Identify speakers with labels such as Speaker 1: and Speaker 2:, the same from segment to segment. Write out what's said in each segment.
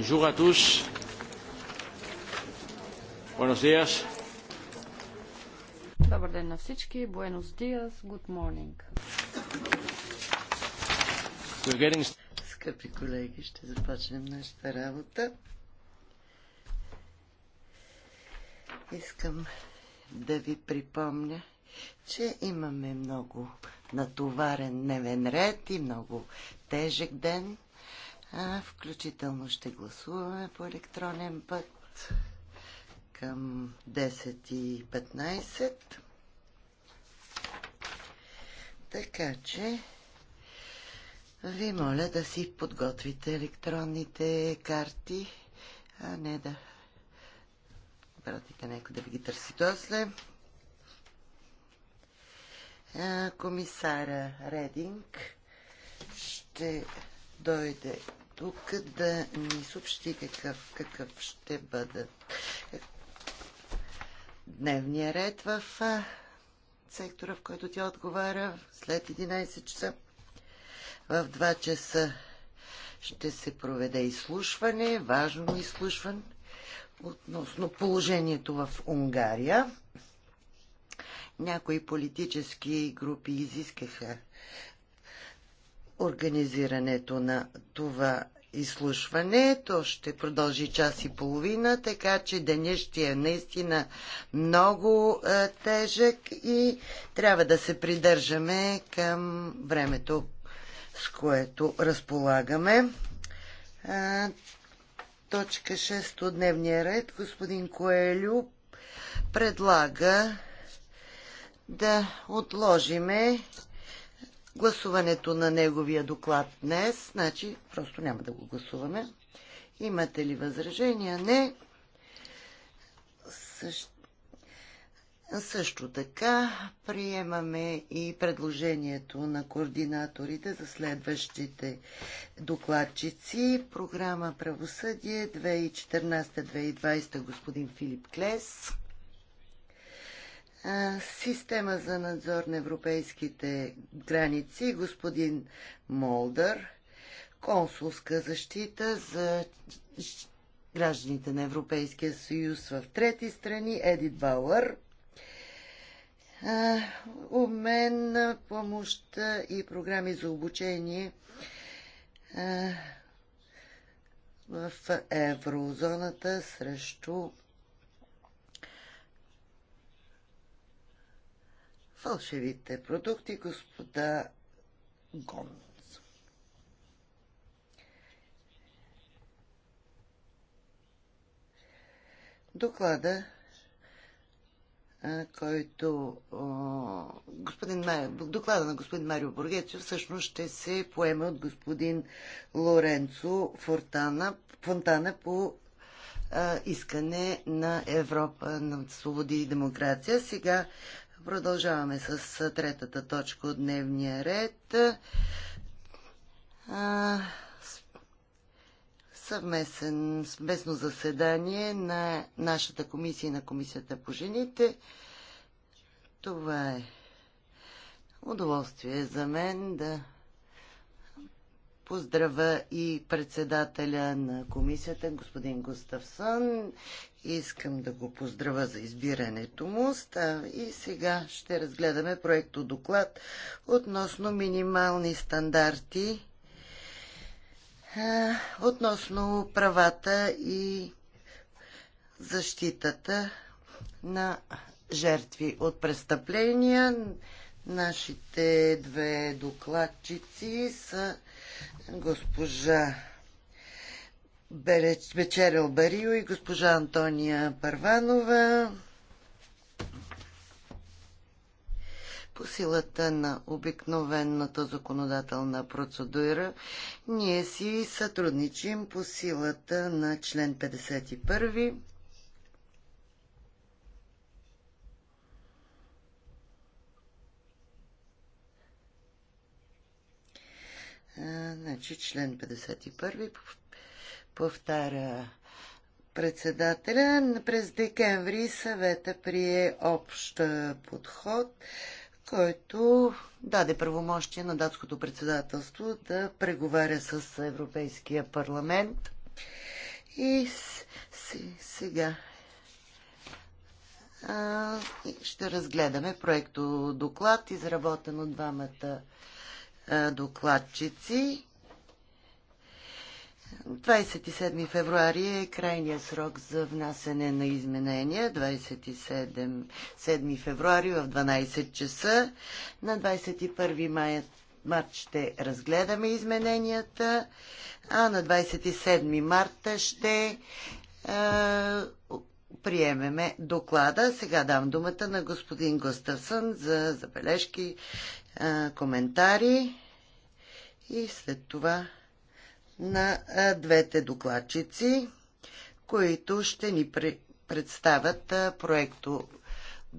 Speaker 1: Bonjour à tous. Buenos días.
Speaker 2: Добър ден на всички. Buenos días. Good morning.
Speaker 1: Getting... Скъпи колеги, ще започнем нашата работа. Искам да ви припомня, че имаме много натоварен дневен ред и много тежък ден – а, включително ще гласуваме по електронен път към 10 и 15. Така че ви моля да си подготвите електронните карти, а не да пратите някой да ви ги търси досле. Комисара Рединг ще дойде тук да ни съобщи какъв, какъв ще бъде дневния ред в сектора, в който тя отговаря след 11 часа. В 2 часа ще се проведе изслушване, важно изслушване относно положението в Унгария. Някои политически групи изискаха организирането на това изслушване. То ще продължи час и половина, така че денят ще е наистина много е, тежък и трябва да се придържаме към времето, с което разполагаме. Е, точка 6 от дневния ред. Господин Коелю предлага да отложиме гласуването на неговия доклад днес, значи просто няма да го гласуваме. Имате ли възражения? Не. Също, също така приемаме и предложението на координаторите за следващите докладчици. Програма Правосъдие 2014-2020 господин Филип Клес. Система за надзор на европейските граници, господин Молдър, консулска защита за гражданите на Европейския съюз в трети страни, Едит Бауър, обмен на помощ и програми за обучение в еврозоната срещу фалшивите продукти, господа Гонз. Доклада, който господин, доклада на господин Марио Бургеци всъщност ще се поеме от господин Лоренцо Фортана, Фонтана по искане на Европа на свободи и демокрация. Сега Продължаваме с третата точка от дневния ред. съвместен, съвместно заседание на нашата комисия и на комисията по жените. Това е удоволствие за мен да Поздравя и председателя на комисията, господин Густавсън, Искам да го поздравя за избирането му. И сега ще разгледаме проекто доклад относно минимални стандарти относно правата и защитата на жертви от престъпления. Нашите две докладчици са госпожа Вечерел Барио и госпожа Антония Парванова. По силата на обикновената законодателна процедура, ние си сътрудничим по силата на член 51 значи член 51 повтаря председателя. През декември съвета прие общ подход, който даде правомощие на датското председателство да преговаря с Европейския парламент. И сега ще разгледаме проекто доклад, изработен от двамата е, докладчици. 27 февруари е крайния срок за внасене на изменения. 27 февруари в 12 часа. На 21 май март ще разгледаме измененията, а на 27 марта ще е, приемеме доклада. Сега дам думата на господин Гостасън за забележки а, коментари и след това на а, двете докладчици, които ще ни представят проекто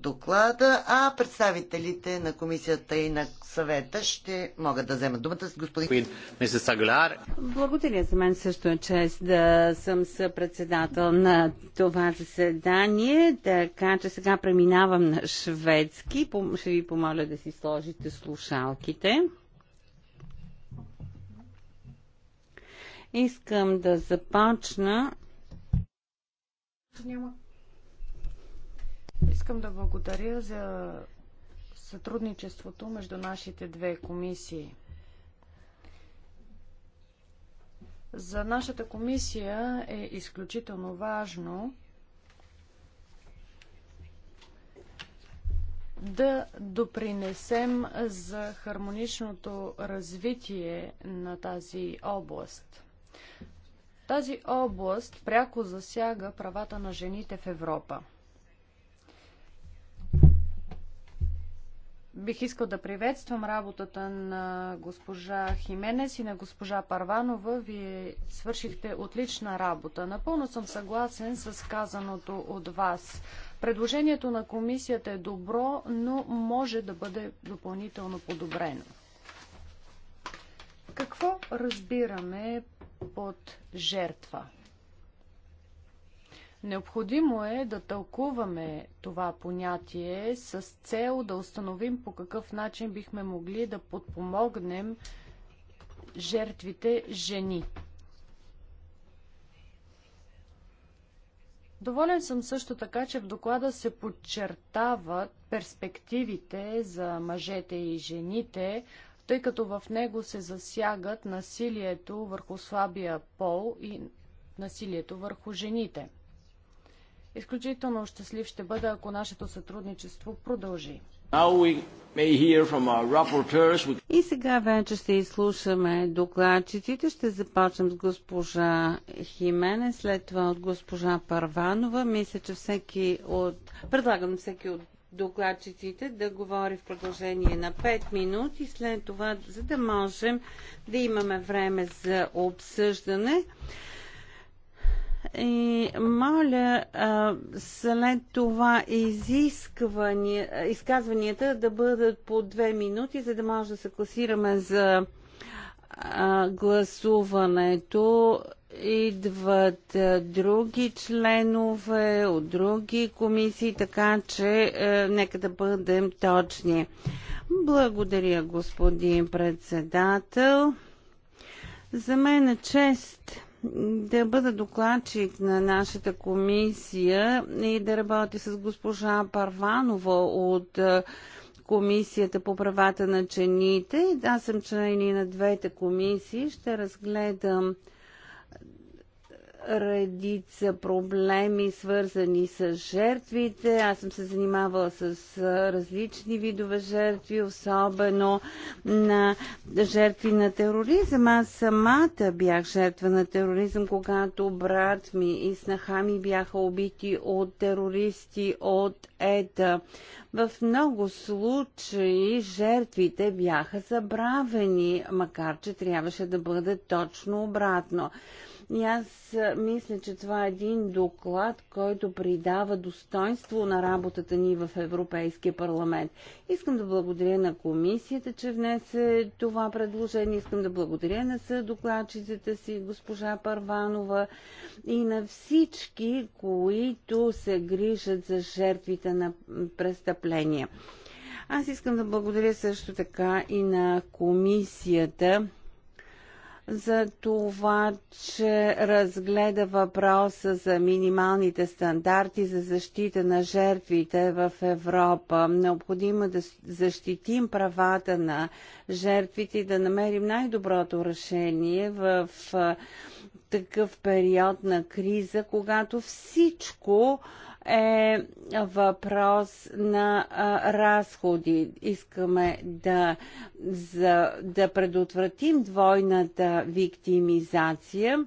Speaker 1: доклада, а представителите на комисията и на съвета ще могат да вземат думата с господин.
Speaker 3: Благодаря за мен също е чест да съм съпредседател на това заседание, така че сега преминавам на шведски. Ще ви помоля да си сложите слушалките. Искам да започна.
Speaker 2: Няма. Искам да благодаря за сътрудничеството между нашите две комисии. За нашата комисия е изключително важно да допринесем за хармоничното развитие на тази област. Тази област пряко засяга правата на жените в Европа. Бих искал да приветствам работата на госпожа Хименес и на госпожа Парванова. Вие свършихте отлична работа. Напълно съм съгласен с казаното от вас. Предложението на комисията е добро, но може да бъде допълнително подобрено. Какво разбираме под жертва? Необходимо е да тълкуваме това понятие с цел да установим по какъв начин бихме могли да подпомогнем жертвите жени. Доволен съм също така, че в доклада се подчертават перспективите за мъжете и жените, тъй като в него се засягат насилието върху слабия пол и насилието върху жените. Изключително щастлив ще бъда, ако нашето
Speaker 3: сътрудничество продължи. И сега вече ще изслушаме докладчиците. Ще започнем с госпожа Химене, след това от госпожа Парванова. Мисля, че всеки от... Предлагам всеки от докладчиците да говори в продължение на 5 минути, след това, за да можем да имаме време за обсъждане. И моля след това изисквания, изказванията да бъдат по две минути, за да може да се класираме за гласуването. Идват други членове от други комисии, така че нека да бъдем точни. Благодаря, господин председател. За мен е чест да бъда докладчик на нашата комисия и да работи с госпожа Парванова от Комисията по правата на чените. Аз съм член и на двете комисии. Ще разгледам редица проблеми, свързани с жертвите. Аз съм се занимавала с различни видове жертви, особено на жертви на тероризъм. Аз самата бях жертва на тероризъм, когато брат ми и снаха ми бяха убити от терористи от ета. В много случаи жертвите бяха забравени, макар че трябваше да бъде точно обратно. И аз мисля, че това е един доклад, който придава достоинство на работата ни в Европейския парламент. Искам да благодаря на комисията, че внесе това предложение. Искам да благодаря на съдокладчицата си, госпожа Парванова и на всички, които се грижат за жертвите на престъпления. Аз искам да благодаря също така и на комисията за това, че разгледа въпроса за минималните стандарти за защита на жертвите в Европа. Необходимо е да защитим правата на жертвите и да намерим най-доброто решение в такъв период на криза, когато всичко е въпрос на а, разходи. Искаме да, за, да предотвратим двойната виктимизация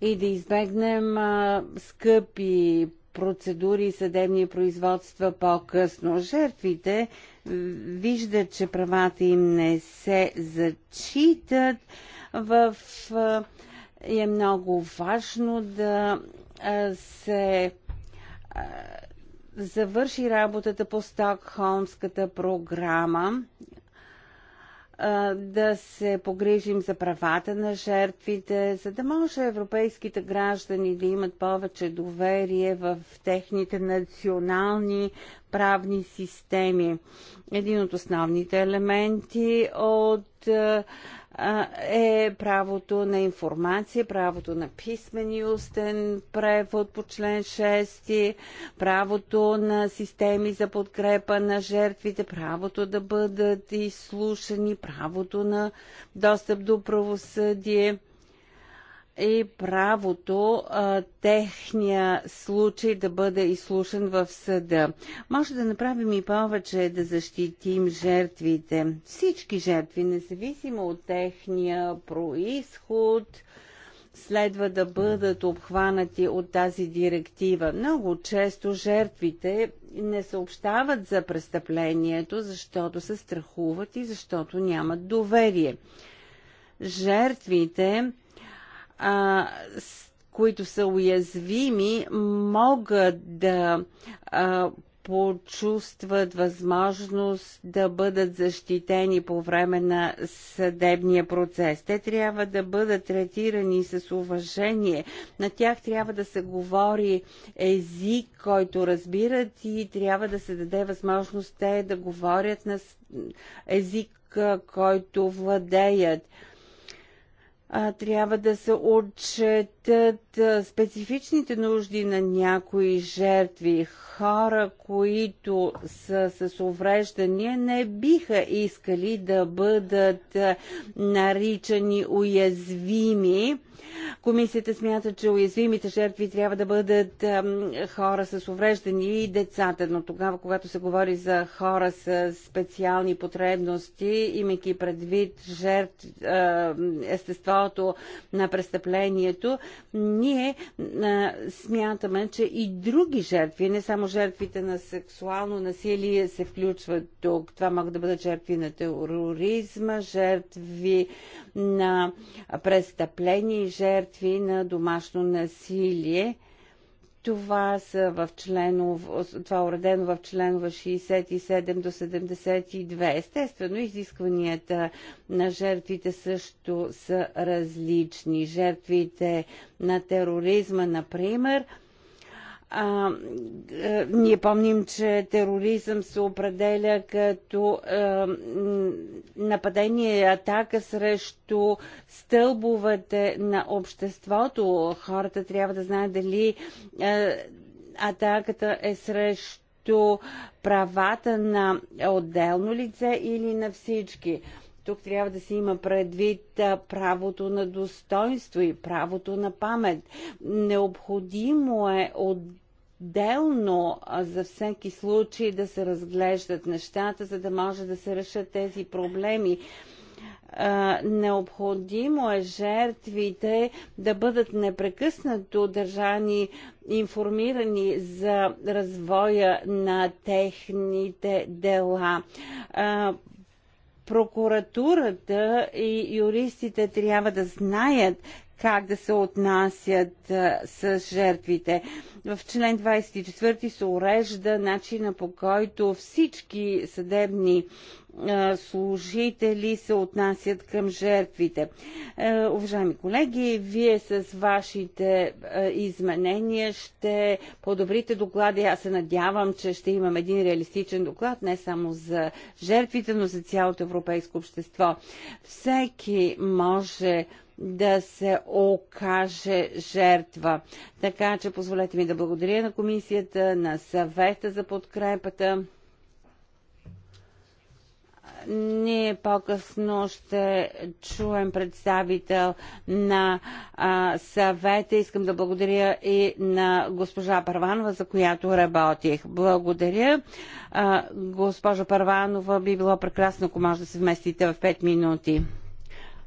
Speaker 3: и да избегнем а, скъпи процедури и съдебни производства по-късно. Жертвите виждат, че правата им не се зачитат в е много важно да се завърши работата по Стокхолмската програма, да се погрижим за правата на жертвите, за да може европейските граждани да имат повече доверие в техните национални правни системи. Един от основните елементи от е правото на информация, правото на писмен и устен превод по член 6, правото на системи за подкрепа на жертвите, правото да бъдат изслушани, правото на достъп до правосъдие и е правото а, техния случай да бъде изслушан в съда. Може да направим и повече да защитим жертвите. Всички жертви, независимо от техния происход, следва да бъдат обхванати от тази директива. Много често жертвите не съобщават за престъплението, защото се страхуват и защото нямат доверие. Жертвите а, които са уязвими, могат да а, почувстват възможност да бъдат защитени по време на съдебния процес. Те трябва да бъдат третирани с уважение. На тях трябва да се говори език, който разбират и трябва да се даде възможност те да говорят на език, който владеят а, трябва да се отчетат специфичните нужди на някои жертви, хора, които са с увреждания, не биха искали да бъдат наричани уязвими. Комисията смята, че уязвимите жертви трябва да бъдат хора с увреждания и децата, но тогава, когато се говори за хора с специални потребности, имайки предвид жертв, естеството на престъплението, ние а, смятаме, че и други жертви, не само жертвите на сексуално насилие се включват тук. Това могат да бъдат жертви на тероризма, жертви на престъпления, жертви на домашно насилие. Това, са в членов, това е уредено в членове 67 до 72. Естествено, изискванията на жертвите също са различни. Жертвите на тероризма, например, а, е, ние помним, че тероризъм се определя като а, е, нападение и атака срещу стълбовете на обществото. Хората трябва да знаят дали а, е, атаката е срещу правата на отделно лице или на всички тук трябва да се има предвид правото на достоинство и правото на памет. Необходимо е от Делно за всеки случай да се разглеждат нещата, за да може да се решат тези проблеми необходимо е жертвите да бъдат непрекъснато държани информирани за развоя на техните дела прокуратурата и юристите трябва да знаят как да се отнасят а, с жертвите. В член 24 се урежда начина по който всички съдебни а, служители се отнасят към жертвите. А, уважаеми колеги, вие с вашите изменения ще подобрите доклада аз се надявам, че ще имам един реалистичен доклад не само за жертвите, но за цялото европейско общество. Всеки може да се окаже жертва. Така че позволете ми да благодаря на комисията, на съвета за подкрепата. Ние по-късно ще чуем представител на а, съвета. Искам да благодаря и на госпожа Парванова, за която работих. Благодаря. А, госпожа Парванова, би било прекрасно, ако може да се вместите в 5 минути.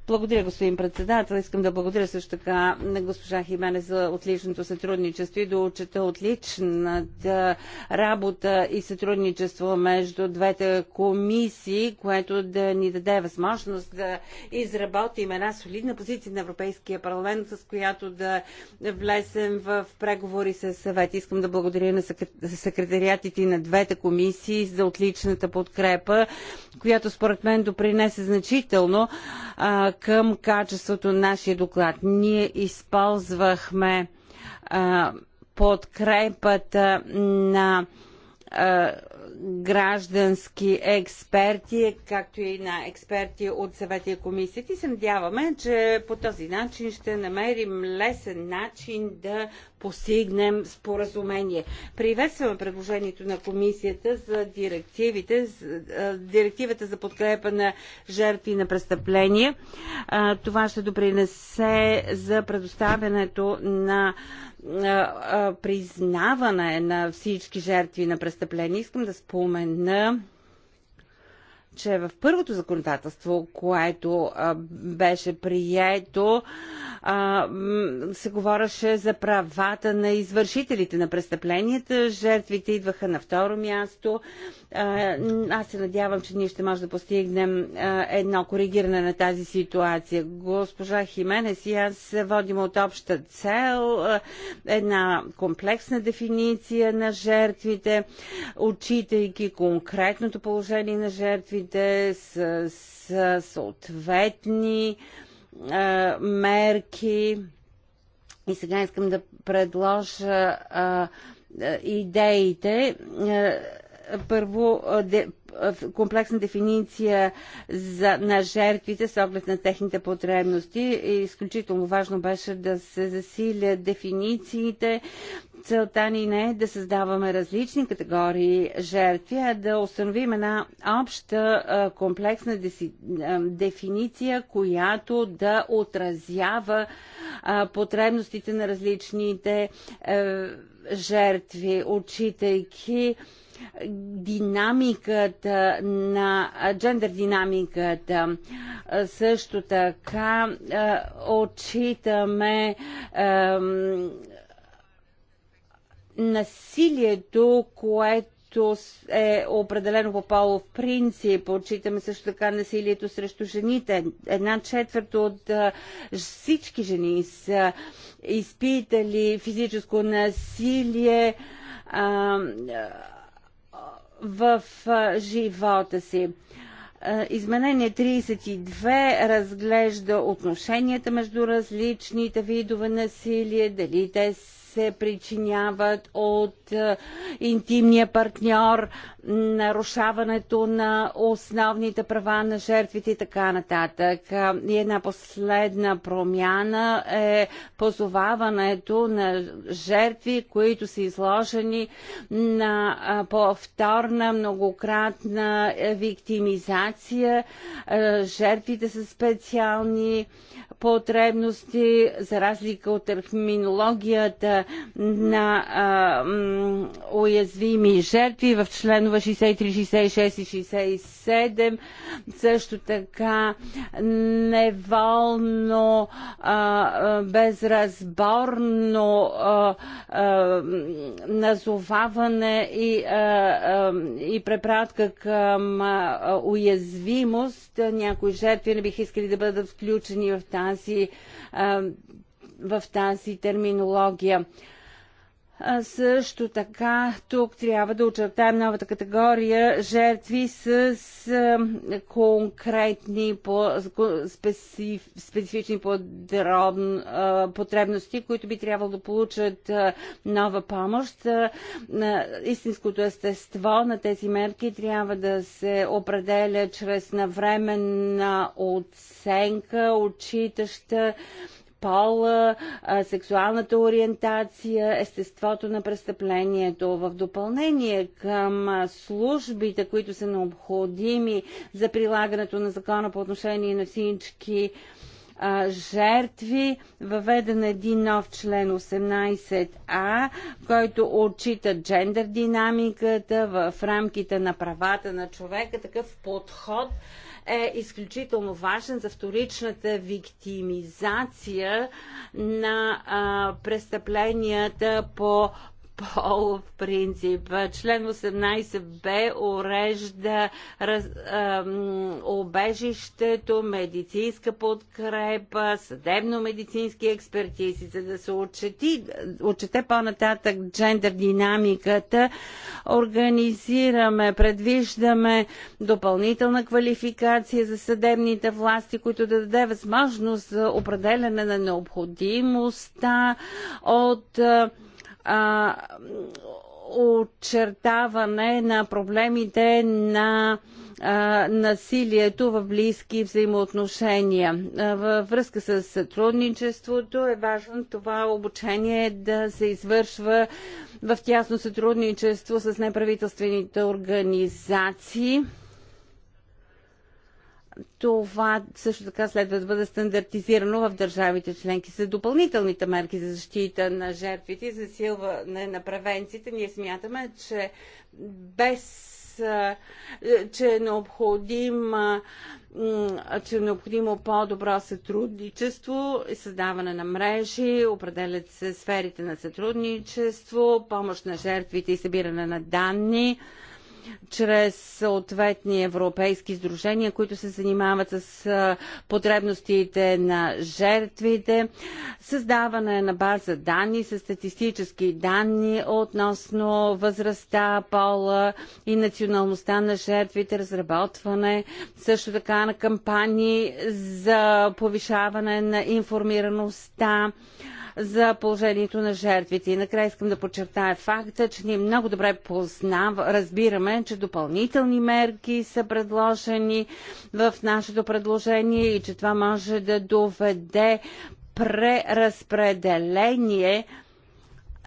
Speaker 3: Благодаря, господин председател. Искам да благодаря също така на госпожа Химене за отличното сътрудничество и да отчета отличната работа и сътрудничество между двете комисии, което да ни даде възможност да изработим една солидна позиция на Европейския парламент, с която да влезем в преговори с съвет. Искам да благодаря на секретариатите на двете комисии за отличната подкрепа, която според мен допринесе значително към качеството на нашия доклад. Ние използвахме подкрепата на граждански експерти, както и на експерти от съвета и комисията. И се надяваме, че по този начин ще намерим лесен начин да постигнем споразумение. Приветстваме предложението на комисията за директивите, директивата за подкрепа на жертви на престъпления. Това ще допринесе за предоставянето на признаване на всички жертви на престъпления. Искам да спомена че в първото законодателство, което беше прието, се говореше за правата на извършителите на престъпленията. Жертвите идваха на второ място. Аз се надявам, че ние ще може да постигнем едно коригиране на тази ситуация. Госпожа Хименес и аз водим от обща цел една комплексна дефиниция на жертвите, отчитайки конкретното положение на жертвите с, с съответни мерки. И сега искам да предложа а, идеите първо комплексна дефиниция за, на жертвите с оглед на техните потребности. Изключително важно беше да се засилят дефинициите. Целта ни не е да създаваме различни категории жертви, а да установим една обща комплексна дефиниция, която да отразява потребностите на различните жертви, отчитайки динамиката, на джендър динамиката. Също така отчитаме насилието, което е определено по полов принцип. Отчитаме също така насилието срещу жените. Една четвърт от всички жени са изпитали физическо насилие. А, в живота си. Изменение 32 разглежда отношенията между различните видове насилие, дали те се причиняват от е, интимния партньор, нарушаването на основните права на жертвите и така нататък. И една последна промяна е позоваването на жертви, които са изложени на повторна многократна виктимизация. Е, жертвите са специални потребности, за разлика от терминологията на а, м, уязвими жертви в членове 63, 66 и 67. Също така неволно, а, безразборно а, а, назоваване и, а, а, и препратка към а, уязвимост. Някои жертви не бих искали да бъдат включени в тази тази, в тази терминология. А също така тук трябва да очертаем новата категория жертви с конкретни, по, специф, специфични подробни потребности, които би трябвало да получат нова помощ. Истинското естество на тези мерки трябва да се определя чрез навременна оценка, отчитаща пола, сексуалната ориентация, естеството на престъплението. В допълнение към службите, които са необходими за прилагането на закона по отношение на всички а, жертви. Въведен един нов член 18а, който отчита джендър динамиката в рамките на правата на човека. Такъв подход е изключително важен за вторичната виктимизация на а, престъпленията по пол в принцип. Член 18б урежда раз, а, обежището, медицинска подкрепа, съдебно-медицински експертизи, за да се отчети, отчете по-нататък джендър динамиката. Организираме, предвиждаме допълнителна квалификация за съдебните власти, които да даде възможност за определене на необходимостта от а, а, очертаване на проблемите на насилието в близки взаимоотношения. Във връзка с сътрудничеството е важно това обучение да се извършва в тясно сътрудничество с неправителствените организации това също така следва да бъде стандартизирано в държавите членки. За допълнителните мерки за защита на жертвите и засилване на превенциите. ние смятаме, че без че е необходимо, че е необходимо по-добро сътрудничество и създаване на мрежи, определят се сферите на сътрудничество, помощ на жертвите и събиране на данни чрез съответни европейски сдружения, които се занимават с потребностите на жертвите, създаване на база данни с статистически данни относно възрастта, пола и националността на жертвите, разработване също така на кампании за повишаване на информираността, за положението на жертвите. И накрая искам да подчертая факта, че ние много добре познав, разбираме, че допълнителни мерки са предложени в нашето предложение и че това може да доведе преразпределение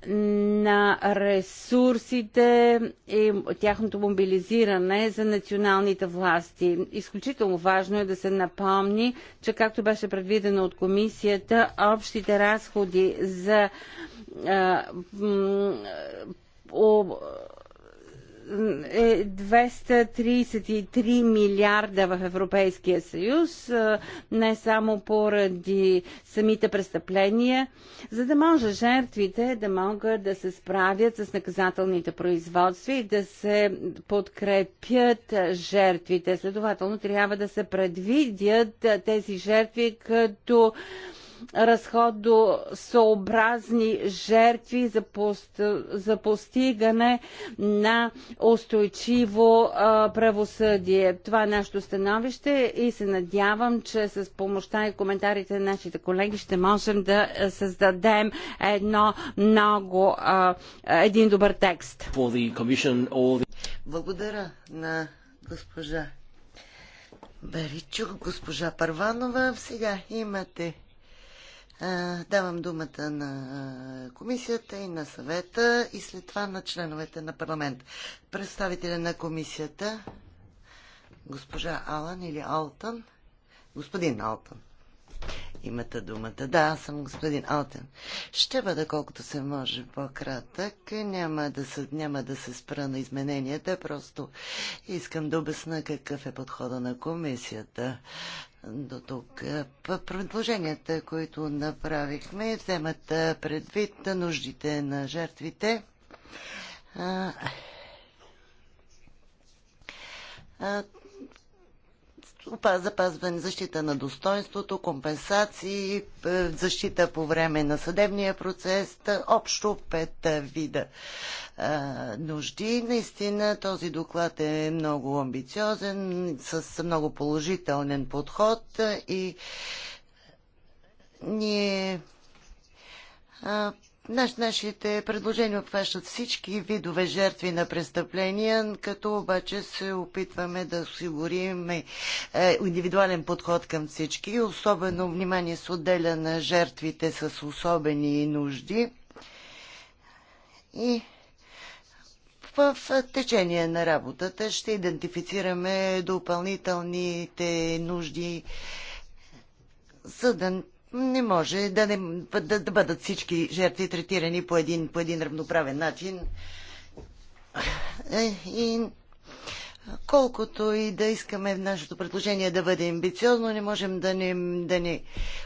Speaker 3: на ресурсите и тяхното мобилизиране за националните власти. Изключително важно е да се напомни, че както беше предвидено от комисията, общите разходи за а, е 233 милиарда в Европейския съюз, не само поради самите престъпления, за да може жертвите да могат да се справят с наказателните производства и да се подкрепят жертвите. Следователно трябва да се предвидят тези жертви като разходосъобразни жертви за, пост, за постигане на устойчиво а, правосъдие. Това е нашето становище и се надявам, че с помощта и коментарите на нашите колеги ще можем да създадем едно много, а, един добър текст.
Speaker 1: Благодаря на госпожа Беричук, госпожа Парванова. Сега имате Давам думата на комисията и на съвета и след това на членовете на парламент. Представителя на комисията, госпожа Алан или Алтън, господин Алтън. Имате думата. Да, аз съм господин Алтен. Ще бъда колкото се може по-кратък. Няма да, се, няма да се спра на измененията. Просто искам да обясна какъв е подхода на комисията до тук. Предложенията, които направихме, вземат предвид нуждите на жертвите запазване, защита на достоинството, компенсации, е, защита по време на съдебния процес, общо пет е, вида е, нужди. Наистина този доклад е много амбициозен, с много положителен подход и ние Наш, нашите предложения обхващат всички видове жертви на престъпления, като обаче се опитваме да осигурим е, индивидуален подход към всички. Особено внимание се отделя на жертвите с особени нужди. И в течение на работата ще идентифицираме допълнителните нужди, за да не може да, не, да, да бъдат всички жертви третирани по един, по един равноправен начин. Е, и колкото и да искаме в нашето предложение да бъде амбициозно, не можем да не, да не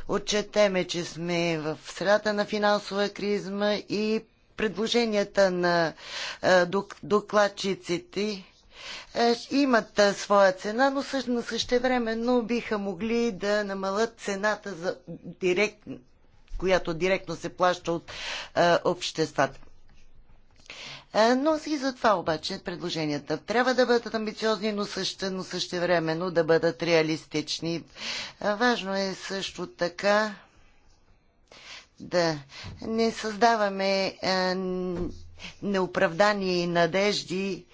Speaker 1: отчетеме, че сме в средата на финансова кризма и предложенията на е, докладчиците е, имат своя цена, но също същевременно биха могли да намалят цената, за директ, която директно се плаща от обществата. Е, но и за това обаче предложенията трябва да бъдат амбициозни, но, също, но същевременно да бъдат реалистични. Е, важно е също така да не създаваме неоправдани надежди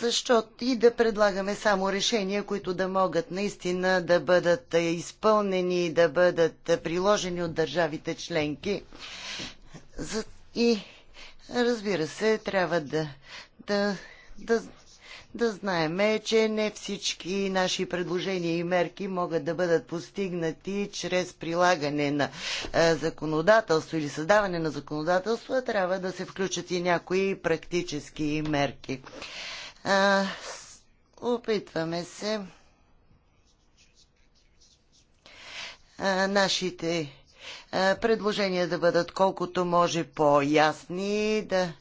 Speaker 1: защото и да предлагаме само решения, които да могат наистина да бъдат изпълнени, и да бъдат приложени от държавите членки. И разбира се, трябва да, да, да, да знаеме, че не всички наши предложения и мерки могат да бъдат постигнати чрез прилагане на законодателство или създаване на законодателство, а трябва да се включат и някои практически мерки. А, опитваме се а, нашите а, предложения да бъдат колкото може по-ясни, да,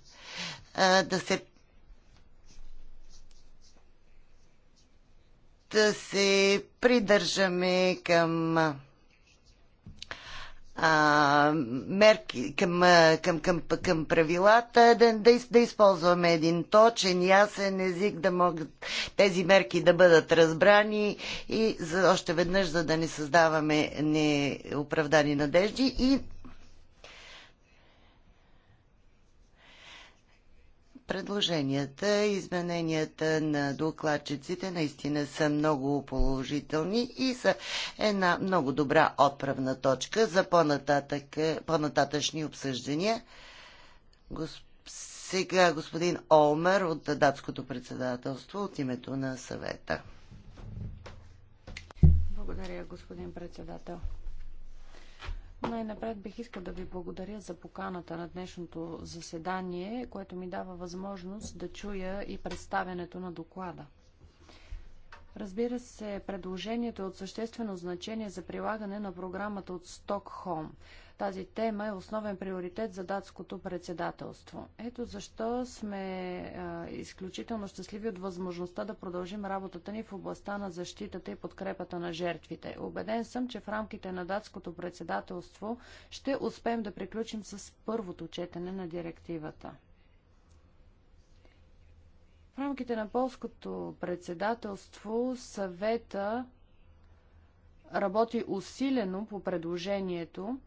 Speaker 1: а, да се да се придържаме към а, мерки, към, към, към, към правилата, да, да, да използваме един точен, ясен език, да могат тези мерки да бъдат разбрани и за, още веднъж, за да не създаваме неоправдани надежди и Предложенията, измененията на докладчиците наистина са много положителни и са една много добра отправна точка за по-нататък, по-нататъчни обсъждания. Сега господин Олмер от датското председателство от името на съвета.
Speaker 2: Благодаря, господин председател. Най-напред бих искал да ви благодаря за поканата на днешното заседание, което ми дава възможност да чуя и представянето на доклада. Разбира се, предложението е от съществено значение за прилагане на програмата от Стокхолм. Тази тема е основен приоритет за датското председателство. Ето защо сме а, изключително щастливи от възможността да продължим работата ни в областта на защитата и подкрепата на жертвите. Обеден съм, че в рамките на датското председателство ще успеем да приключим с първото четене на директивата. В рамките на полското председателство съвета работи усилено по предложението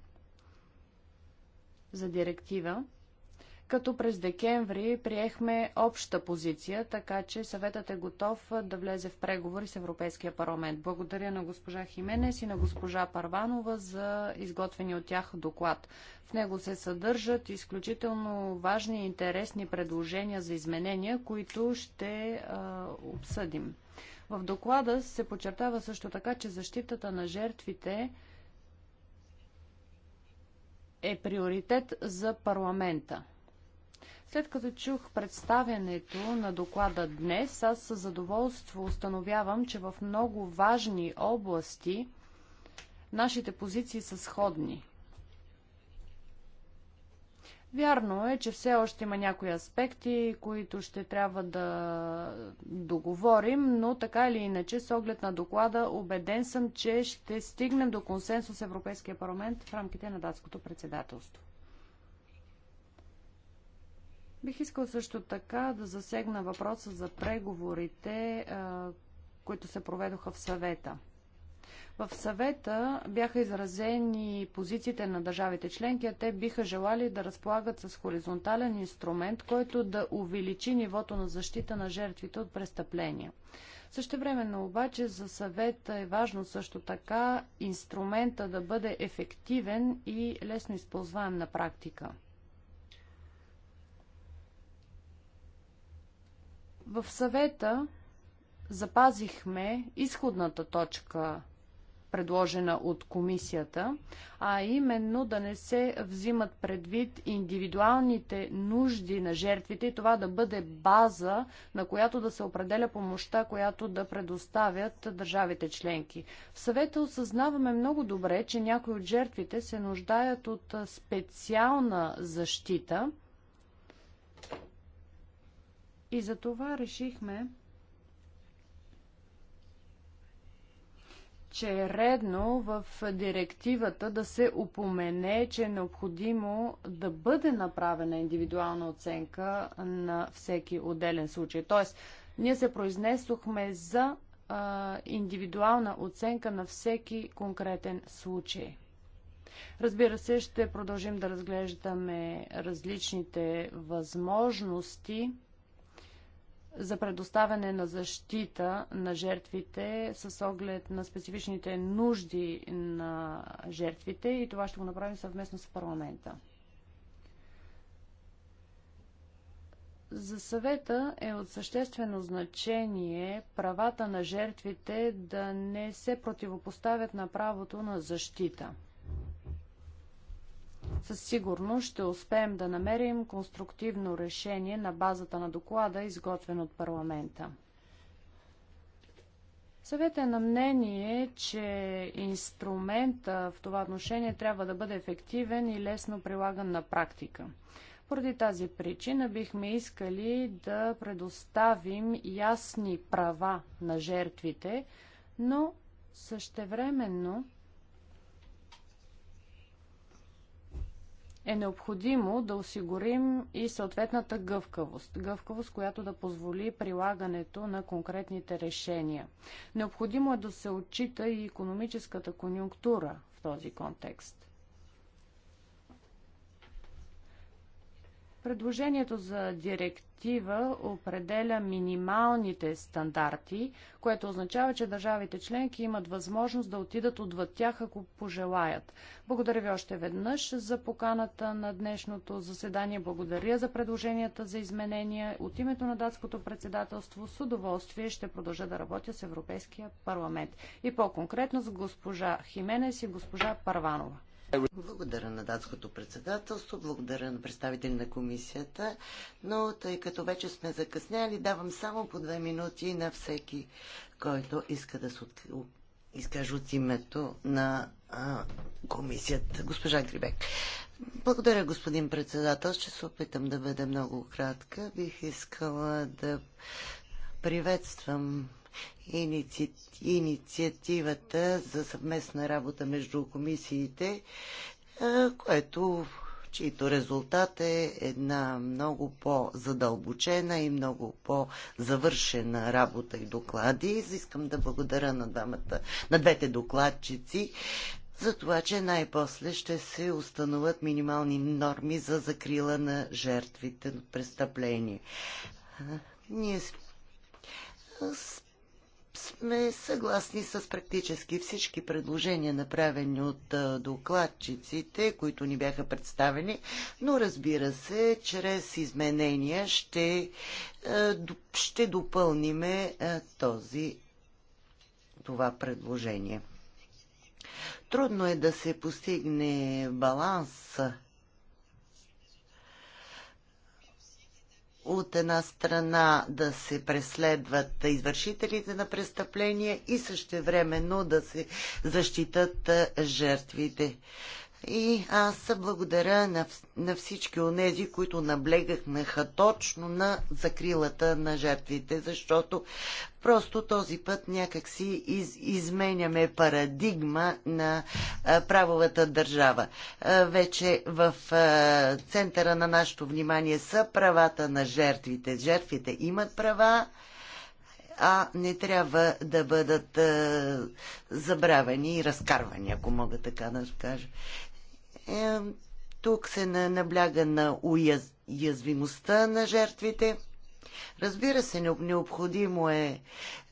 Speaker 2: за директива, като през декември приехме обща позиция, така че съветът е готов да влезе в преговори с Европейския парламент. Благодаря на госпожа Хименес и на госпожа Парванова за изготвени от тях доклад. В него се съдържат изключително важни и интересни предложения за изменения, които ще а, обсъдим. В доклада се подчертава също така, че защитата на жертвите е приоритет за парламента. След като чух представянето на доклада днес, аз със задоволство установявам, че в много важни области нашите позиции са сходни. Вярно е, че все още има някои аспекти, които ще трябва да договорим, но така или иначе, с оглед на доклада, убеден съм, че ще стигнем до консенсус Европейския парламент в рамките на датското председателство. Бих искал също така да засегна въпроса за преговорите, които се проведоха в съвета. В съвета бяха изразени позициите на държавите членки, а те биха желали да разполагат с хоризонтален инструмент, който да увеличи нивото на защита на жертвите от престъпления. Същевременно обаче за съвета е важно също така инструмента да бъде ефективен и лесно използваем на практика. В съвета запазихме изходната точка предложена от комисията, а именно да не се взимат предвид индивидуалните нужди на жертвите и това да бъде база, на която да се определя помощта, която да предоставят държавите членки. В съвета осъзнаваме много добре, че някои от жертвите се нуждаят от специална защита и за това решихме че е редно в директивата да се упомене, че е необходимо да бъде направена индивидуална оценка на всеки отделен случай. Тоест, ние се произнесохме за а, индивидуална оценка на всеки конкретен случай. Разбира се, ще продължим да разглеждаме различните възможности за предоставяне на защита на жертвите с оглед на специфичните нужди на жертвите и това ще го направим съвместно с парламента. За съвета е от съществено значение правата на жертвите да не се противопоставят на правото на защита – със сигурност ще успеем да намерим конструктивно решение на базата на доклада, изготвен от парламента. Съвет е на мнение, че инструмента в това отношение трябва да бъде ефективен и лесно прилаган на практика. Поради тази причина бихме искали да предоставим ясни права на жертвите, но същевременно е необходимо да осигурим и съответната гъвкавост. Гъвкавост, която да позволи прилагането на конкретните решения. Необходимо е да се отчита и економическата конюнктура в този контекст. Предложението за директива определя минималните стандарти, което означава, че държавите членки имат възможност да отидат отвъд тях, ако пожелаят. Благодаря ви още веднъж за поканата на днешното заседание. Благодаря за предложенията за изменения. От името на датското председателство с удоволствие ще продължа да работя с Европейския парламент. И по-конкретно с
Speaker 1: госпожа Хименес и госпожа Парванова. Благодаря на датското председателство, благодаря на представители на комисията, но тъй като вече сме закъсняли, давам само по две минути на всеки, който иска да се от... изкаже от името на а, комисията. Госпожа Грибек. Благодаря, господин председател. Ще се опитам да бъда много кратка. Бих искала да приветствам иници... инициативата за съвместна работа между комисиите, което чието резултат е една много по-задълбочена и много по-завършена работа и доклади. Искам да благодаря на, двамата, на двете докладчици за това, че най-после ще се установят минимални норми за закрила на жертвите на престъпление. Ние сме съгласни с практически всички предложения, направени от докладчиците, които ни бяха представени, но разбира се, чрез изменения ще, ще допълниме този, това предложение. Трудно е да се постигне баланс от една страна да се преследват извършителите на престъпления и същевременно да се защитат жертвите. И аз благодаря на, на всички онези, които наблегнаха точно на закрилата на жертвите, защото просто този път някакси из, изменяме парадигма на а, правовата държава. А, вече в а, центъра на нашето внимание са правата на жертвите. Жертвите имат права а не трябва да бъдат а, забравени и разкарвани, ако мога така да кажа. Е, тук се набляга на уязвимостта на жертвите. Разбира се, необходимо е,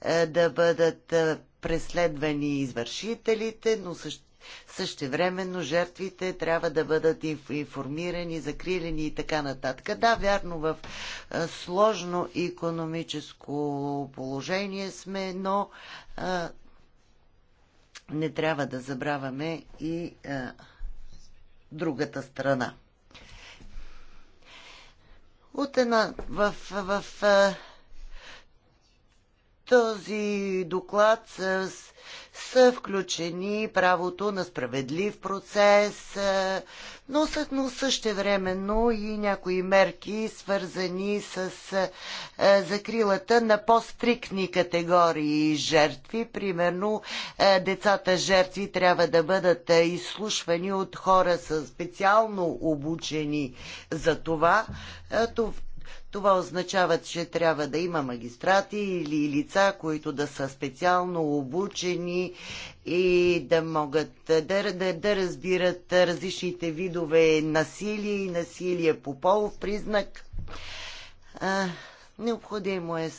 Speaker 1: е да бъдат е, преследвани извършителите, но също Същевременно жертвите трябва да бъдат информирани, закрилени и така нататък. Да, вярно, в е, сложно економическо положение сме, но а, не трябва да забравяме и а, другата страна. От една в, в, в този доклад с са включени правото на справедлив процес, но, но времено и някои мерки, свързани с закрилата на по-стрикни категории жертви. Примерно, децата жертви трябва да бъдат изслушвани от хора с специално обучени за това. Това означава, че трябва да има магистрати или лица, които да са специално обучени и да могат да, да, да разбират различните видове насилие и насилие по полов признак. А, необходимо е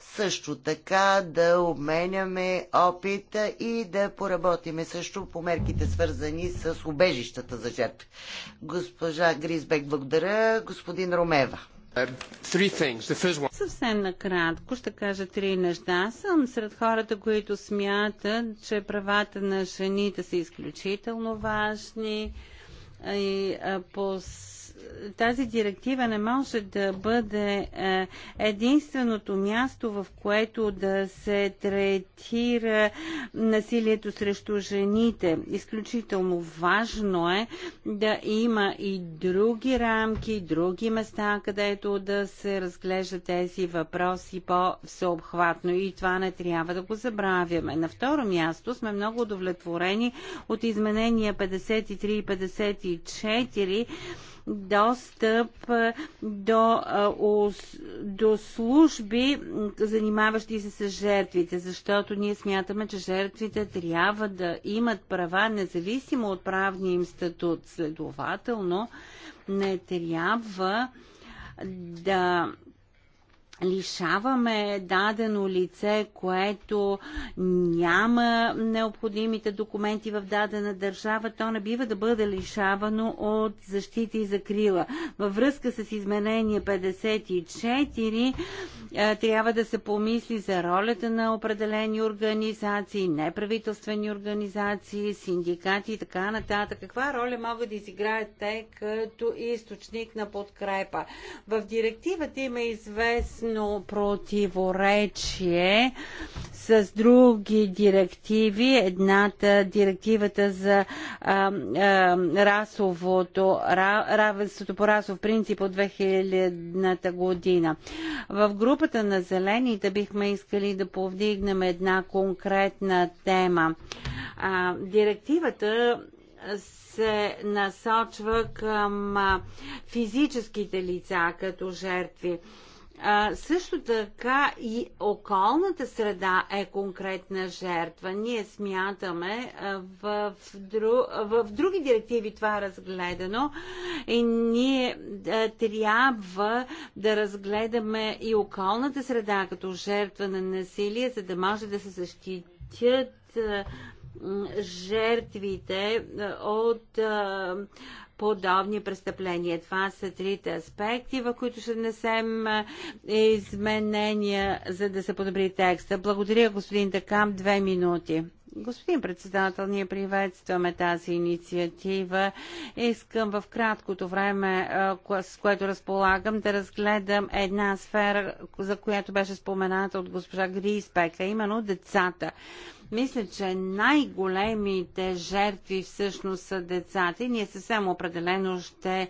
Speaker 1: също така да обменяме опита и да поработиме също по мерките свързани с убежищата за жертви. Госпожа Гризбек, благодаря. Господин Ромева. Uh, Съвсем накратко
Speaker 3: ще кажа три неща. Съм сред хората, които смятат, че правата на жените са изключително важни и по тази директива не може да бъде е, единственото място, в което да се третира насилието срещу жените. Изключително важно е да има и други рамки, други места, където да се разглеждат тези въпроси по-всеобхватно и това не трябва да го забравяме. На второ място сме много удовлетворени от изменения 53 и 54 достъп до, до служби, занимаващи се с жертвите, защото ние смятаме, че жертвите трябва да имат права, независимо от правния им статут. Следователно, не трябва да лишаваме дадено лице, което няма необходимите документи в дадена държава, то не бива да бъде лишавано от защита и закрила. Във връзка с изменение 54 е, трябва да се помисли за ролята на определени организации, неправителствени организации, синдикати и така нататък. Каква роля могат да изиграят те като източник на подкрепа? В директивата има известно взаимно противоречие с други директиви. Едната директивата за а, а, расовото, ра, равенството по расов принцип от 2000-та година. В групата на зелените бихме искали да повдигнем една конкретна тема. А, директивата се насочва към физическите лица като жертви. А, също така и околната среда е конкретна жертва. Ние смятаме в, в, дру, в други директиви това е разгледано и ние а, трябва да разгледаме и околната среда като жертва на насилие, за да може да се защитят жертвите от подобни престъпления. Това са трите аспекти, в които ще внесем изменения, за да се подобри текста. Благодаря, господин Такам. Две минути. Господин председател, ние приветстваме тази инициатива. Искам в краткото време, с което разполагам, да разгледам една сфера, за която беше спомената от госпожа Гриспека, именно децата. Мисля, че най-големите жертви всъщност са децата и ние съвсем определено ще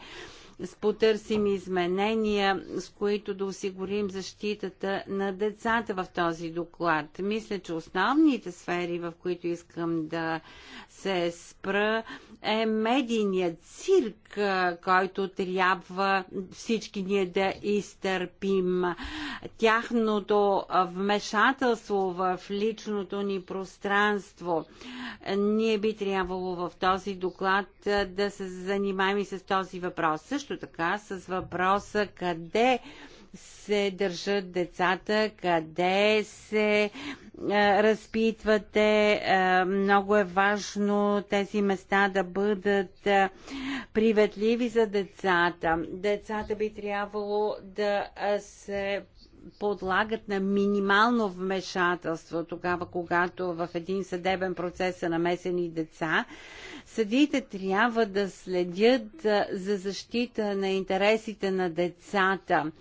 Speaker 3: потърсим изменения, с които да осигурим защитата на децата в този доклад. Мисля, че основните сфери, в които искам да се спра, е медийният цирк, който трябва всички ние да изтърпим. Тяхното вмешателство в личното ни пространство. Ние би трябвало в този доклад да се занимаем и с този въпрос. Също също така с въпроса къде се държат децата, къде се разпитвате. много е важно тези места да бъдат приветливи за децата. Децата би трябвало да се подлагат на минимално вмешателство тогава, когато в един съдебен процес са намесени деца. Съдиите трябва да следят за защита на интересите на децата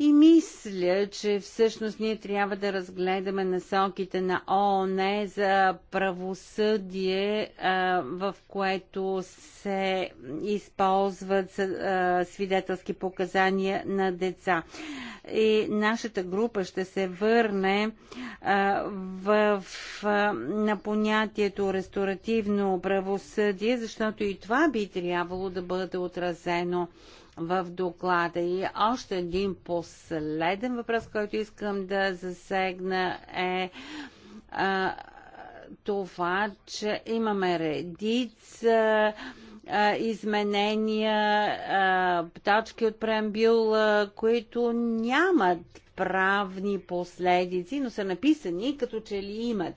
Speaker 3: и мисля, че всъщност ние трябва да разгледаме насоките на ООН за правосъдие, в което се използват свидетелски показания на деца. И нашата група ще се върне в, на понятието ресторативно правосъдие, защото и това би трябвало да бъде отразено в доклада. И още един последен въпрос, който искам да засегна е а, това, че имаме редица изменения, точки от преамбюл, които нямат правни последици, но са написани като че ли имат.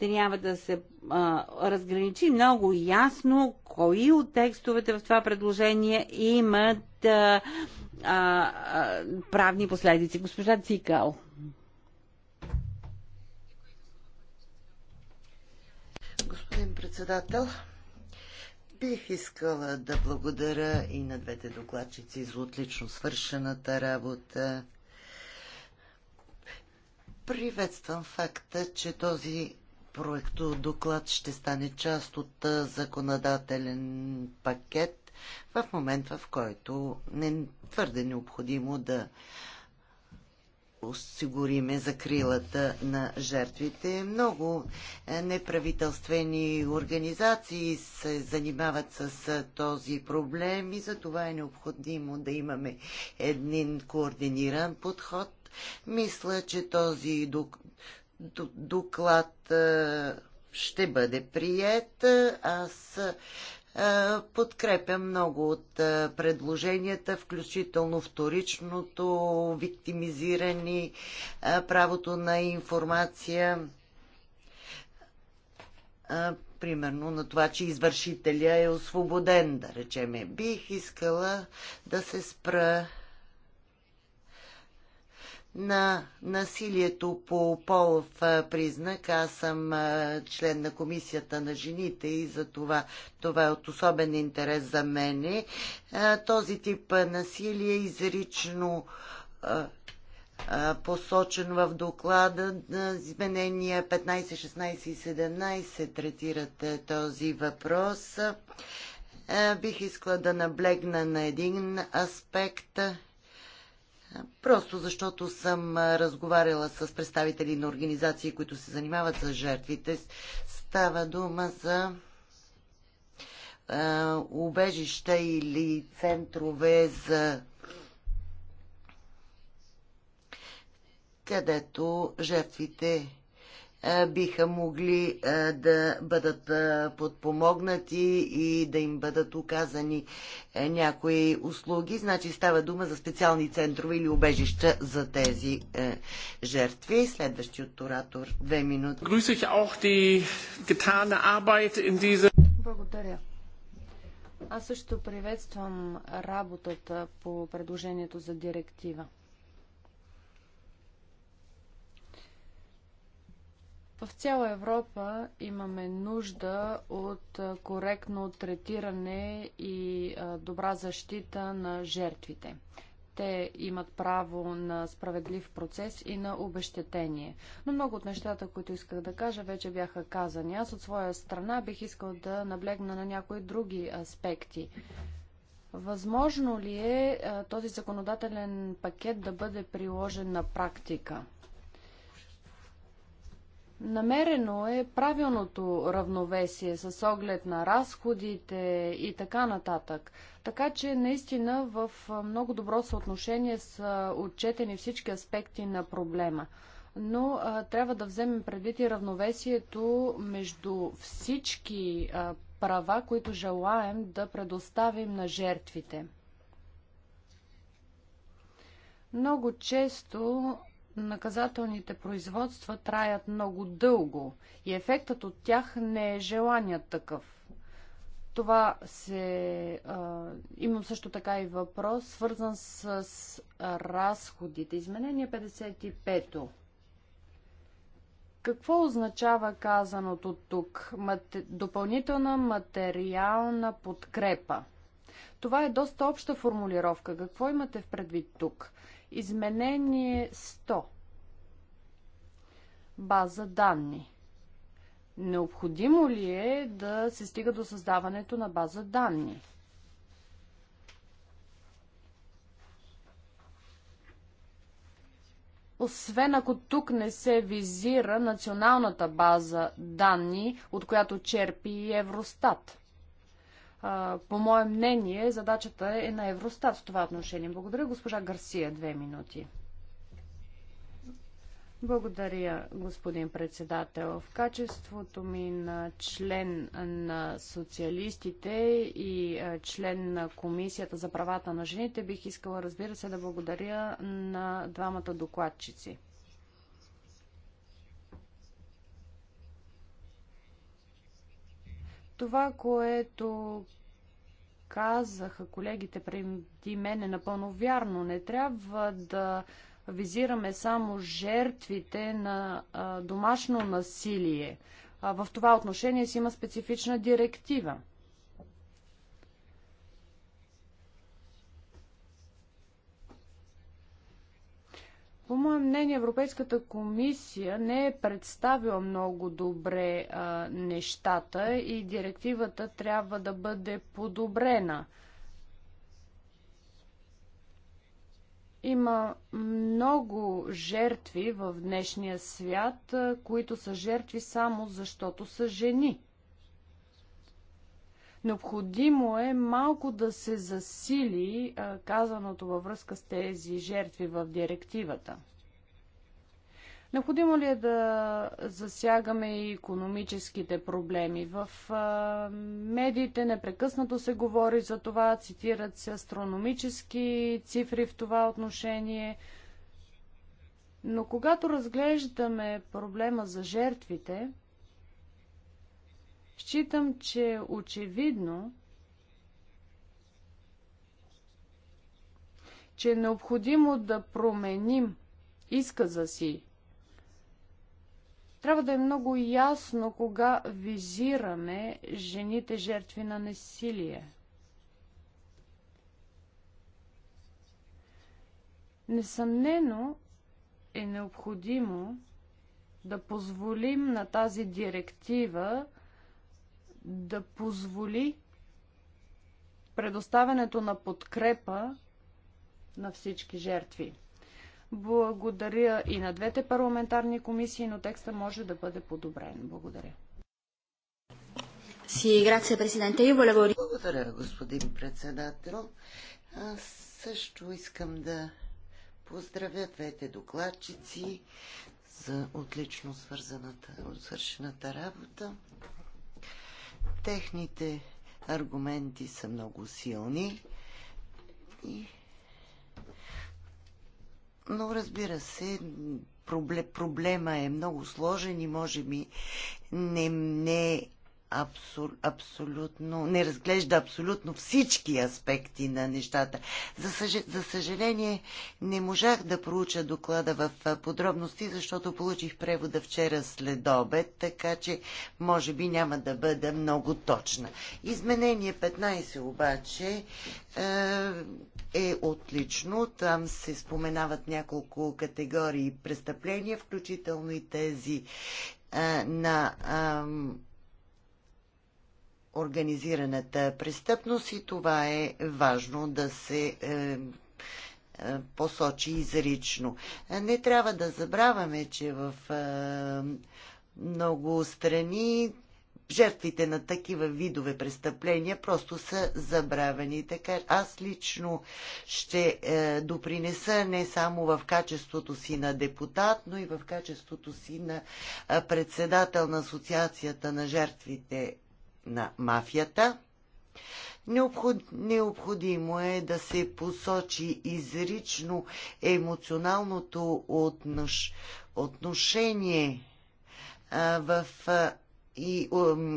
Speaker 3: Трябва да се а, разграничи много ясно кои от текстовете в това предложение имат а, а, а, правни последици. Госпожа
Speaker 1: Цикал. Господин председател, бих искала да благодаря и на двете докладчици за отлично свършената работа. Приветствам факта, че този проекто доклад ще стане част от законодателен пакет в момент, в който не е твърде необходимо да осигуриме закрилата на жертвите. Много е, неправителствени организации се занимават с този проблем и за това е необходимо да имаме един координиран подход мисля, че този доклад ще бъде прият. Аз подкрепя много от предложенията, включително вторичното виктимизиране, правото на информация, примерно на това, че извършителя е освободен, да речеме. Бих искала да се спра на насилието по полов признак. Аз съм член на комисията на жените и за това това е от особен интерес за мене. Този тип насилие е изрично посочен в доклада на изменения 15, 16 и 17 третират този въпрос. Бих искала да наблегна на един аспект – Просто защото съм разговаряла с представители на организации, които се занимават с жертвите. Става дума за убежища или центрове за където жертвите е, биха могли е, да бъдат е, подпомогнати и да им бъдат оказани някои услуги. Значи става дума за специални центрове или убежища за тези жертви. Следващият оратор, две минути.
Speaker 2: Благодаря. Аз също приветствам работата по предложението за директива. В цяла Европа имаме нужда от коректно третиране и добра защита на жертвите. Те имат право на справедлив процес и на обещетение. Но много от нещата, които исках да кажа, вече бяха казани. Аз от своя страна бих искал да наблегна на някои други аспекти. Възможно ли е този законодателен пакет да бъде приложен на практика? Намерено е правилното равновесие с оглед на разходите и така нататък. Така че наистина в много добро съотношение са отчетени всички аспекти на проблема. Но а, трябва да вземем предвид и равновесието между всички а, права, които желаем да предоставим на жертвите. Много често наказателните производства траят много дълго и ефектът от тях не е желаният такъв. Това се. А, имам също така и въпрос, свързан с, с разходите. Изменение 55-то. Какво означава казаното тук? Мат... Допълнителна материална подкрепа. Това е доста обща формулировка. Какво имате в предвид тук? Изменение 100. База данни. Необходимо ли е да се стига до създаването на база данни? Освен ако тук не се визира националната база данни, от която черпи и Евростат по мое мнение, задачата е на Евростат в това отношение. Благодаря, госпожа Гарсия, две минути. Благодаря, господин председател. В качеството ми на член на социалистите и член на Комисията за правата на жените бих искала, разбира се, да благодаря на двамата докладчици. Това, което казаха колегите преди мен е напълно вярно. Не трябва да визираме само жертвите на домашно насилие. в това отношение си има специфична директива. По мое мнение, Европейската комисия не е представила много добре а, нещата и директивата трябва да бъде подобрена. Има много жертви в днешния свят, които са жертви само защото са жени. Необходимо е малко да се засили казаното във връзка с тези жертви в директивата. Необходимо ли е да засягаме и економическите проблеми? В медиите непрекъснато се говори за това, цитират се астрономически цифри в това отношение. Но когато разглеждаме проблема за жертвите, Считам, че очевидно, че е необходимо да променим изказа си. Трябва да е много ясно, кога визираме жените жертви на насилие. Несъмнено е необходимо да позволим на тази директива да позволи предоставянето на подкрепа на всички жертви. Благодаря и на двете парламентарни комисии, но текста може да бъде подобрен. Благодаря.
Speaker 1: Благодаря, господин председател. Аз също искам да поздравя двете докладчици за отлично свързаната, свършената работа. Техните аргументи са много силни. И... Но разбира се, проблема е много сложен и може би не, не е абсол, абсолютно, не разглежда абсолютно всички аспекти на нещата. За, съж, за съжаление, не можах да проуча доклада в подробности, защото получих превода вчера след обед, така че може би няма да бъда много точна. Изменение 15 обаче е отлично. Там се споменават няколко категории престъпления, включително и тези на организираната престъпност и това е важно да се е, е, посочи изрично. Не трябва да забравяме, че в е, много страни жертвите на такива видове престъпления просто са забравени. Така аз лично ще е, допринеса не само в качеството си на депутат, но и в качеството си на председател на Асоциацията на жертвите на мафията. Необходимо е да се посочи изрично емоционалното отношение в и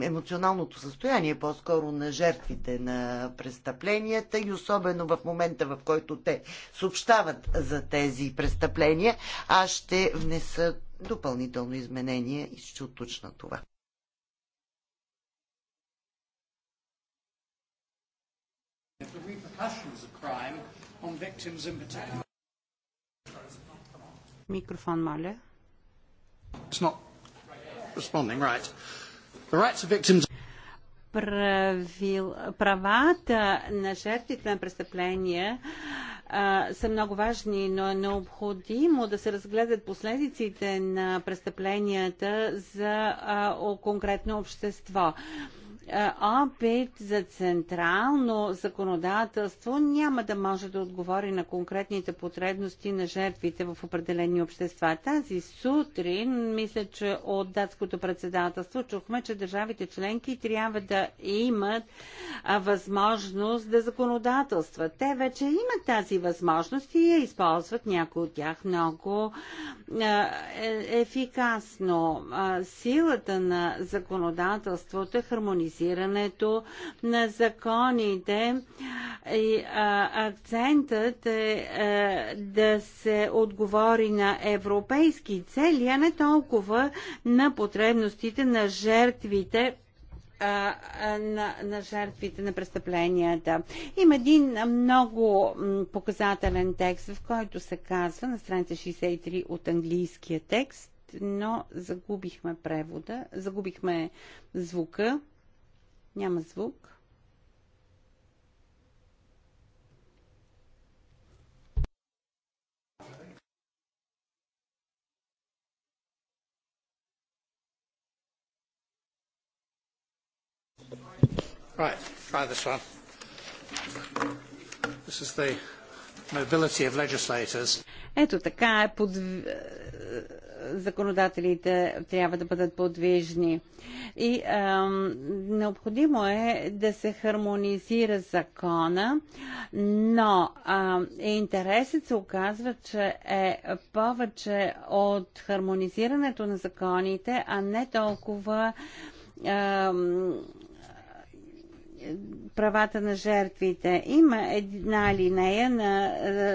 Speaker 1: емоционалното състояние по-скоро на жертвите на престъпленията и особено в момента, в който те съобщават за тези престъпления, аз ще внеса допълнително изменение и ще уточна това.
Speaker 2: repercussions of crime on victims in particular.
Speaker 3: Microphone, моля. It's not responding right. The rights of victims правил, правата на жертвите на престъпления са много важни, но е необходимо да се разгледат последиците на престъпленията за а, конкретно общество. Е, опит за централно законодателство няма да може да отговори на конкретните потребности на жертвите в определени общества. Тази сутрин, мисля, че от датското председателство чухме, че държавите членки трябва да имат възможност да законодателстват. Те вече имат тази възможност и я използват някои от тях много е, ефикасно. Силата на законодателството е хармонизирана хармонизирането на законите. И, а, акцентът е а, е, да се отговори на европейски цели, а не толкова на потребностите на жертвите на, на жертвите на престъпленията. Има един много показателен текст, в който се казва на страница 63 от английския текст, но загубихме превода, загубихме звука. Няма звук.
Speaker 1: Right, try this one.
Speaker 2: This is the mobility of legislators.
Speaker 3: Ето така е под законодателите трябва да бъдат подвижни. И а, необходимо е да се хармонизира закона, но а, интересът се оказва, че е повече от хармонизирането на законите, а не толкова правата на жертвите. Има една линея на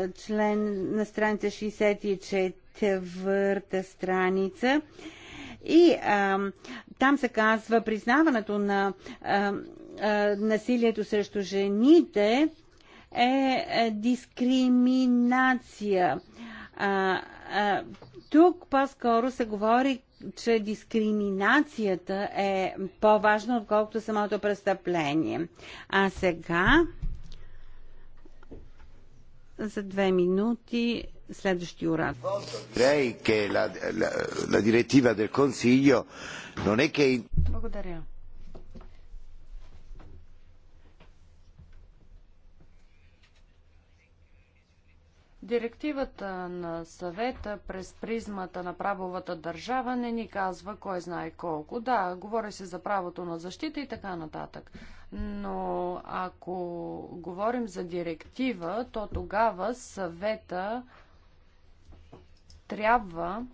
Speaker 3: е, член на страница 64-та страница и а, там се казва признаването на а, а, насилието срещу жените е, е дискриминация. А, а, тук по-скоро се говори че дискриминацията е по-важна, отколкото самото престъпление. А сега за две минути следващи оратор.
Speaker 1: Благодаря.
Speaker 2: Директивата на съвета през призмата на правовата държава не ни казва кой знае колко. Да, говори се за правото на защита и така нататък. Но ако говорим за директива, то тогава съвета трябва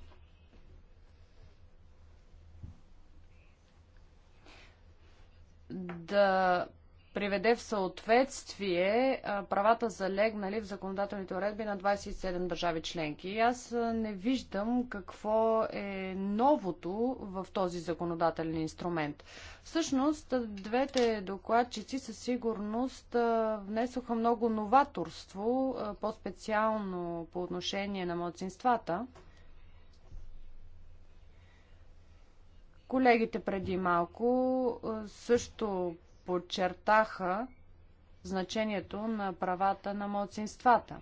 Speaker 2: да приведе в съответствие правата залегнали в законодателните уредби на 27 държави членки. И аз не виждам какво е новото в този законодателен инструмент. Всъщност, двете докладчици със сигурност внесоха много новаторство, по-специално по отношение на младсинствата. Колегите преди малко също подчертаха значението на правата на младсинствата,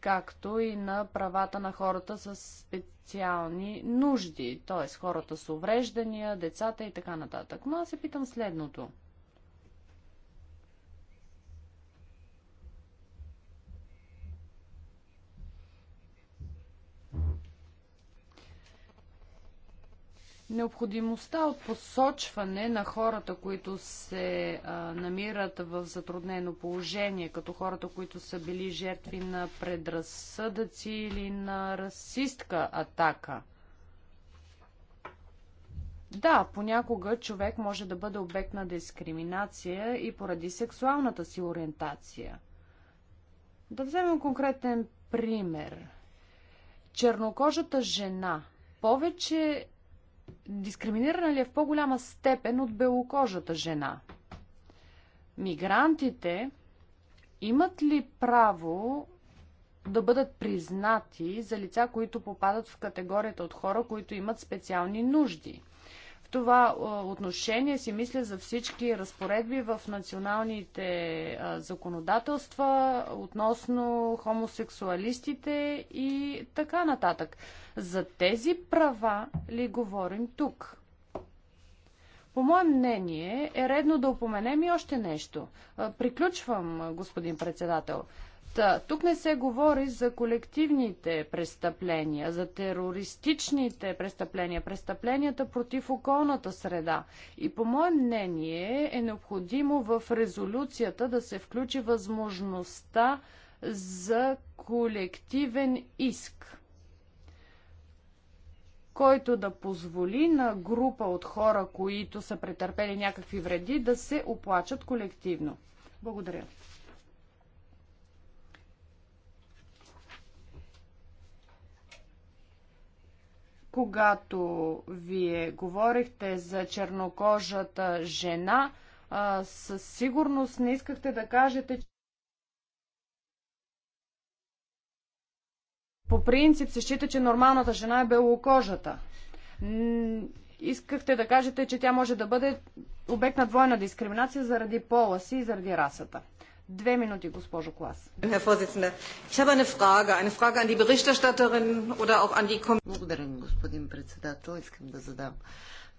Speaker 2: както и на правата на хората с специални нужди, т.е. хората с увреждания, децата и така нататък. Но аз се питам следното – Необходимостта от посочване на хората, които се а, намират в затруднено положение, като хората, които са били жертви на предразсъдъци или на расистка атака. Да, понякога човек може да бъде обект на дискриминация и поради сексуалната си ориентация. Да вземем конкретен пример. Чернокожата жена повече дискриминирана ли е в по-голяма степен от белокожата жена? Мигрантите имат ли право да бъдат признати за лица, които попадат в категорията от хора, които имат специални нужди? В това отношение си мисля за всички разпоредби в националните законодателства относно хомосексуалистите и така нататък. За тези права ли говорим тук? По мое мнение е редно да упоменем и още нещо. Приключвам, господин председател. Та, тук не се говори за колективните престъпления, за терористичните престъпления, престъпленията против околната среда. И по мое мнение е необходимо в резолюцията да се включи възможността за колективен иск, който да позволи на група от хора, които са претърпели някакви вреди, да се оплачат колективно. Благодаря. Когато вие говорихте за чернокожата жена, а, със сигурност не искахте да кажете, че по принцип се счита, че нормалната жена е белокожата. Искахте да кажете, че тя може да бъде обект на двойна дискриминация заради пола си и заради расата. Две минути, госпожо Клас. Благодаря,
Speaker 1: господин председател. Искам да задам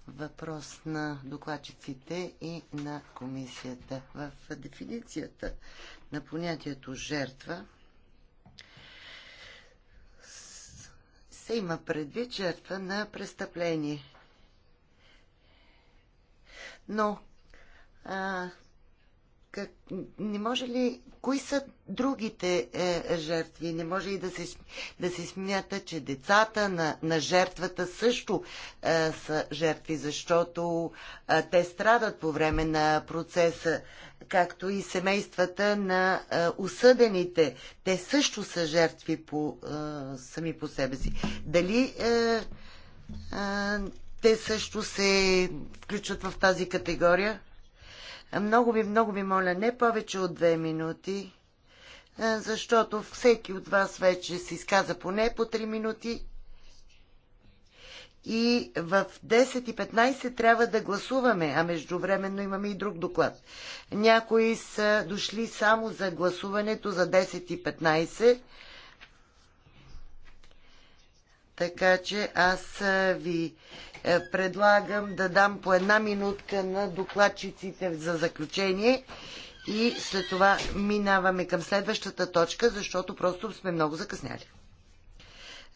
Speaker 1: въпрос на докладчиците и на комисията. В дефиницията на понятието жертва се има предвид жертва на престъпление. Но а, как, не може ли, кои са другите е, жертви? Не може ли да се, да се смята, че децата на, на жертвата също е, са жертви, защото е, те страдат по време на процеса, както и семействата на е, осъдените. Те също са жертви по, е, сами по себе си. Дали е, е, те също се включват в тази категория? Много ви, много ви моля, не повече от две минути, е, защото всеки от вас вече се изказа поне по три минути и в 10 и 15 трябва да гласуваме, а междувременно имаме и друг доклад. Някои са дошли само за гласуването за 10 и 15, така че аз ви е, предлагам да дам по една минутка на докладчиците за заключение и след това минаваме към следващата точка, защото просто сме много закъсняли.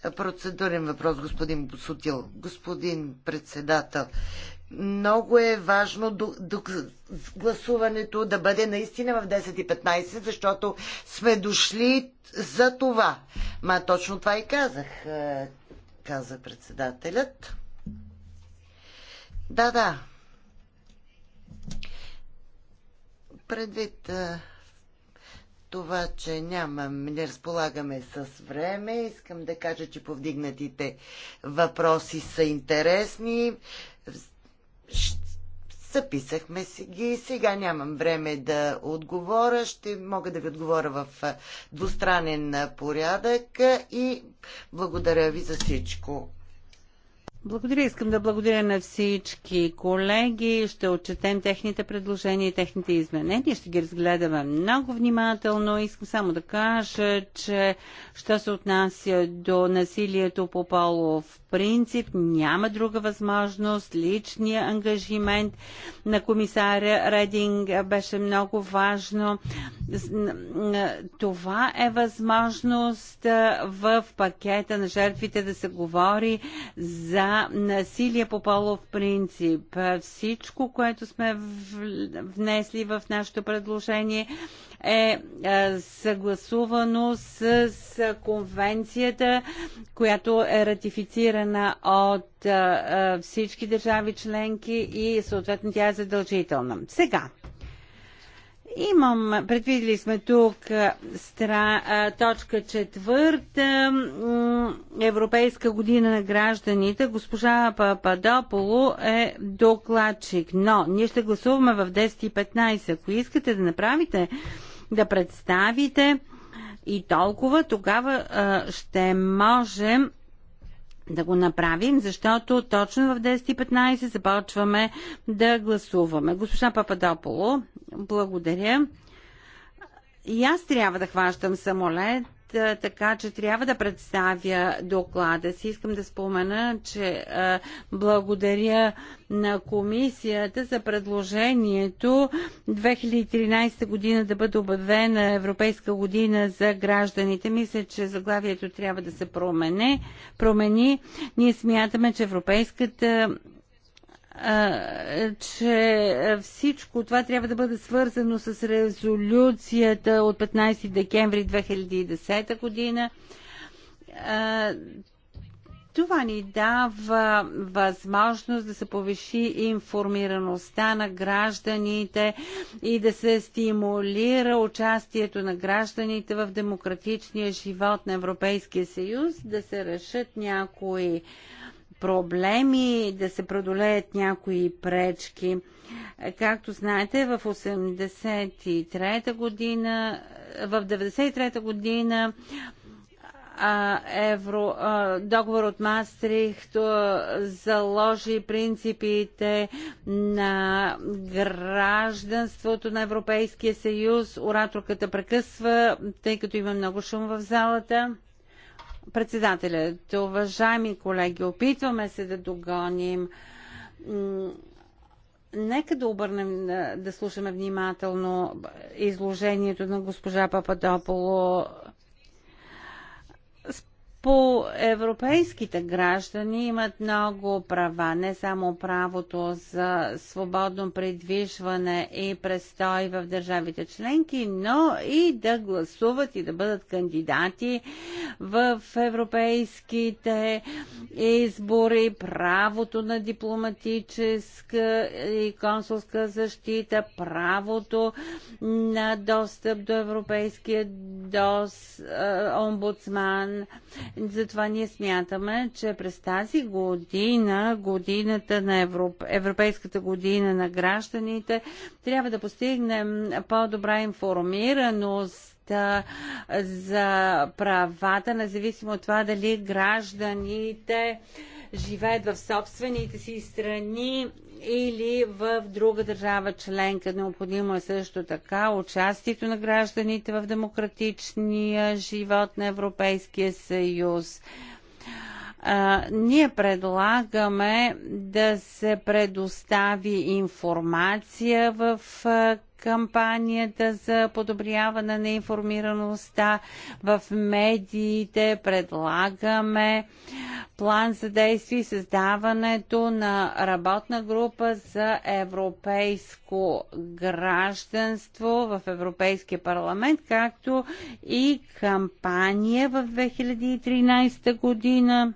Speaker 1: Е, процедурен въпрос, господин Сутил. Господин председател, много е важно до, до, гласуването да бъде наистина в 10.15, защото сме дошли за това. Ма точно това и казах, е, каза председателят. Да, да. Предвид това, че нямам, не разполагаме с време. Искам да кажа, че повдигнатите въпроси са интересни. Записахме си ги. Сега нямам време да отговоря. Ще мога да ви отговоря в двустранен порядък и благодаря ви за всичко. Благодаря.
Speaker 3: Искам да благодаря на всички колеги. Ще отчетем техните предложения и техните изменения. Ще ги разгледаме много внимателно. Искам само да кажа, че що се отнася до насилието по полов принцип, няма друга възможност. Личният ангажимент на комисаря Рединг беше много важно. Това е възможност в пакета на жертвите да се говори за насилие по полов принцип. Всичко, което сме внесли в нашето предложение е, е съгласувано с конвенцията, която е ратифицирана от е, е, всички държави членки и съответно тя е задължителна. Сега, Имам, предвидели сме тук стра, точка четвърта, Европейска година на гражданите. Госпожа Пападополо е докладчик, но ние ще гласуваме в 10.15. Ако искате да направите, да представите и толкова, тогава ще можем да го направим, защото точно в 10.15 започваме да гласуваме. Госпожа Пападополо, благодаря. И аз трябва да хващам самолет е, така че трябва да представя доклада си. Искам да спомена, че е, благодаря на комисията за предложението 2013 година да бъде обявена Европейска година за гражданите. Мисля, че заглавието трябва да се промени. Ние смятаме, че Европейската че всичко това трябва да бъде свързано с резолюцията от 15 декември 2010 година. Това ни дава възможност да се повиши информираността на гражданите и да се стимулира участието на гражданите в демократичния живот на Европейския съюз, да се решат някои проблеми, да се продолеят някои пречки. Както знаете, в 83-та година, в 93-та година евро, договор от Мастрихт заложи принципите на гражданството на Европейския съюз. Ораторката прекъсва, тъй като има много шум в залата. Председателят, уважаеми колеги, опитваме се да догоним. Нека да обърнем, да слушаме внимателно изложението на госпожа Пападополо по европейските граждани имат много права, не само правото за свободно придвижване и престой в държавите членки, но и да гласуват и да бъдат кандидати в европейските избори, правото на дипломатическа и консулска защита, правото на достъп до европейския дос, е, омбудсман, затова ние смятаме, че през тази година, годината на Европ... Европейската година на гражданите, трябва да постигнем по-добра информираност за правата, независимо от това дали гражданите живеят в собствените си страни или в друга държава членка. Необходимо е също така участието на гражданите в демократичния живот на Европейския съюз. А, ние предлагаме да се предостави информация в а, кампанията за подобряване на информираността в медиите. Предлагаме план за действие и създаването на работна група за европейско гражданство в Европейския парламент, както и кампания в 2013 година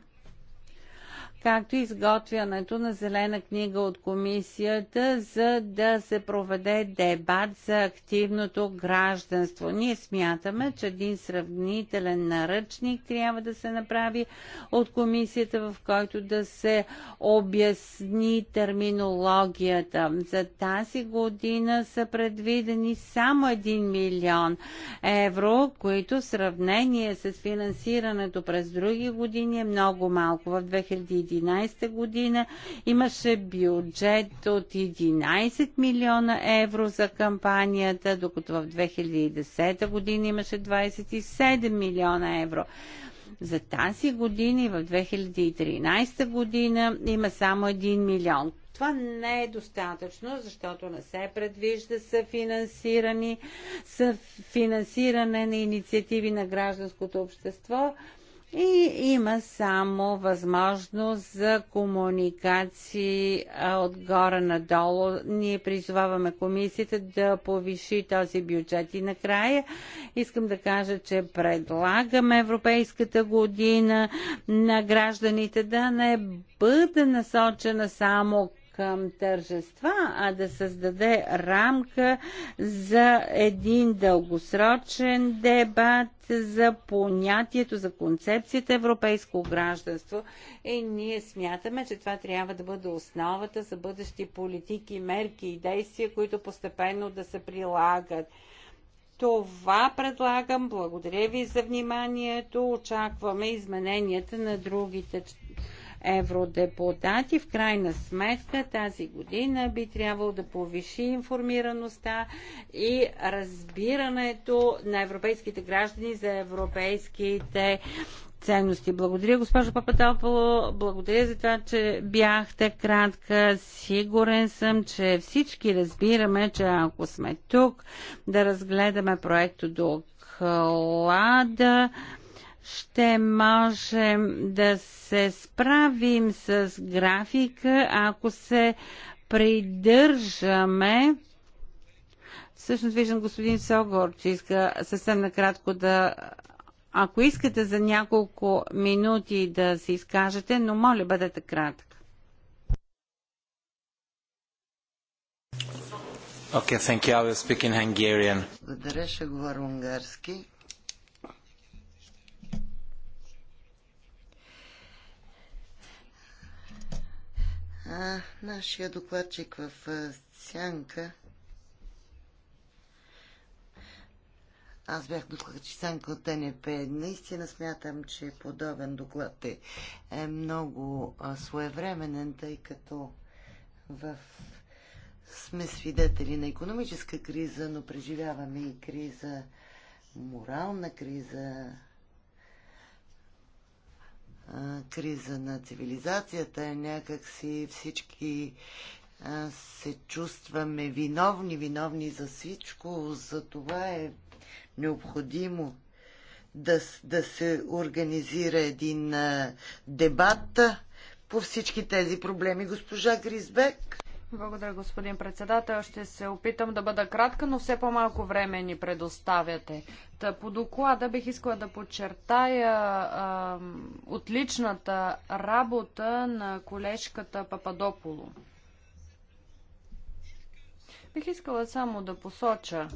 Speaker 3: както и изготвянето на зелена книга от комисията, за да се проведе дебат за активното гражданство. Ние смятаме, че един сравнителен наръчник трябва да се направи от комисията, в който да се обясни терминологията. За тази година са предвидени само 1 милион евро, които в сравнение с финансирането през други години е много малко. В 2011 2011 година имаше бюджет от 11 милиона евро за кампанията, докато в 2010 година имаше 27 милиона евро за тази година и в 2013 година има само 1 милион. Това не е достатъчно, защото не се предвижда съфинансиране на инициативи на гражданското общество и има само възможност за комуникации отгоре надолу. Ние призоваваме комисията да повиши този бюджет. И накрая искам да кажа, че предлагаме Европейската година на гражданите да не бъде насочена само към тържества, а да създаде рамка за един дългосрочен дебат за понятието, за концепцията европейско гражданство. И ние смятаме, че това трябва да бъде основата за бъдещи политики, мерки и действия, които постепенно да се прилагат. Това предлагам. Благодаря ви за вниманието. Очакваме измененията на другите евродепутати. В крайна сметка тази година би трябвало да повиши информираността и разбирането на европейските граждани за европейските ценности. Благодаря, госпожо Папатополо. Благодаря за това, че бяхте кратка. Сигурен съм, че всички разбираме, че ако сме тук да разгледаме проекто клада, ще можем да се справим с графика, ако се придържаме. Всъщност виждам господин Согор, че иска съвсем накратко да ако искате за няколко минути да се изкажете, но моля бъдете кратък. Okay, thank you. I will speak in Hungarian.
Speaker 1: Благодаря, ще говоря унгарски. А, нашия докладчик в Сянка. Аз бях докладчик Сянка от ТНП. Наистина смятам, че подобен доклад е, е много а, своевременен, тъй като в сме свидетели на економическа криза, но преживяваме и криза, морална криза, криза на цивилизацията, някакси всички се чувстваме виновни, виновни за всичко, за това е необходимо да, да се организира един дебат по всички тези проблеми. Госпожа Гризбек. Благодаря, господин председател. Ще се опитам да бъда кратка,
Speaker 2: но все по-малко време ни предоставяте. Та, по доклада бих искала да подчертая а, отличната работа на колежката Пападополо. Бих искала само да посоча,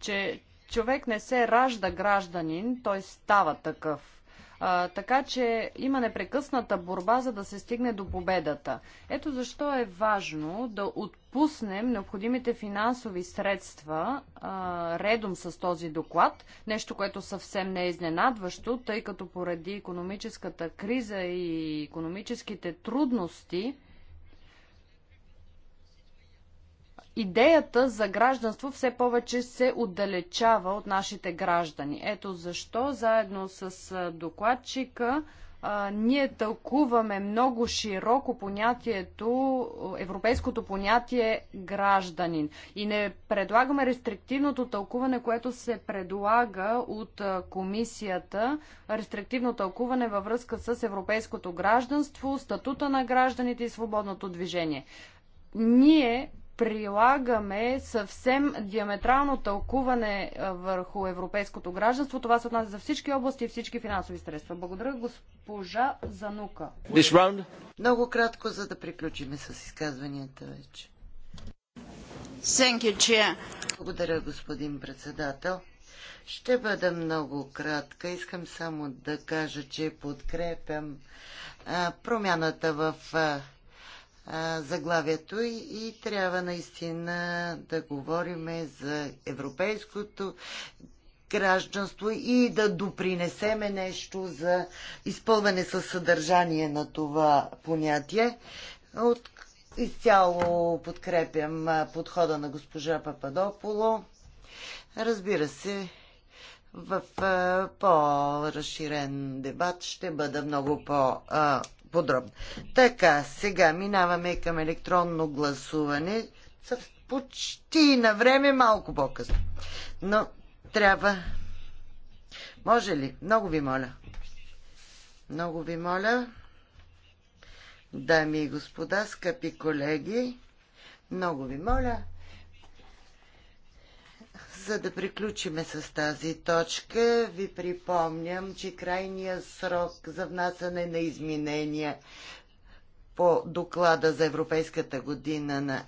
Speaker 2: че човек не се ражда гражданин, той става такъв. А, така че има непрекъсната борба, за да се стигне до победата. Ето защо е важно да отпуснем необходимите финансови средства а, редом с този доклад. Нещо, което съвсем не е изненадващо, тъй като поради економическата криза и економическите трудности, идеята за гражданство все повече се отдалечава от нашите граждани. Ето защо, заедно с докладчика, ние тълкуваме много широко понятието, европейското понятие гражданин. И не предлагаме рестриктивното тълкуване, което се предлага от комисията, рестриктивно тълкуване във връзка с европейското гражданство, статута на гражданите и свободното движение. Ние прилагаме съвсем диаметрално тълкуване върху европейското гражданство. Това се отнася за всички области и всички финансови средства. Благодаря госпожа Занука.
Speaker 1: Много кратко, за да приключиме с изказванията вече. Благодаря, господин председател. Ще бъда много кратка. Искам само да кажа, че подкрепям а, промяната в а, заглавието и, и трябва наистина да говорим за европейското гражданство и да допринесеме нещо за изпълване със съдържание на това понятие. От, изцяло подкрепям подхода на госпожа Пападополо. Разбира се, в по-разширен дебат ще бъда много по- подробно. Така, сега минаваме към електронно гласуване. Почти на време, малко по-късно. Но трябва. Може ли? Много ви моля. Много ви моля. Дами и господа, скъпи колеги, много ви моля за да приключиме с тази точка, ви припомням, че крайният срок за внасяне на изменения по доклада за Европейската година на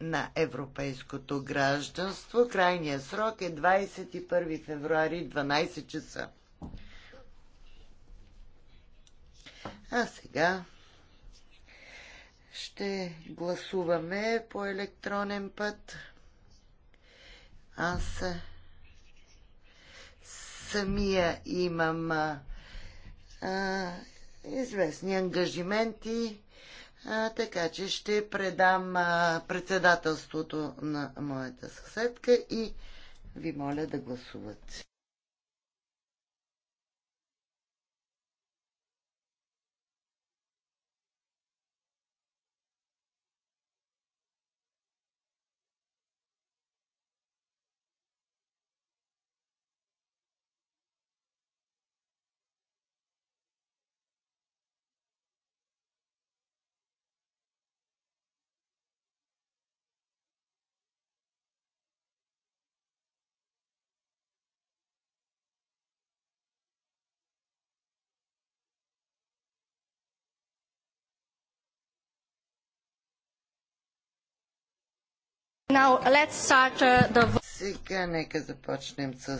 Speaker 1: на европейското гражданство. Крайният срок е 21 февруари 12 часа. А сега ще гласуваме по електронен път. Аз самия имам а, известни ангажименти, а, така че ще предам а, председателството на моята съседка и ви моля да гласувате. Uh, the... Сега нека започнем с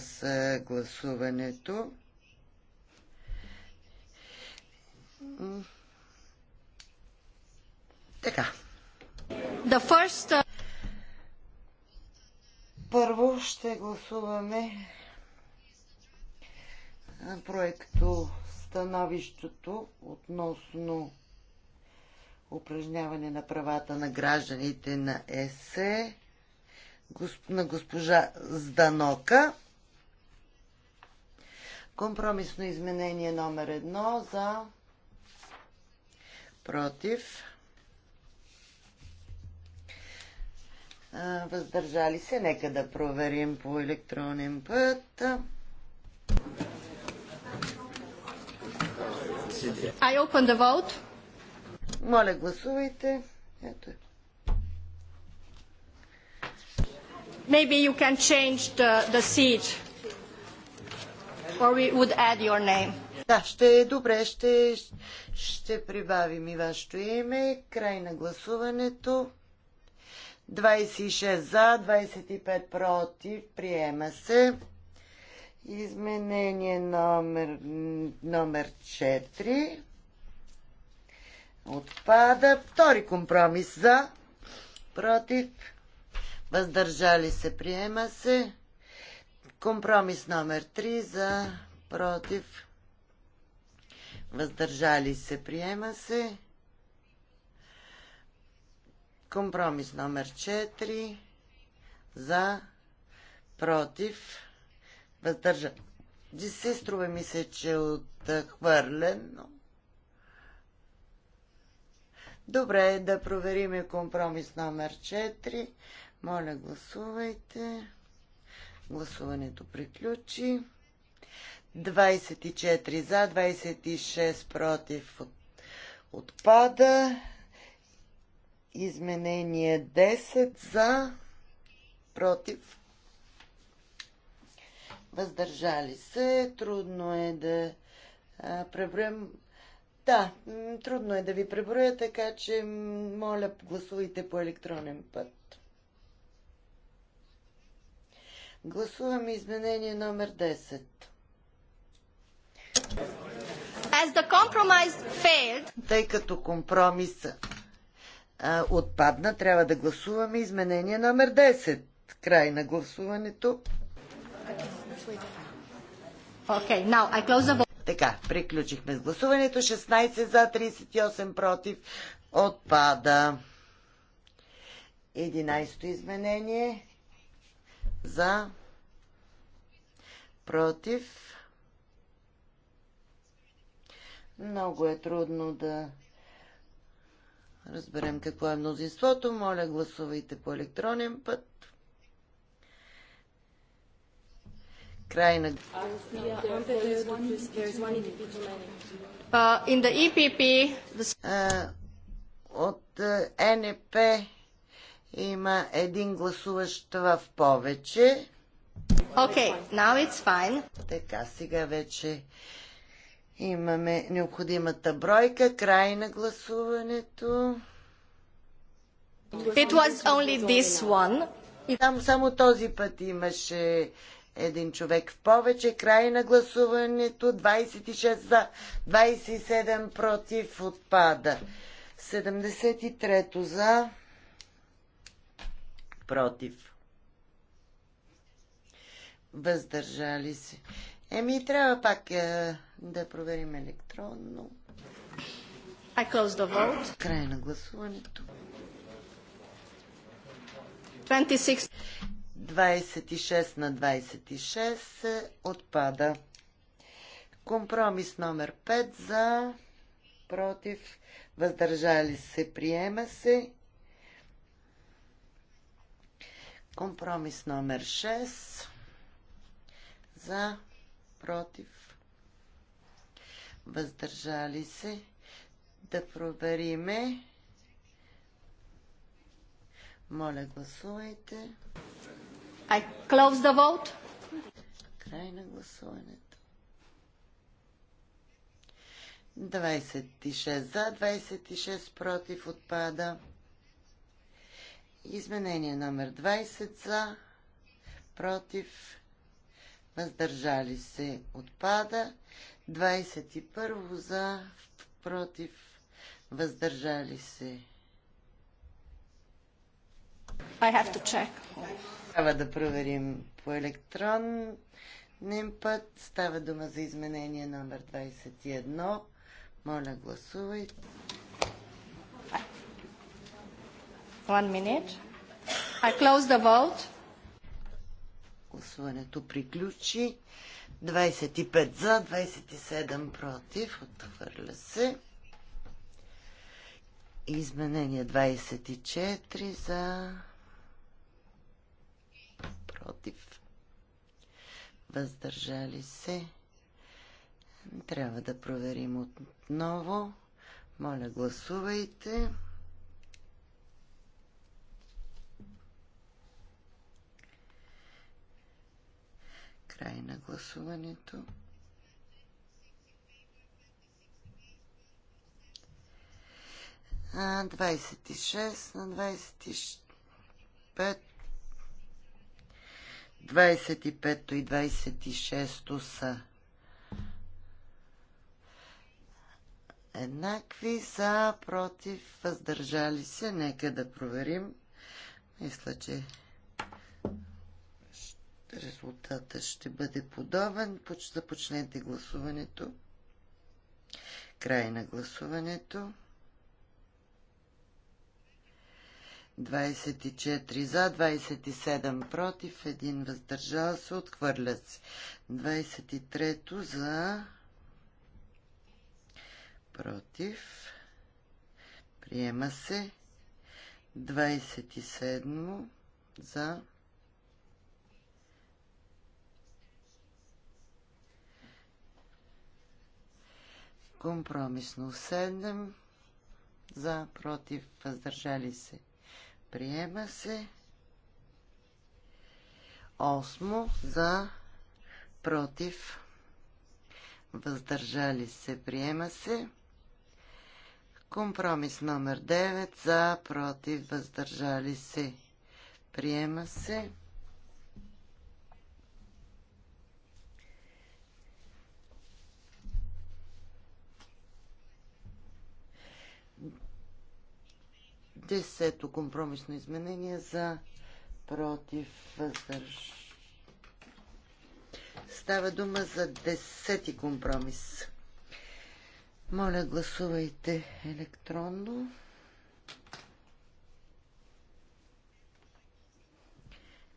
Speaker 1: гласуването. Така. First... Uh, Първо ще гласуваме проекто становището относно упражняване на правата на гражданите на ЕСЕ на госпожа Зданока. Компромисно изменение номер едно за против. Въздържали се. Нека да проверим по електронен път. I open the vote. Моля, гласувайте. Ето е. Maybe you can change the, the seat. Or we would add your name. Да, ще е добре, ще, ще прибавим и вашето име. Край на гласуването. 26 за, 25 против. Приема се. Изменение номер, номер 4. Отпада. Втори компромис за, против въздържали се, приема се. Компромис номер 3 за против, въздържали се, приема се. Компромис номер 4 за против, Ди се, струва ми се, че е но... Добре, да проверим компромис номер 4. Моля, гласувайте. Гласуването приключи. 24 за, 26 против отпада. Изменение 10 за, против. Въздържали се. Трудно е да преброим. Да, трудно е да ви преброя, така че моля, гласувайте по електронен път. Гласуваме изменение номер 10. As the compromise failed... Тъй като компромиса а, отпадна, трябва да гласуваме изменение номер 10. Край на гласуването. Okay, now I close the... Така, приключихме с гласуването. 16 за, 38 против. Отпада. 11 изменение за, против. Много е трудно да разберем какво е мнозинството. Моля, гласувайте по електронен път. Край на... Uh, e от uh, е, НП има един гласуващ в повече. Okay, now it's fine. Така, сега вече имаме необходимата бройка. Край на гласуването. It was only this one. И там само този път имаше един човек в повече. Край на гласуването 26 за, 27 против отпада. 73 за против. Въздържали се. Еми, трябва пак е, да проверим електронно. I close the vote. Край на гласуването. 26. 26 на 26 е, отпада. Компромис номер 5 за, против, въздържали се, приема се. Компромис номер 6. За, против, въздържали се. Да провериме. Моля, гласувайте. I close the vote. Край на гласуването. 26 за, 26 против отпада. Изменение номер 20 за, против, въздържали се, отпада. 21 за, против, въздържали се. I have to check. Трябва да проверим по електронен път. Става дума за изменение номер 21. Моля, гласувайте. One minute.
Speaker 3: I close the vote.
Speaker 1: Гласуването приключи. 25 за, 27 против. Отхвърля се. Изменение 24 за против. Въздържали се. Трябва да проверим отново. Моля, гласувайте. Край на гласуването. А, 26 на 25. 25 и 26 са еднакви, за, против, въздържали се. Нека да проверим. Мисля, че резултата ще бъде подобен. Започнете гласуването. Край на гласуването. 24 за, 27 против, 1 въздържал се, отхвърля се. 23 за, против, приема се. 27 за, Компромисно 7 за, против, въздържали се. Приема се. Осмо за, против, въздържали се. Приема се. Компромис номер 9 за, против, въздържали се. Приема се. Десето компромисно изменение за против въздърж. Става дума за десети компромис. Моля, гласувайте електронно.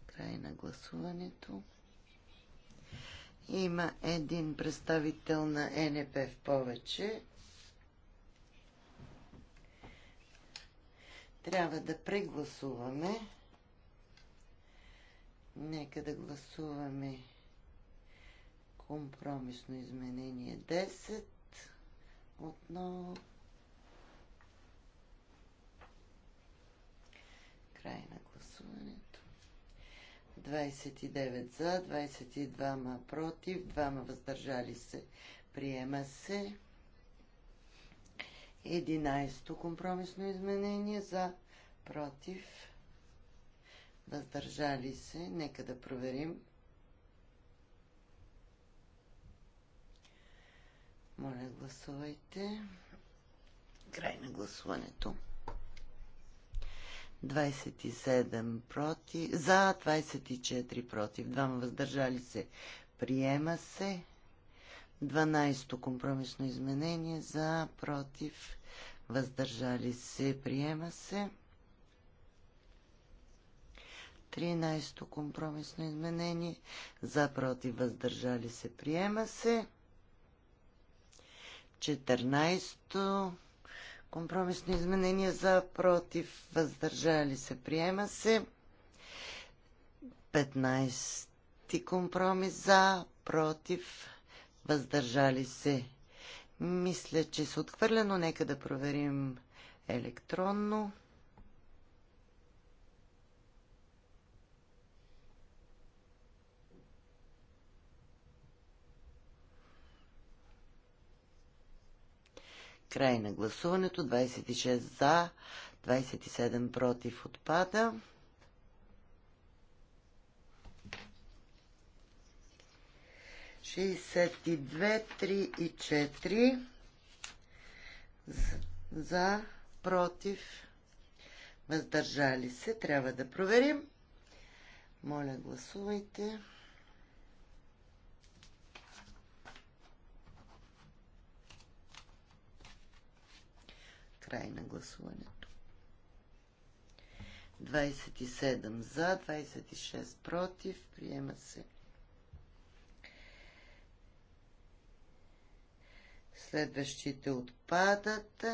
Speaker 1: Край на гласуването. Има един представител на НП в повече. Трябва да прегласуваме. Нека да гласуваме компромисно изменение 10. Отново. Край на гласуването. 29 за, 22 против, 2 въздържали се. Приема се. 11-то компромисно изменение за против. Въздържали се. Нека да проверим. Моля, гласувайте. Край на гласуването. 27 против, за 24 против, 2 въздържали се. Приема се. 12-то компромисно изменение за, против, въздържали се, приема се. 13-то компромисно изменение за, против, въздържали се, приема се. 14-то компромисно изменение за, против, въздържали се, приема се. 15-ти компромис за, против, въздържали се. Мисля, че се отхвърля, но нека да проверим електронно. Край на гласуването. 26 за, 27 против отпада. 62, 3 и 4 за, против, въздържали се. Трябва да проверим. Моля, гласувайте. Край на гласуването. 27 за, 26 против. Приема се. Следващите отпадат.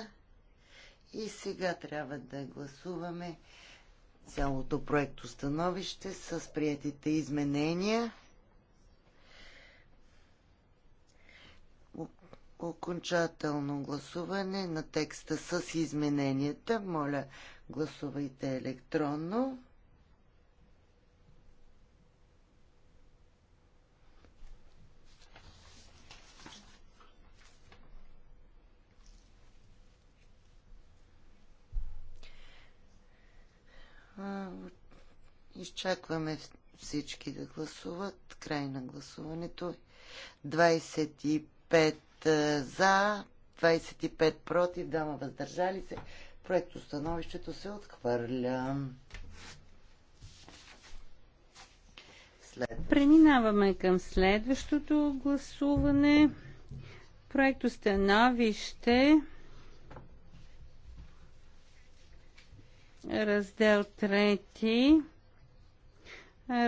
Speaker 1: И сега трябва да гласуваме цялото проекто становище с приятите изменения. Окончателно гласуване на текста с измененията. Моля, гласувайте електронно. Изчакваме всички да гласуват. Край на гласуването. 25 за, 25 против, дама въздържали се. Проекто становището се отхвърля.
Speaker 3: След... Преминаваме към следващото гласуване. Проекто становище. Раздел 3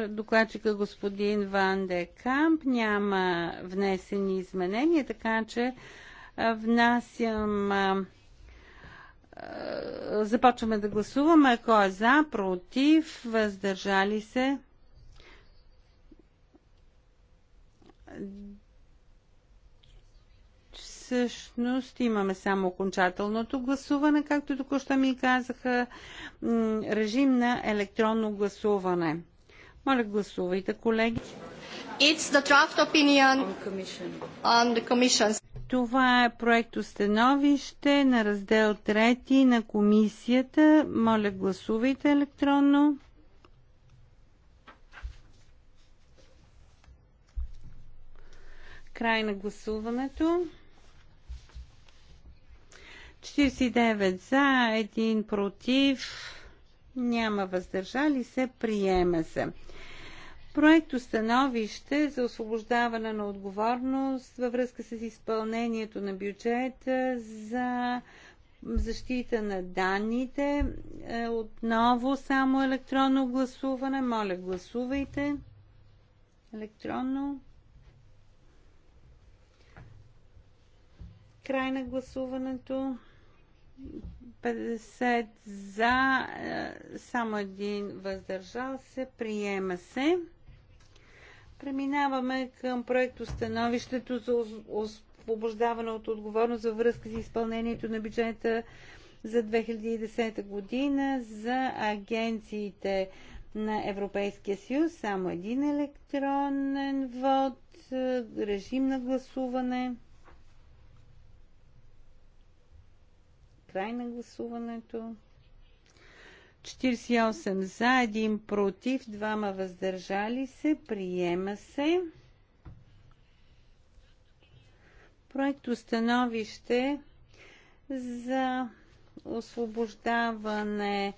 Speaker 3: докладчика господин Ван де Камп. Няма внесени изменения, така че внасям. Започваме да гласуваме. Кой е за, против, въздържали се? всъщност имаме само окончателното гласуване, както току-що ми казаха, режим на електронно гласуване. Моля, гласувайте, колеги. It's the draft opinion on the commission. Това е проекто становище на раздел 3 на комисията. Моля, гласувайте електронно. Край на гласуването. 49 за, 1 против, няма въздържали се, приема се проекто становище за освобождаване на отговорност във връзка с изпълнението на бюджета за защита на данните. Е, отново само електронно гласуване. Моля, гласувайте. Електронно. Край на гласуването. 50 за, е, само един въздържал се, приема се. Преминаваме към проекто становището за освобождаване от отговорност във връзка с изпълнението на бюджета за 2010 година за агенциите на Европейския съюз. Само един електронен вод, е, режим на гласуване. Край на гласуването. 48 за, 1 против, 2 въздържали се. Приема се. Проект установище за освобождаване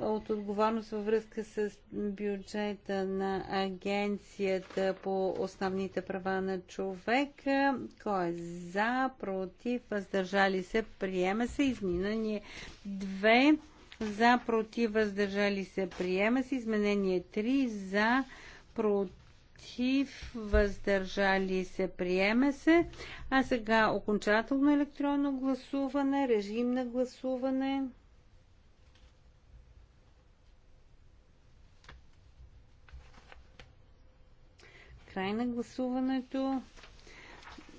Speaker 3: от отговорност във връзка с бюджета на Агенцията по основните права на човека. Кой е за, против, въздържали се, приема се. Изминание 2 за против въздържали се приема се. Изменение 3 за против въздържали се приема се. А сега окончателно електронно гласуване, режим на гласуване. край на гласуването.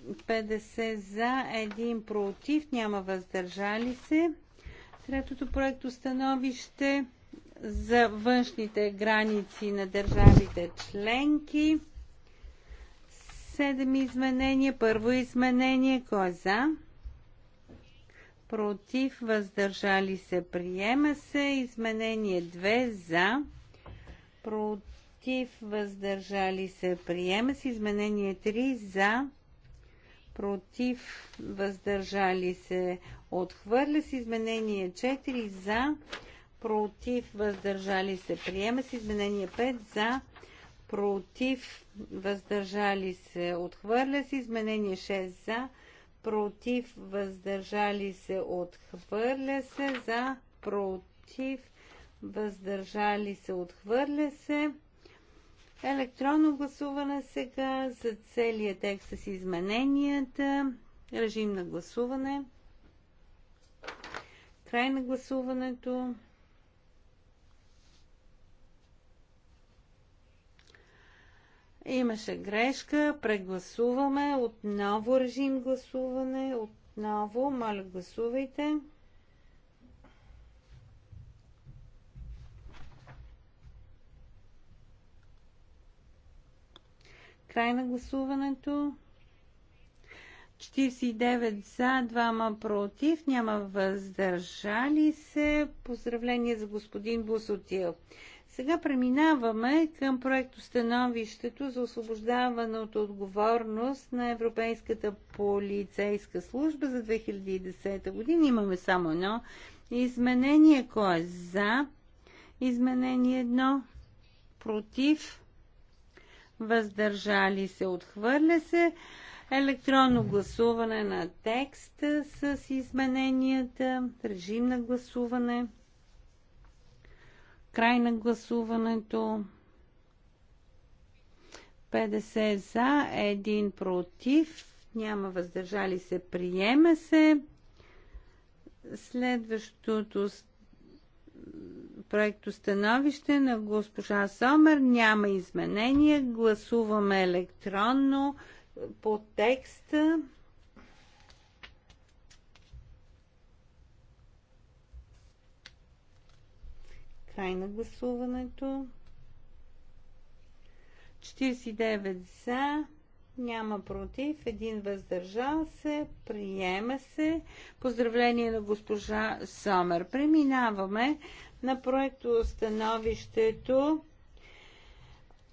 Speaker 3: 50 за, 1 против, няма въздържали се. Третото проекто становище за външните граници на държавите членки. Седем изменения. Първо изменение. Кой е за? Против. Въздържали се. Приема се. Изменение 2 за. Против. Въздържали се. Приема се. Изменение 3 за. Против. Въздържали се. Отхвърля се изменение 4 за, против, въздържали се. Приема се изменение 5 за, против, въздържали се. Отхвърля се изменение 6 за, против, въздържали се. Отхвърля се за, против, въздържали се. Отхвърля се. Електронно гласуване сега за целият текст с измененията. Режим на гласуване. Край на гласуването. Имаше грешка. Прегласуваме. Отново режим гласуване. Отново. Моля, гласувайте. Край на гласуването. 49 за, 2 против, няма въздържали се. Поздравление за господин Бусотил. Сега преминаваме към становището за освобождаване от отговорност на Европейската полицейска служба за 2010 година. Имаме само едно изменение. Кой е за? Изменение едно. Против? Въздържали се? Отхвърля се? Електронно гласуване на текста с измененията. Режим на гласуване. Край на гласуването. 50 за, 1 против, няма въздържали се, приема се. Следващото проекто становище на госпожа Сомер няма изменения. Гласуваме електронно по текста. Край на гласуването. 49 за, няма против, един въздържал се, приема се. Поздравление на госпожа Сомер. Преминаваме на проекто становището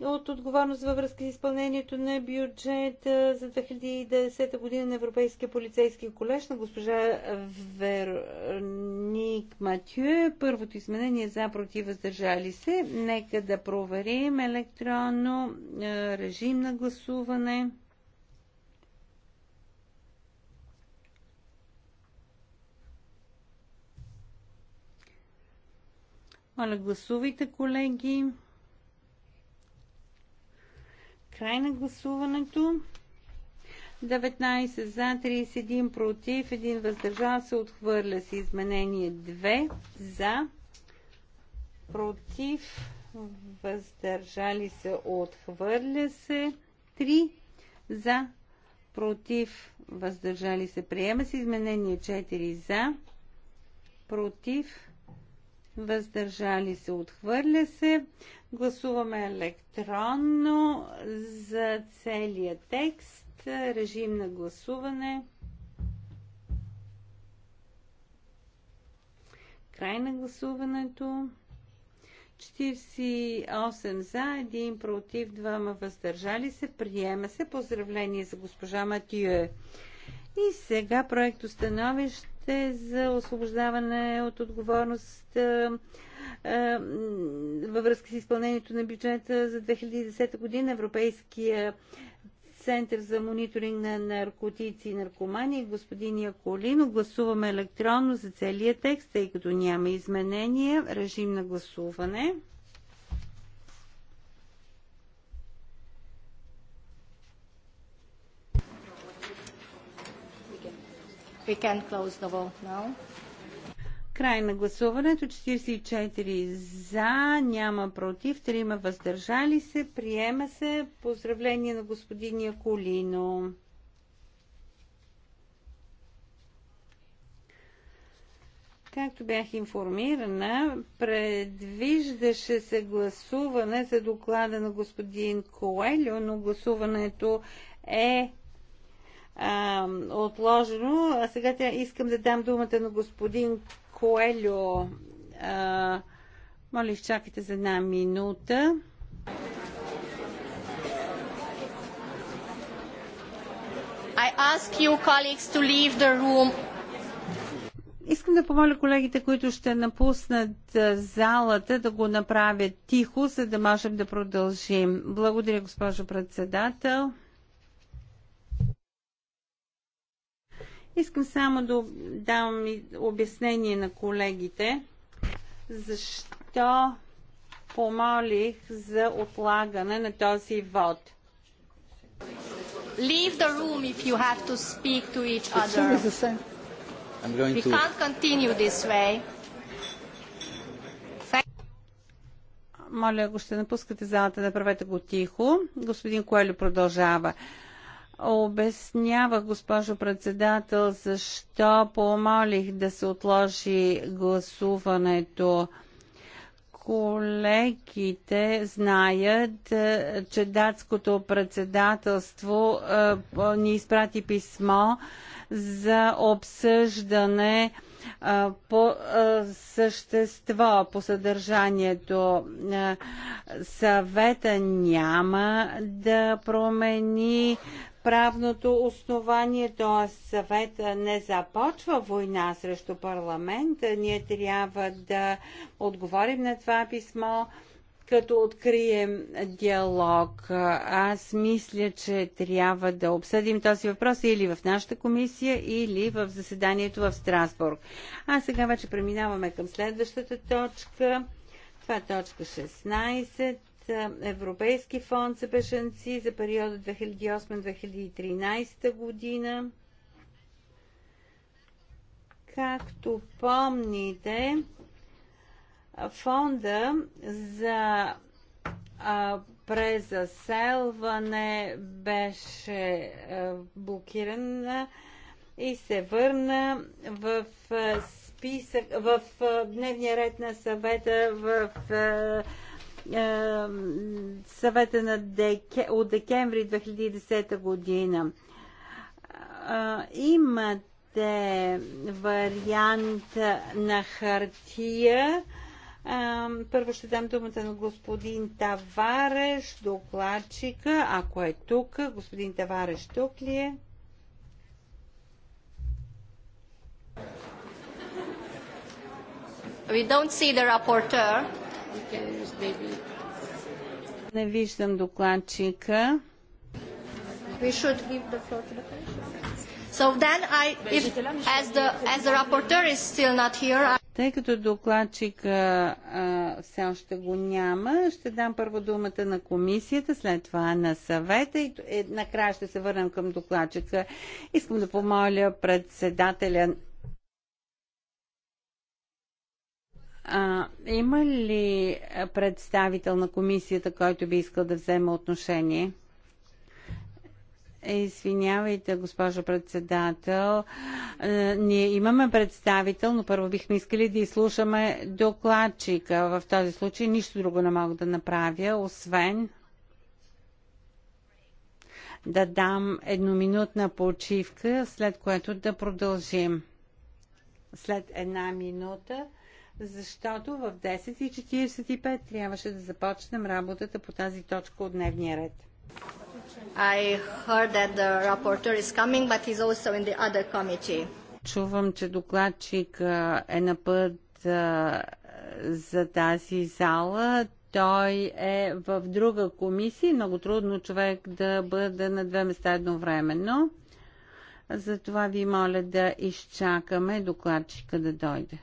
Speaker 3: от отговорност във връзка с изпълнението на бюджета за 2010 година на Европейския полицейски колеж на госпожа Верник Матю. Първото изменение е за против въздържали се. Нека да проверим електронно е, режим на гласуване. Моля, гласувайте, колеги. Край на гласуването. 19 за, 31 против, 1 въздържал се, отхвърля се. Изменение 2 за, против, въздържали се, отхвърля се. 3 за, против, въздържали се, приема се. Изменение 4 за, против, въздържали се, отхвърля се. Гласуваме електронно за целия текст. Режим на гласуване. Край на гласуването. 48 за, 1 против, 2 въздържали се. Приема се. Поздравление за госпожа Матио. И сега проект установище е за освобождаване от отговорност във връзка с изпълнението на бюджета за 2010 година. Европейския Център за мониторинг на наркотици и наркомани, господин Яколино. Гласуваме електронно за целия текст, тъй като няма изменения. Режим на гласуване. We can close the vote now. Край на гласуването. 44 за, няма против, 3 въздържали се. Приема се. Поздравление на господин Яколино. Както бях информирана, предвиждаше се гласуване за доклада на господин Коелио, но гласуването е а, отложено. А сега тя искам да дам думата на господин Коелю. А, моля, изчакайте за една минута. I ask you colleagues to leave the room. Искам да помоля колегите, които ще напуснат залата, да го направят тихо, за да можем да продължим. Благодаря, госпожо председател. Искам само да дам обяснение на колегите, защо помолих за отлагане на този вод. Leave the room if you have to speak to each other.
Speaker 1: I'm going We to... can't
Speaker 3: continue this way. Моля, ако ще напускате залата, направете да го тихо. Господин Коелю продължава. Обяснявах, госпожо председател, защо помолих да се отложи гласуването. Колегите знаят, е, че датското председателство е, ни изпрати писмо за обсъждане е, по същество, по съдържанието. Съвета няма да промени правното основание, т.е. съвета не започва война срещу парламента. Ние трябва да отговорим на това писмо, като открием диалог. Аз мисля, че трябва да обсъдим този въпрос или в нашата комисия, или в заседанието в Страсбург. А сега вече преминаваме към следващата точка. Това е точка 16. Европейски фонд за беженци за периода 2008-2013 година. Както помните, фонда за а, презаселване беше а, блокиран и се върна в а, списък, в а, дневния ред на съвета в а, е, съвета на деке, от декември 2010 година. Е, имате вариант на хартия. Е, първо ще дам думата на господин Тавареш, докладчика, ако е тук. Господин Тавареш, тук ли е? We don't see the rapporteur. Не виждам докладчика. We should give the floor to the So then I, if, as the, as the rapporteur is still not here, I... Тъй като докладчик а, все още го няма, ще дам първо думата на комисията, след това на съвета и е, накрая ще се върнем към докладчика. Искам да помоля председателя А, има ли представител на комисията, който би искал да вземе отношение? Извинявайте, госпожо председател. Ние имаме представител, но първо бихме искали да изслушаме докладчика. В този случай нищо друго не мога да направя, освен да дам едноминутна почивка, след което да продължим. След една минута защото в 10.45 трябваше да започнем работата по тази точка от дневния ред. I heard that the is coming, but he's also in the other committee. Чувам, че докладчик е на път за тази зала. Той е в друга комисия. Много трудно човек да бъде на две места едновременно. Затова ви моля да изчакаме докладчика да дойде.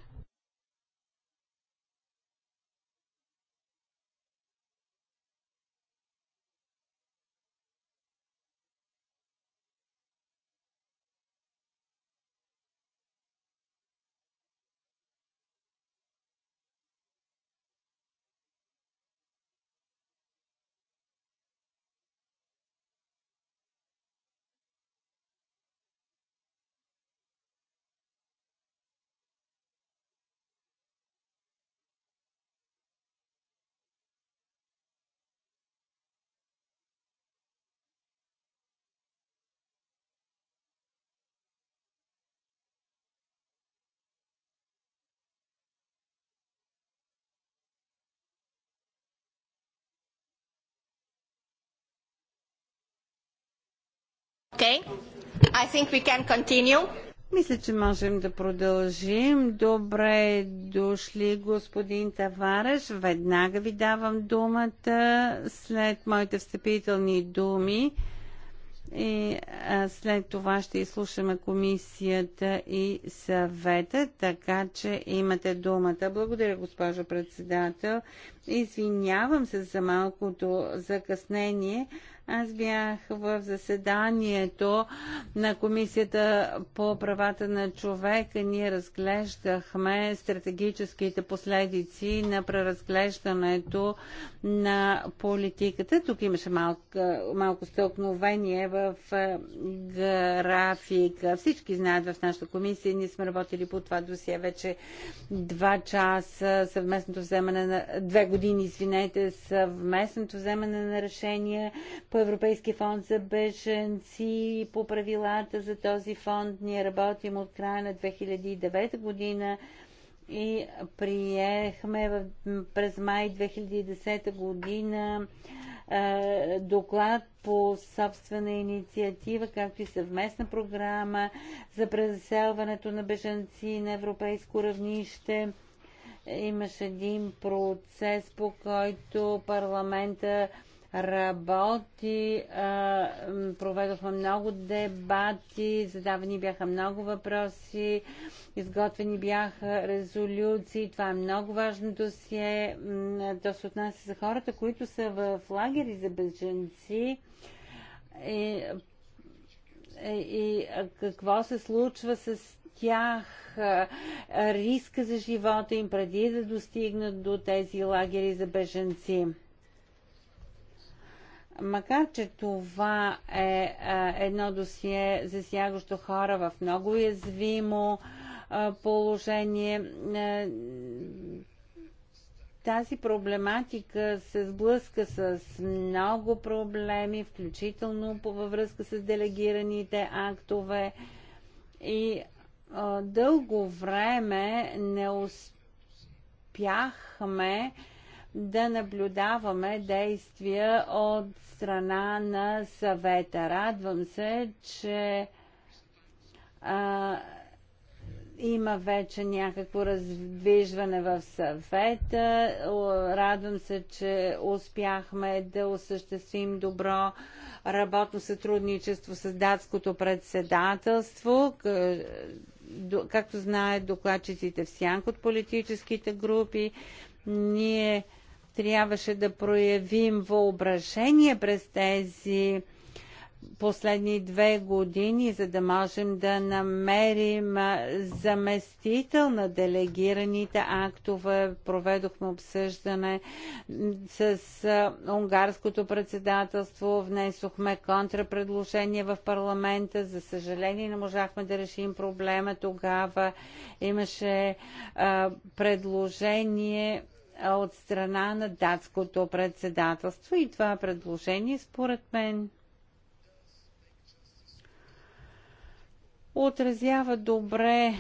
Speaker 3: Okay. I think we can continue. Мисля, че можем да продължим. Добре дошли, господин Тавареш. Веднага ви давам думата след моите встъпителни думи. И а, след това ще изслушаме комисията и съвета, така че имате думата. Благодаря, госпожо председател. Извинявам се за малкото закъснение. Аз бях в заседанието на Комисията по правата на човека. Ние разглеждахме стратегическите последици на преразглеждането на политиката. Тук имаше малко, малко стълкновение в е, графика. Всички знаят в нашата комисия. Ние сме работили по това досие вече два часа съвместното вземане на две години, извинете, съвместното вземане на решения по Европейски фонд за беженци, по правилата за този фонд. Ние работим от края на 2009 година и приехме през май 2010 година доклад по собствена инициатива, както и съвместна програма за преселването на бежанци на европейско равнище. Имаше един процес, по който парламента работи. Проведохме много дебати, задавани бяха много въпроси, изготвени бяха резолюции. Това е много важно досие. То се отнася за хората, които са в лагери за беженци. И, е, и какво се случва с тях, риска за живота им преди да достигнат до тези лагери за беженци. Макар, че това е, е едно досие, засягащо хора в много уязвимо положение, е, тази проблематика се сблъска с много проблеми, включително във връзка с делегираните актове и дълго време не успяхме да наблюдаваме действия от страна на съвета. Радвам се, че а, има вече някакво раздвижване в съвета. Радвам се, че успяхме да осъществим добро работно сътрудничество с датското председателство. Както знаят докладчиците в сянк от политическите групи, ние трябваше да проявим въображение през тези последни две години, за да можем да намерим заместител на делегираните актове. Проведохме обсъждане с унгарското председателство, внесохме контрапредложение в парламента. За съжаление не можахме да решим проблема. Тогава имаше а, предложение от страна на датското председателство и това предложение според мен отразява добре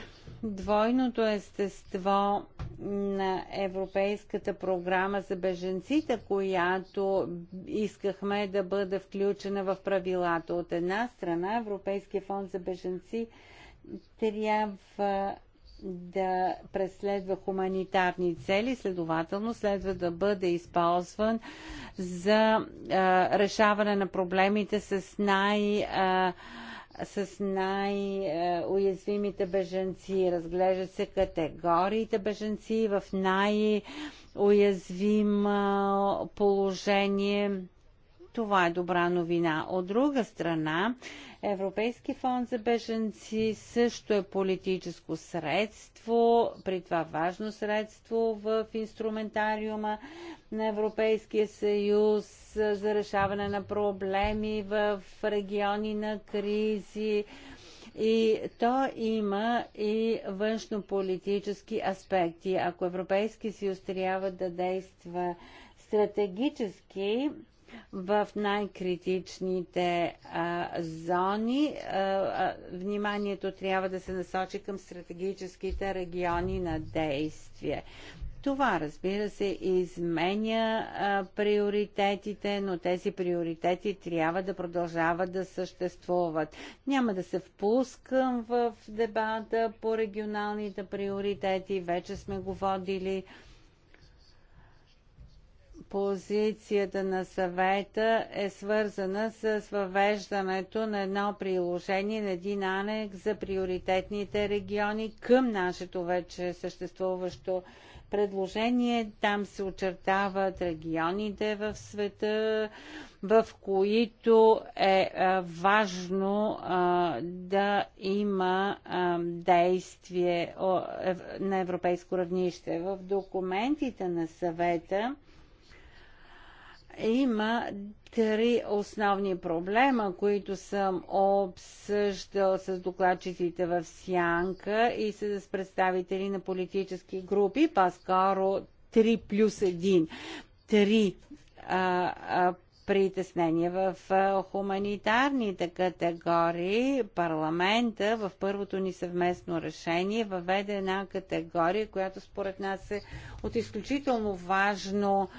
Speaker 3: двойното естество на Европейската програма за беженците, която искахме да бъде включена в правилата. От една страна Европейския фонд за беженци трябва да преследва хуманитарни цели, следователно следва да бъде използван за а, решаване на проблемите с най- а, с най-уязвимите беженци, разглеждат се категориите беженци в най- уязвимо положение това е добра новина. От друга страна, Европейски фонд за беженци също е политическо средство, при това важно средство в инструментариума на Европейския съюз за решаване на проблеми в региони на кризи. И то има и външнополитически аспекти. Ако Европейски съюз трябва да действа стратегически, в най-критичните зони. А, а, вниманието трябва да се насочи към стратегическите региони на действие. Това, разбира се, изменя а, приоритетите, но тези приоритети трябва да продължават да съществуват. Няма да се впускам в дебата по регионалните приоритети, вече сме го водили. А, позицията на съвета е свързана с въвеждането на едно приложение, на един анекс за приоритетните региони към нашето вече съществуващо предложение. Там се очертават регионите в света, в които е, е важно да има действие на европейско равнище. В документите на съвета има три основни проблема, които съм обсъждал с докладчиците в Сянка и с представители на политически групи, по-скоро 3 плюс 1. Три а, а, притеснения в а, хуманитарните категории. Парламента в първото ни съвместно решение въведе една категория, която според нас е от изключително важно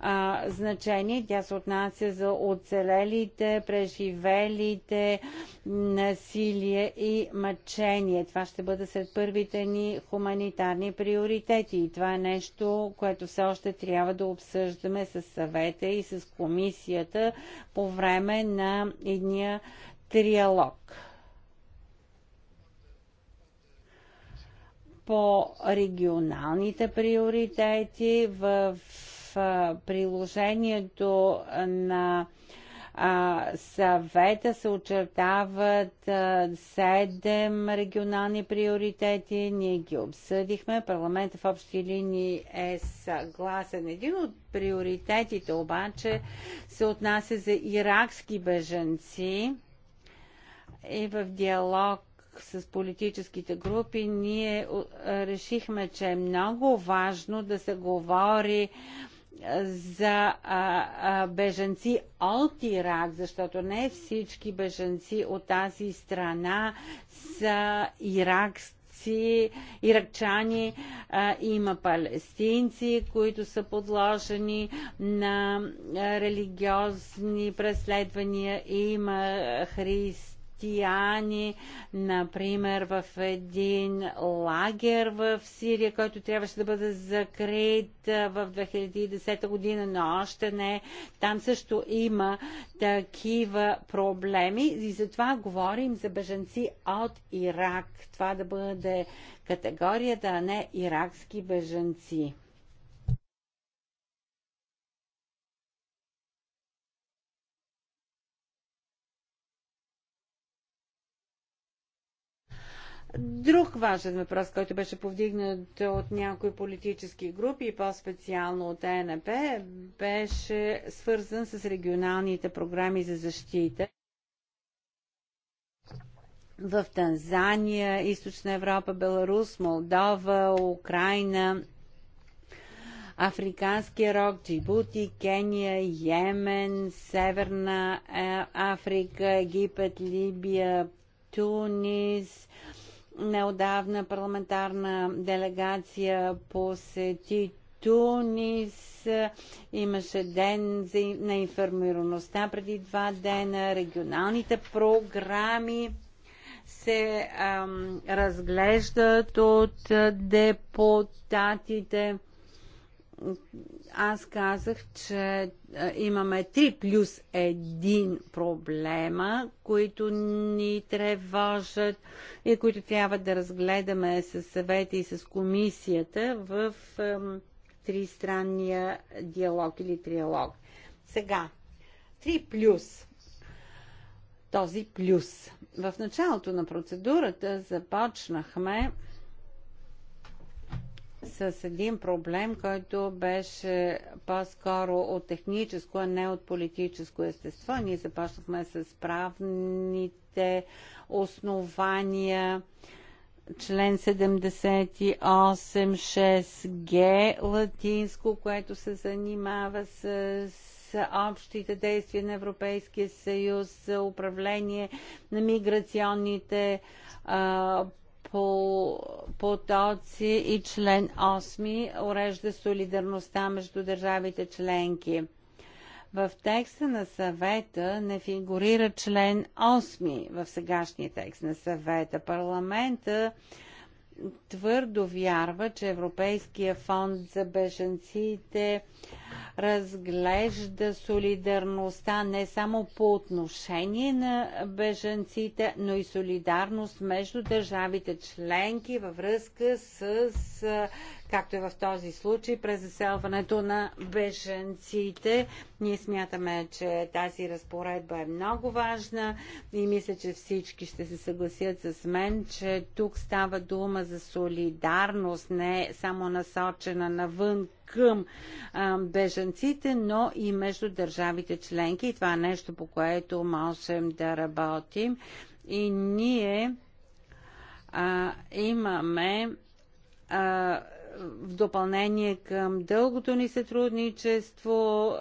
Speaker 3: а, значение. Тя се отнася за оцелелите, преживелите, насилие и мъчение. Това ще бъде сред първите ни хуманитарни приоритети. И това е нещо, което все още трябва да обсъждаме с съвета и с комисията по време на едния триалог. по регионалните приоритети в приложението на а, съвета се очертават седем регионални приоритети. Ние ги обсъдихме. Парламентът в общи линии е съгласен. Един от приоритетите обаче се отнася за иракски беженци и в диалог с политическите групи, ние решихме, че е много важно да се говори за беженци от Ирак, защото не всички беженци от тази страна са иракци, иракчани. А, има палестинци, които са подложени на религиозни преследвания. Има христи християни, например в един лагер в Сирия, който трябваше да бъде закрит в 2010 година, но още не. Там също има такива проблеми и затова говорим за беженци от Ирак. Това да бъде категорията, а не иракски беженци. Друг важен въпрос, който беше повдигнат от някои политически групи и по-специално от ЕНП, беше свързан с регионалните програми за защита в Танзания, Източна Европа, Беларус, Молдова, Украина, Африканския рок, Джибути, Кения, Йемен, Северна е, Африка, Египет, Либия, Тунис – Неодавна парламентарна делегация посети Тунис. Имаше ден на информираността преди два дена. Регионалните програми се ам, разглеждат от депутатите аз казах, че имаме 3 плюс 1 проблема, които ни тревожат и които трябва да разгледаме с съвета и с комисията в тристранния диалог или триалог. Сега, 3 плюс. Този плюс. В началото на процедурата започнахме с един проблем, който беше по-скоро от техническо, а не от политическо естество. Ние започнахме с правните основания, член 78, 6G латинско, което се занимава с общите действия на Европейския съюз за управление на миграционните а, по потоци и член 8 урежда солидарността между държавите членки. В текста на съвета не фигурира член 8 в сегашния текст на съвета. Парламента твърдо вярва, че Европейския фонд за беженците разглежда солидарността не само по отношение на беженците, но и солидарност между държавите членки във връзка с както и е в този случай, през заселването на беженците. Ние смятаме, че тази разпоредба е много важна и мисля, че всички ще се съгласят с мен, че тук става дума за солидарност, не само насочена навън към беженците, бежанците, но и между държавите членки. И това е нещо, по което можем да работим. И ние а, имаме а, в допълнение към дългото ни сътрудничество,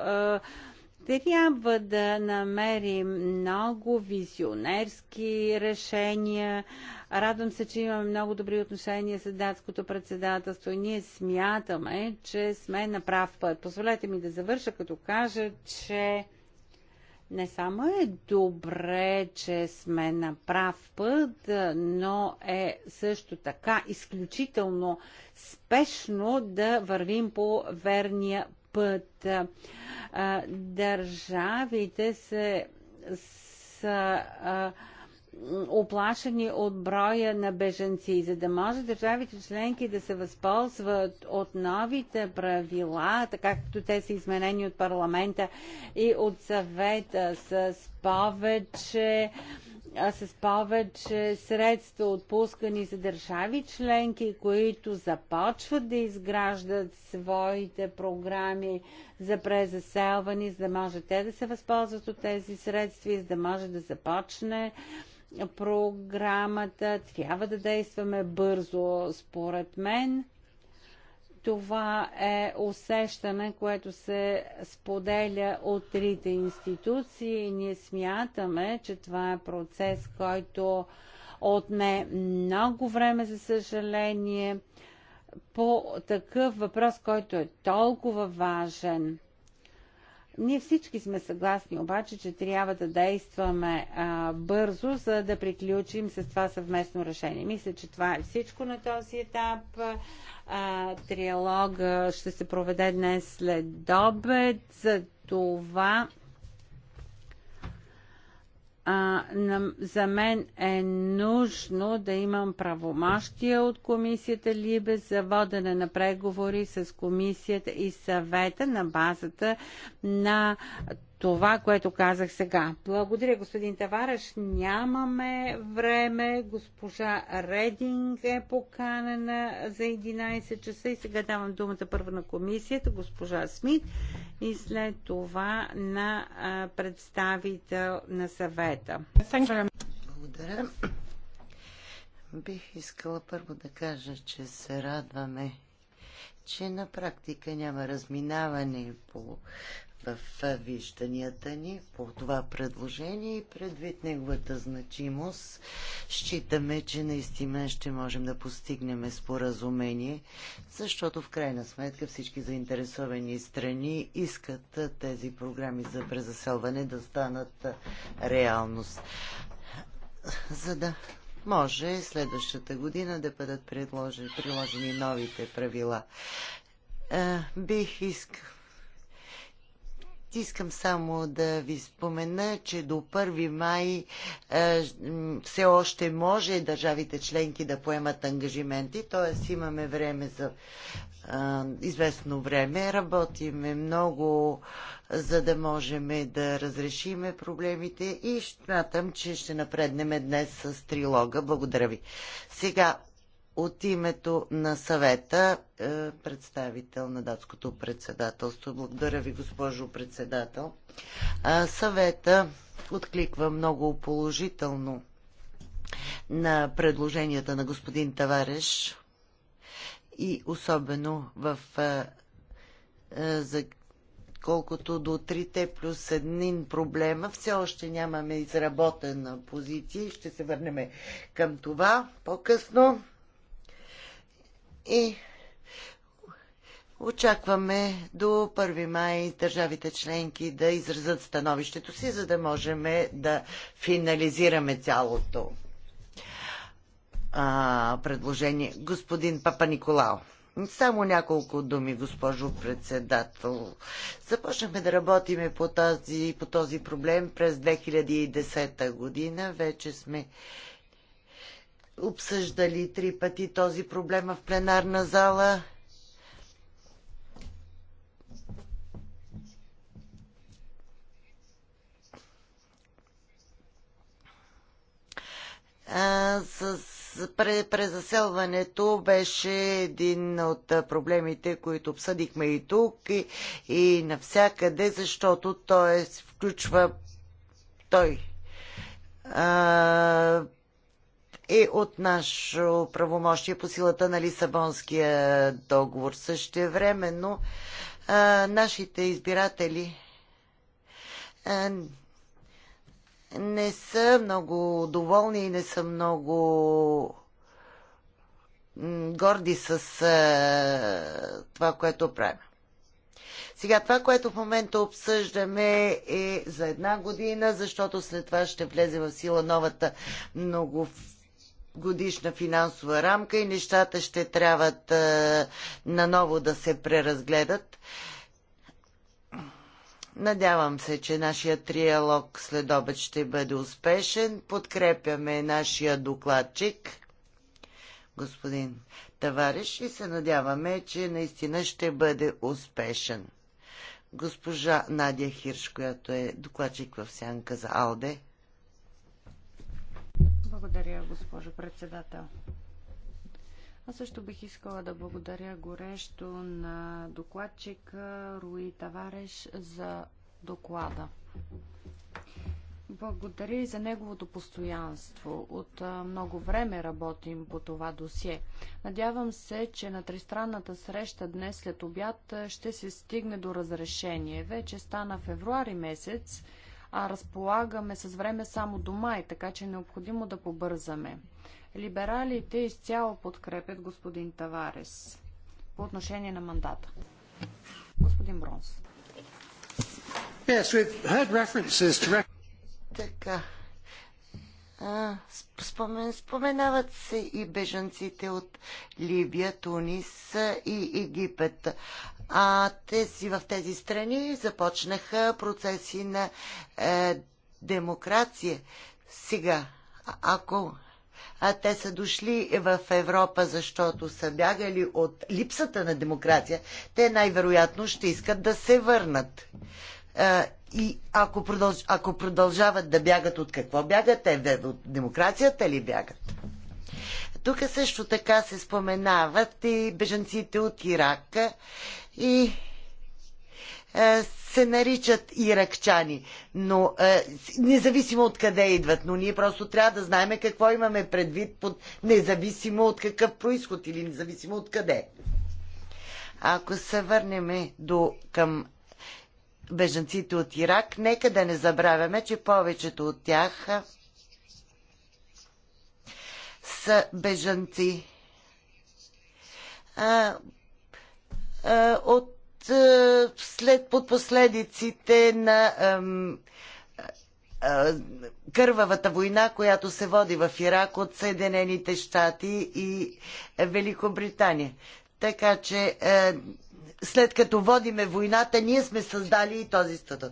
Speaker 3: трябва да намерим много визионерски решения. Радвам се, че имаме много добри отношения с датското председателство и ние смятаме, че сме на прав път. Позволете ми да завърша, като кажа, че не само е добре, че сме на прав път, но е също така изключително спешно да вървим по верния път. Държавите се са оплашени от броя на беженци, За да може държавите членки да се възползват от новите правила, така както те са изменени от парламента и от съвета с повече с повече средства отпускани за държави членки, които започват да изграждат своите програми за презаселване, за да може те да се възползват от тези средства и за да може да започне а, програмата. Трябва да действаме бързо, според мен. Това е усещане, което се споделя от трите институции. Ние смятаме, че това е процес, който отне много време, за съжаление, по такъв въпрос, който е толкова важен. Ние всички сме съгласни обаче, че трябва да действаме а, бързо, за да приключим с това съвместно решение. Мисля, че това е всичко на този етап. А, триалог ще се проведе днес след обед. За това а, на, за мен е нужно да имам правомощия от комисията Либе за водене на преговори с комисията и съвета на базата на това, което казах сега. Благодаря, господин Тавараш. Нямаме време. Госпожа Рединг е поканена за 11 часа и сега давам думата първо на комисията, госпожа Смит и след това на представител на съвета.
Speaker 1: Благодаря. Бих искала първо да кажа, че се радваме че на практика няма разминаване по в вижданията ни по това предложение и предвид неговата значимост, считаме, че наистина ще можем да постигнем споразумение, защото в крайна сметка всички заинтересовани страни искат тези програми за презаселване да станат реалност. За да може следващата година да бъдат приложени новите правила. Е, бих искал Искам само да ви спомена, че до 1 май е, все още може държавите членки да поемат ангажименти, т.е. имаме време за е, известно време. Работиме много, за да можем да разрешиме проблемите и смятам, че ще напреднем днес с трилога. Благодаря ви. Сега от името на съвета, е, представител на датското председателство. Благодаря ви, госпожо председател. Съвета откликва много положително на предложенията на господин Тавареш и особено в е, е, за колкото до 3 плюс 1 проблема. Все още нямаме изработена позиция и ще се върнем към това по-късно и Очакваме до 1 май държавите членки да изразят становището си, за да можем да финализираме цялото а, предложение. Господин Папа Николао, само няколко думи, госпожо председател. Започнахме да работиме по, тази, по този проблем през 2010 година. Вече сме обсъждали три пъти този проблем в пленарна зала. с презаселването беше един от проблемите, които обсъдихме и тук, и, и навсякъде, защото той е, включва той. А, е от наше правомощие по силата на Лисабонския договор. Същевременно а, нашите избиратели а, не са много доволни и не са много горди с а, това, което правим. Сега това, което в момента обсъждаме е за една година, защото след това ще влезе в сила новата много годишна финансова рамка и нещата ще трябва е, наново да се преразгледат. Надявам се, че нашия триалог след обед ще бъде успешен. Подкрепяме нашия докладчик, господин Тавариш, и се надяваме, че наистина ще бъде успешен. Госпожа Надя Хирш, която е докладчик в сянка за Алде.
Speaker 2: Благодаря, госпожо председател. Аз също бих искала да благодаря горещо на докладчика Руи Тавареш за доклада. Благодаря и за неговото постоянство. От много време работим по това досие. Надявам се, че на тристранната среща днес след обяд ще се стигне до разрешение. Вече стана февруари месец а разполагаме с време само до май, така че е необходимо да побързаме. Либералите изцяло подкрепят господин Таварес по отношение на мандата. Господин Бронс.
Speaker 1: Yes, we've heard references to... Така. спомен, споменават се и бежанците от Либия, Тунис и Египет а те си в тези страни започнаха процеси на е, демокрация. Сега, ако а те са дошли в Европа, защото са бягали от липсата на демокрация, те най-вероятно ще искат да се върнат. Е, и ако, продълж, ако продължават да бягат от какво бягат, те от демокрацията ли бягат? Тук също така се споменават и бежанците от Ирак и е, се наричат иракчани, но е, независимо от къде идват, но ние просто трябва да знаем какво имаме предвид под независимо от какъв происход или независимо от къде. Ако се върнем до, към бежанците от Ирак, нека да не забравяме, че повечето от тях са бежанци. А, а, от, а, след под последиците на ам, а, кървавата война, която се води в Ирак от Съединените щати и Великобритания. Така че а, е, след като водиме войната, ние сме създали и този статут.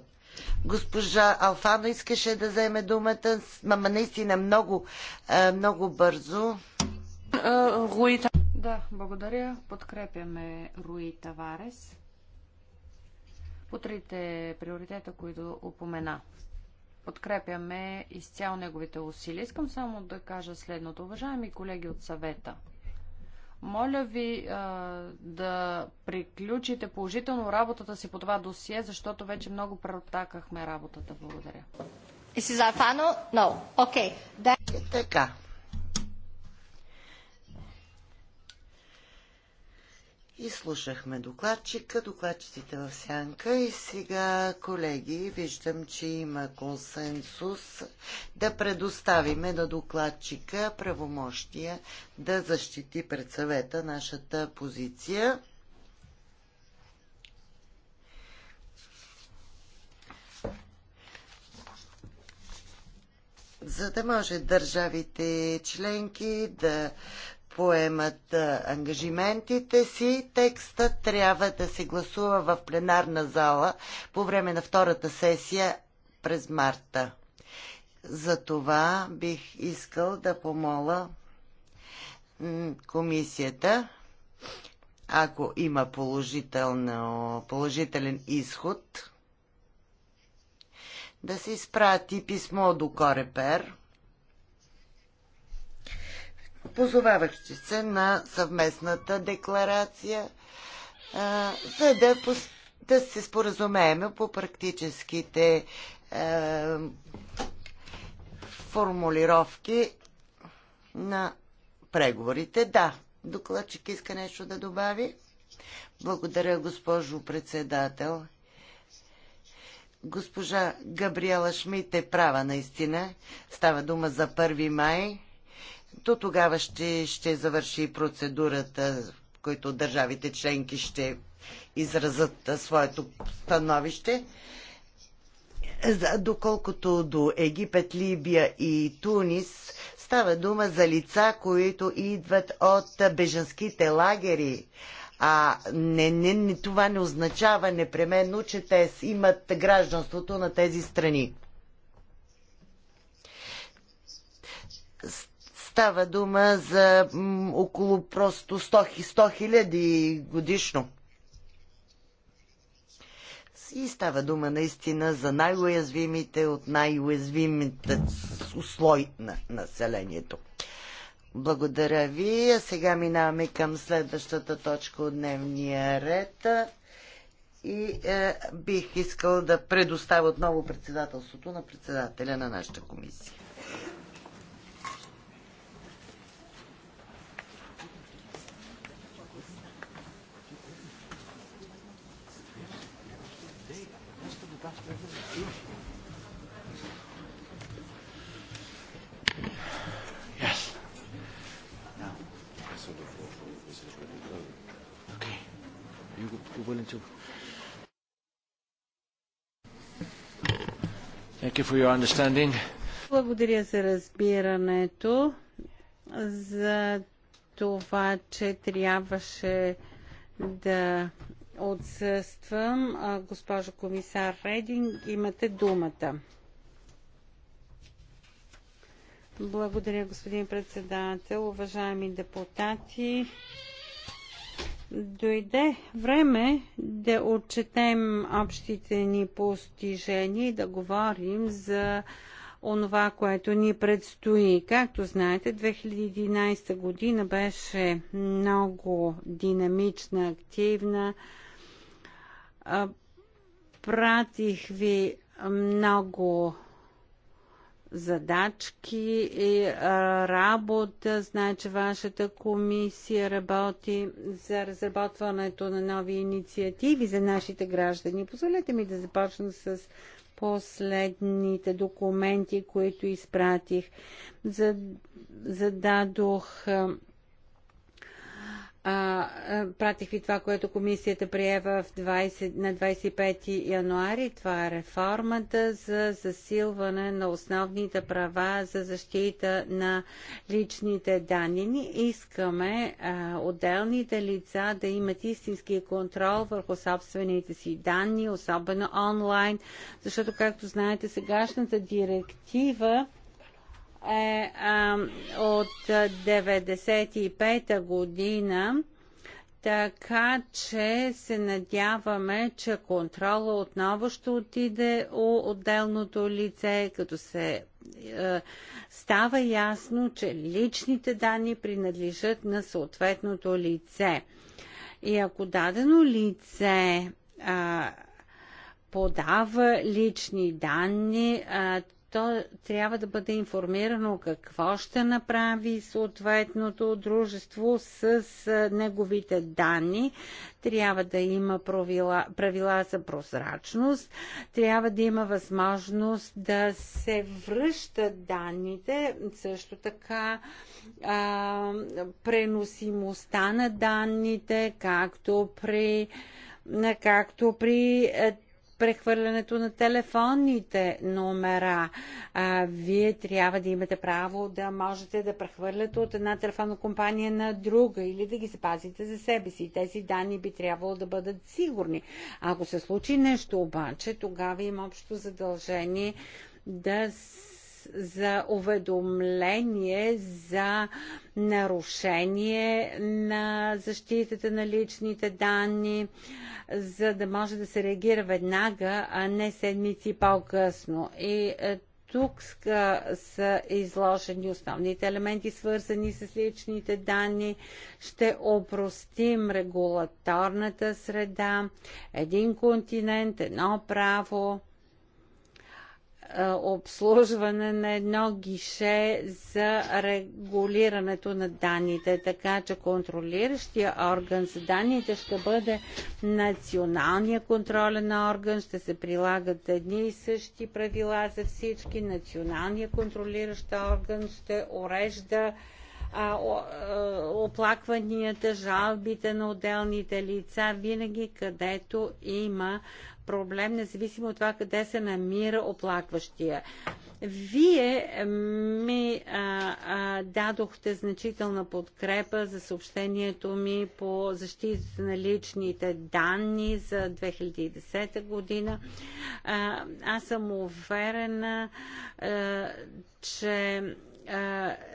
Speaker 1: Госпожа Алфано искаше да вземе думата, мама наистина много, е, много бързо. Е, Руита.
Speaker 2: Да, благодаря. Подкрепяме Руи Таварес по трите приоритета, които упомена. Подкрепяме изцяло неговите усилия. Искам само да кажа следното. Уважаеми колеги от съвета – моля ви а, да приключите положително работата си по това досие, защото вече много протакахме работата. Благодаря.
Speaker 3: Is Alfano? No. Okay. That... Е, така.
Speaker 1: Изслушахме докладчика, докладчиците в сянка и сега, колеги, виждам, че има консенсус да предоставиме на докладчика правомощия да защити пред съвета нашата позиция. за да може държавите членки да поемат ангажиментите си. Текста трябва да се гласува в пленарна зала по време на втората сесия през марта. За това бих искал да помоля комисията, ако има положителен изход, да се изпрати писмо до Корепер – позовавахте се на съвместната декларация, а, за да, да се споразумееме по практическите а, е, формулировки на преговорите. Да, докладчик иска нещо да добави. Благодаря, госпожо председател. Госпожа Габриела Шмидт е права наистина. Става дума за 1 май. До тогава ще, ще завърши процедурата, в който държавите членки ще изразат своето становище. Доколкото до Египет, Либия и Тунис става дума за лица, които идват от бежанските лагери. А не, не, не, това не означава непременно, че те имат гражданството на тези страни. Става дума за около просто 100 хиляди годишно. И става дума наистина за най-уязвимите от най-уязвимите слой на населението. Благодаря ви. А сега минаваме към следващата точка от дневния ред. И е, бих искал да предоставя отново председателството на председателя на нашата комисия.
Speaker 3: Благодаря за разбирането, за това, че трябваше да отсъствам. Госпожо комисар Рединг, имате думата. Благодаря, господин председател, уважаеми депутати. Дойде време да отчетем общите ни постижения и да говорим за онова, което ни предстои. Както знаете, 2011 година беше много динамична, активна. Пратих ви много задачки и работа. значи вашата комисия работи за разработването на нови инициативи за нашите граждани. Позволете ми да започна с последните документи, които изпратих. Зададох а, пратих ви това, което комисията приева в 20, на 25 януари. Това е реформата за засилване на основните права за защита на личните данни. Ни искаме а, отделните лица да имат истински контрол върху собствените си данни, особено онлайн, защото, както знаете, сегашната директива е а, от 95-та година, така че се надяваме, че контрола отново ще отиде у отделното лице, като се е, става ясно, че личните данни принадлежат на съответното лице. И ако дадено лице а, подава лични данни, а, то трябва да бъде информирано какво ще направи съответното дружество с неговите данни. Трябва да има правила, правила за прозрачност, трябва да има възможност да се връщат данните, също така а, преносимостта на данните, както при както при прехвърлянето на телефонните номера. А, вие трябва да имате право да можете да прехвърляте от една телефонна компания на друга или да ги запазите за себе си. Тези данни би трябвало да бъдат сигурни. Ако се случи нещо обаче, тогава има общо задължение да се за уведомление за нарушение на защитата на личните данни, за да може да се реагира веднага, а не седмици по-късно. И е, тук са изложени основните елементи, свързани с личните данни. Ще опростим регулаторната среда, един континент, едно право обслужване на едно гише за регулирането на данните, така че контролиращия орган за данните ще бъде националния контролен орган, ще се прилагат едни и същи правила за всички, националния контролиращ орган ще урежда а, оплакванията, жалбите на отделните лица, винаги където има проблем, независимо от това къде се намира оплакващия. Вие ми а, а, дадохте значителна подкрепа за съобщението ми по защита на личните данни за 2010 година. А, аз съм уверена, а, че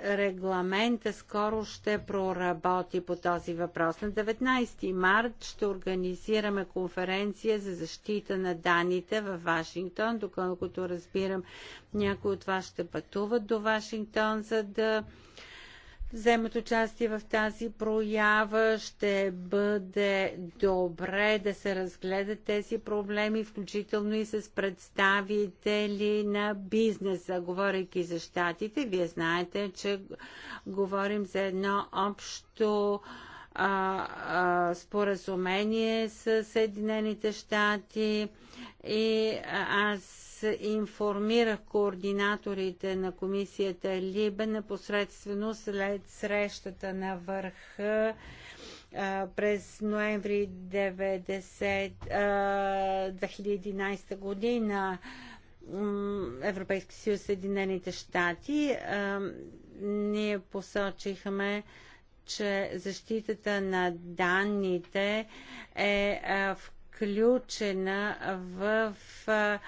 Speaker 3: регламента скоро ще проработи по този въпрос. На 19 март ще организираме конференция за защита на данните в Вашингтон. Доколкото разбирам, някои от вас ще пътуват до Вашингтон, за да вземат участие в тази проява. Ще бъде добре да се разгледат тези проблеми, включително и с представители на бизнеса. Говорейки за щатите, вие знаете, че говорим за едно общо а, а, споразумение с Съединените щати и аз информирах координаторите на комисията Либе непосредствено след срещата на върха през ноември 90, 2011 година Европейски съюз Съединените щати. Ние посочихме че защитата на данните е, е включена в е,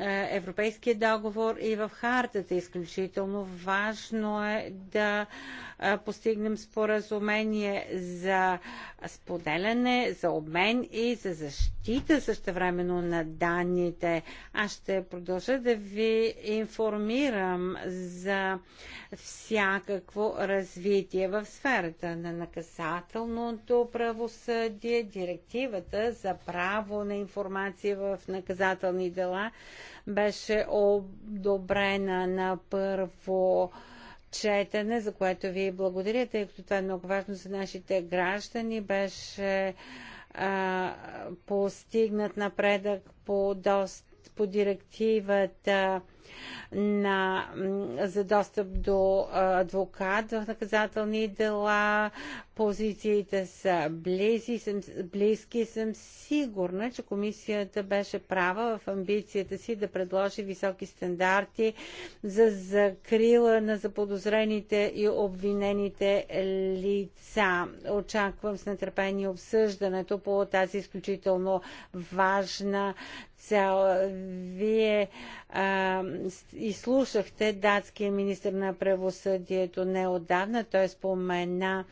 Speaker 3: е, Европейския договор и в хартата. Изключително важно е да е, постигнем споразумение за споделяне, за обмен и за защита същевременно на данните. Аз ще продължа да ви информирам за всякакво развитие в сферата на наказателното правосъдие, директивата за право на информация в наказателни дела беше одобрена на първо четене, за което ви благодаря, тъй като това е много важно за нашите граждани. Беше а, постигнат напредък по, дост, по директивата на, за достъп до адвокат в наказателни дела. Позициите са близи, съм, близки. Съм сигурна, че комисията беше права в амбицията си да предложи високи стандарти за закрила на заподозрените и обвинените лица. Очаквам с нетърпение обсъждането по тази изключително важна цел. Вие а, изслушахте датския министр на правосъдието неодавна. Той спомена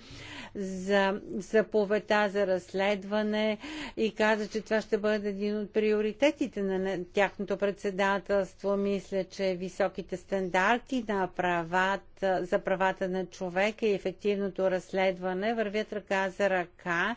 Speaker 3: за заповедта за разследване и каза, че това ще бъде един от приоритетите на тяхното председателство. Мисля, че високите стандарти на правата за правата на човека и ефективното разследване вървят ръка за ръка,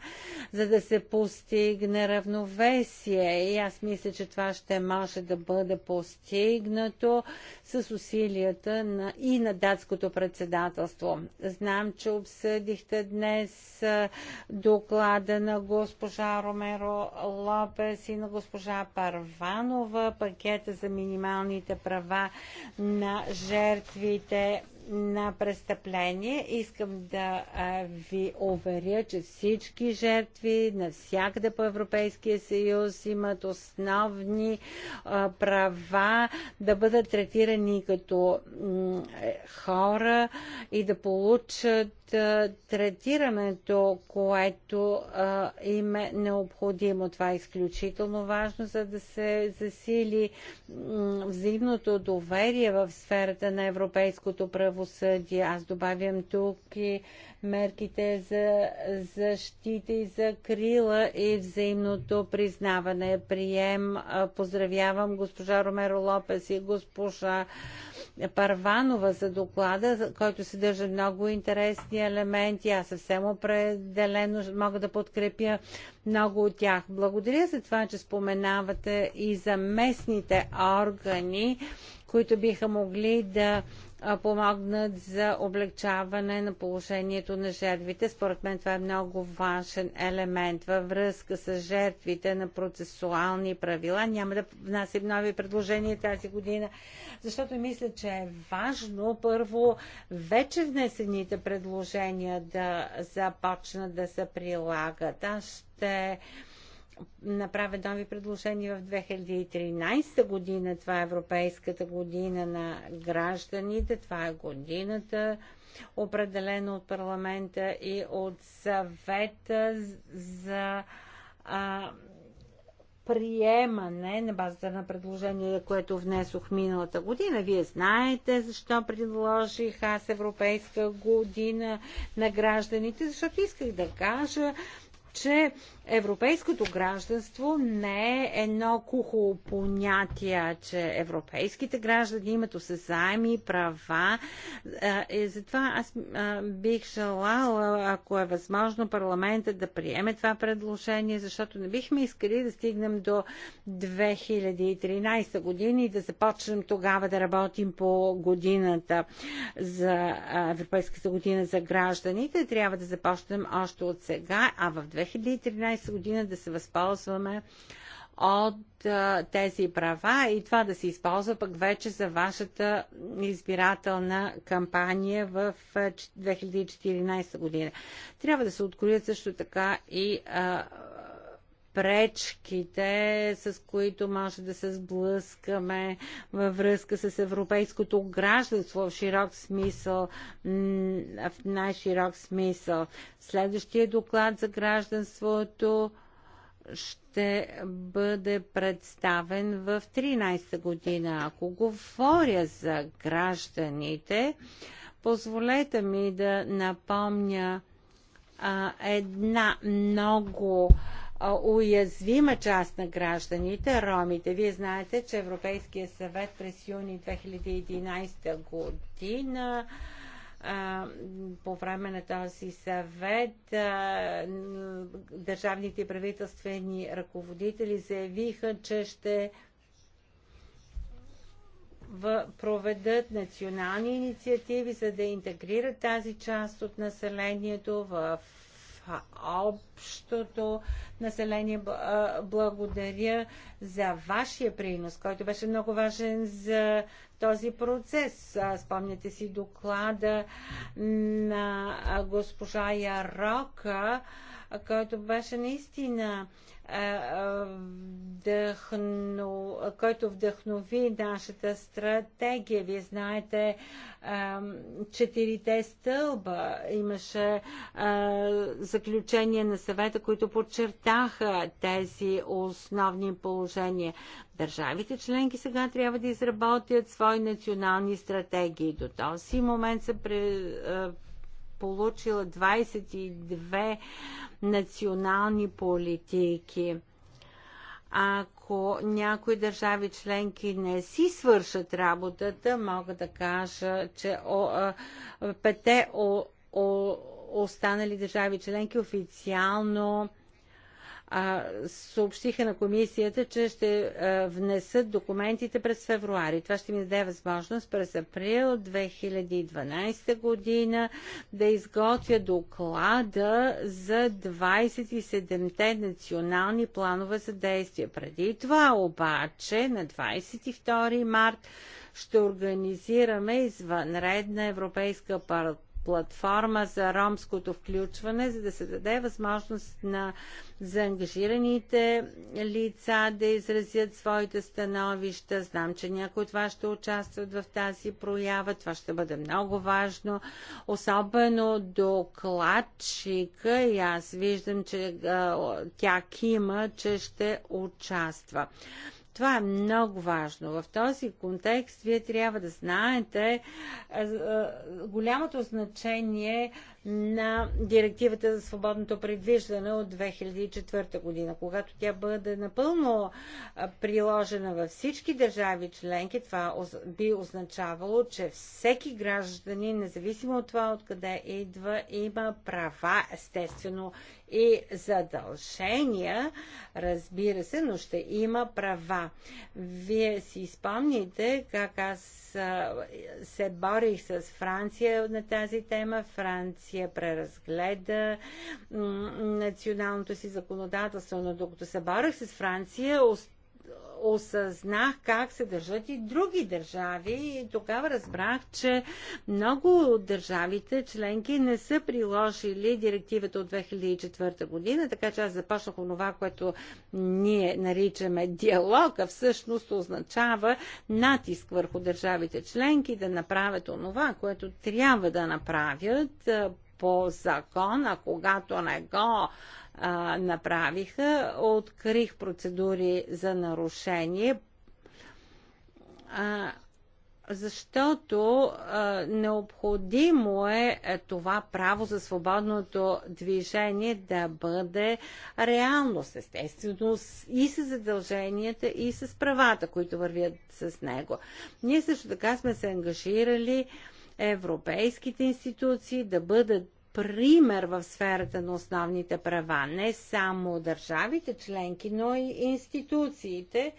Speaker 3: за да се постигне равновесие. И аз мисля, че това ще може да бъде постигнато с усилията на, и на датското председателство. Знам, че обсъдихте днес доклада на госпожа Ромеро Лопес и на госпожа Парванова, пакета за минималните права на жертвите на престъпление. Искам да ви уверя, че всички жертви навсякъде по Европейския съюз имат основни права да бъдат третирани като е, хора и да получат третирането, което а, им е необходимо. Това е изключително важно, за да се засили взаимното доверие в сферата на европейското правосъдие. Аз добавям тук и мерките за защита и за крила и взаимното признаване. Прием, поздравявам госпожа Ромеро Лопес и госпожа Парванова за доклада, който съдържа много интересни елементи. Аз съвсем определено мога да подкрепя много от тях. Благодаря за това, че споменавате и за местните органи, които биха могли да помогнат за облегчаване на положението на жертвите. Според мен това е много важен елемент във връзка с жертвите на процесуални правила. Няма да внасям нови предложения тази година, защото мисля, че е важно първо вече внесените предложения да започнат да се прилагат. Аз ще направя нови предложения в 2013 година. Това е Европейската година на гражданите. Това е годината, определена от парламента и от съвета за а, приемане на базата на предложение, което внесох миналата година. Вие знаете защо предложих аз Европейска година на гражданите, защото исках да кажа, че европейското гражданство не е едно кухо понятие, че европейските граждани имат осезаеми права. И затова аз бих желала, ако е възможно, парламента да приеме това предложение, защото не бихме искали да стигнем до 2013 години и да започнем тогава да работим по годината за Европейската година за гражданите. Трябва да започнем още от сега, а в 2013 2013 година да се възползваме от а, тези права и това да се използва пък вече за вашата избирателна кампания в 2014 година. Трябва да се откроят също така и а, пречките, с които може да се сблъскаме във връзка с европейското гражданство в широк смисъл, в най-широк смисъл. Следващия доклад за гражданството ще бъде представен в 13 година. Ако говоря за гражданите, позволете ми да напомня а, една много а, уязвима част на гражданите, ромите. Вие знаете, че Европейския съвет през юни 2011 година по време на този съвет държавните и правителствени ръководители заявиха, че ще проведат национални инициативи, за да интегрират тази част от населението в общото население. Благодаря за вашия принос, който беше много важен за този процес. Спомняте си доклада на госпожа Ярока който беше наистина вдъхно, който вдъхнови нашата стратегия. Вие знаете, четирите стълба имаше заключение на съвета, които подчертаха тези основни положения. Държавите членки сега трябва да изработят свои национални стратегии. До този момент са получила 22 национални политики ако някои държави членки не си свършат работата, мога да кажа, че о, а, пете о, о, останали държави членки официално а, съобщиха на комисията, че ще а, внесат документите през февруари. Това ще ми даде възможност през април 2012 година да изготвя доклада за 27-те национални планове за действие. Преди това обаче на 22 март ще организираме извънредна европейска партия платформа за ромското включване, за да се даде възможност на заангажираните лица да изразят своите становища. Знам, че някои от вас ще участват в тази проява. Това ще бъде много важно. Особено докладчика и аз виждам, че а, тя кима, че ще участва. Това е много важно. В този контекст вие трябва да знаете е, е, голямото значение на директивата за свободното предвиждане от 2004 година. Когато тя бъде напълно приложена във всички държави членки, това би означавало, че всеки граждани, независимо от това откъде идва, има права, естествено, и задължения, разбира се, но ще има права. Вие си спомните как аз се борих с Франция на тази тема. Франция комисия преразгледа националното си законодателство, но докато се барах с Франция, осъзнах как се държат и други държави и тогава разбрах, че много от държавите членки не са приложили директивата от 2004 година, така че аз започнах онова, което ние наричаме диалог, а всъщност означава натиск върху държавите членки да направят онова, което трябва да направят по закона, когато не го а, направиха, открих процедури за нарушение. А, защото а, необходимо е, е това право за свободното движение да бъде реално, естествено, и с задълженията, и с правата, които вървят с него. Ние също така сме се ангажирали а, европейските институции да бъдат пример в сферата на основните права, не само държавите членки, но и институциите.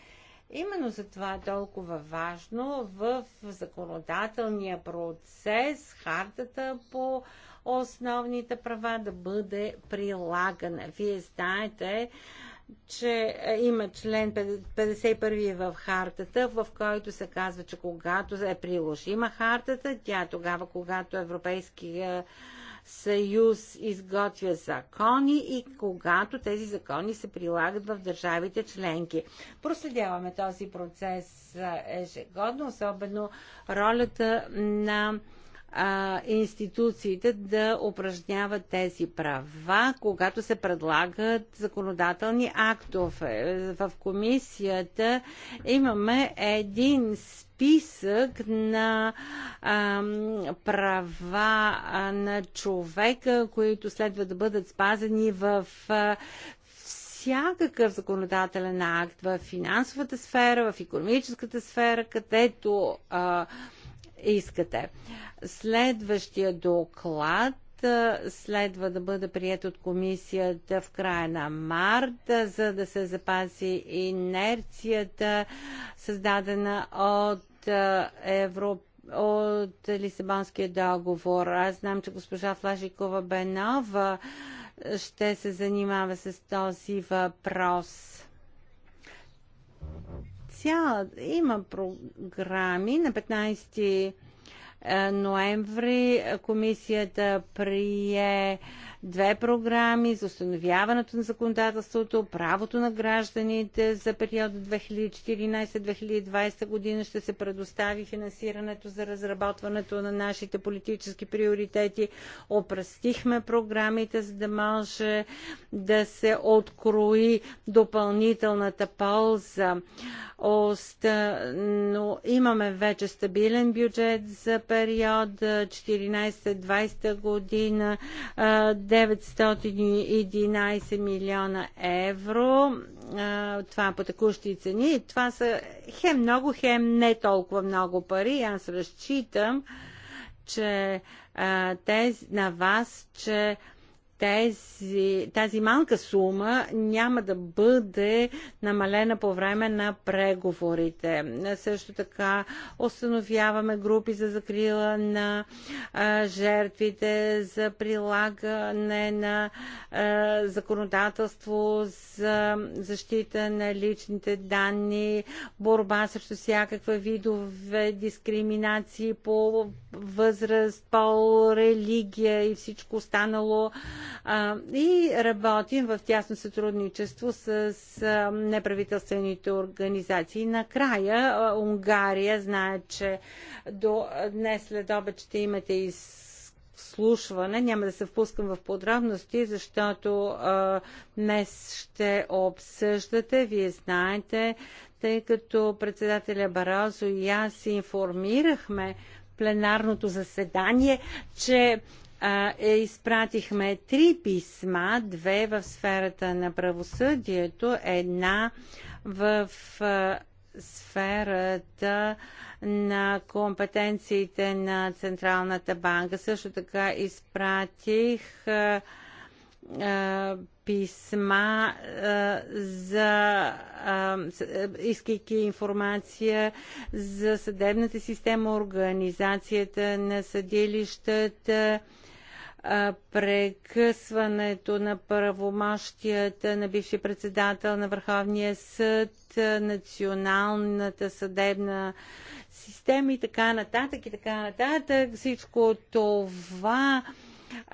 Speaker 3: Именно за това е толкова важно в законодателния процес хартата по основните права да бъде прилагана. Вие знаете, че е, има член 51 в хартата, в който се казва, че когато е приложима хартата, тя е тогава, когато Европейския е, съюз изготвя закони и когато тези закони се прилагат в държавите членки. Проследяваме този процес ежегодно, особено ролята на а, институциите да упражняват тези права, когато се предлагат законодателни актове. В комисията имаме един списък на а, права на човека, които следва да бъдат спазени в а, всякакъв законодателен акт в финансовата сфера, в економическата сфера, където а, искате. Следващия доклад следва да бъде прият от комисията в края на март, за да се запази инерцията, създадена от Европа от Лисабонския договор. Аз знам, че госпожа Флашикова Бенова ще се занимава с този въпрос. Цял има програми на 15 ноември комисията прие две програми за установяването на законодателството, правото на гражданите за периода 2014-2020 година ще се предостави финансирането за разработването на нашите политически приоритети. Опрастихме програмите, за да може да се открои допълнителната полза. Ост... Но имаме вече стабилен бюджет за период 2014 20 година. 911 милиона евро. Това по текущи цени. Това са хем много, хем не толкова много пари. Аз разчитам, че тези, на вас, че тези, тази малка сума няма да бъде намалена по време на преговорите. Също така установяваме групи за закрила на а, жертвите, за прилагане на а, законодателство за защита на личните данни, борба срещу всякаква видове дискриминации по възраст, пол, религия и всичко останало и работим в тясно сътрудничество с неправителствените организации. Накрая Унгария знае, че до днес след обед ще имате и слушване. Няма да се впускам в подробности, защото а, днес ще обсъждате. Вие знаете, тъй като председателя Барозо и аз информирахме пленарното заседание, че е, изпратихме три писма, две в сферата на правосъдието, една в сферата на компетенциите на Централната банка. Също така изпратих писма за искайки информация за съдебната система, организацията на съдилищата, прекъсването на правомощията на бивши председател на Върховния съд, националната съдебна система и така нататък и така нататък. Всичко това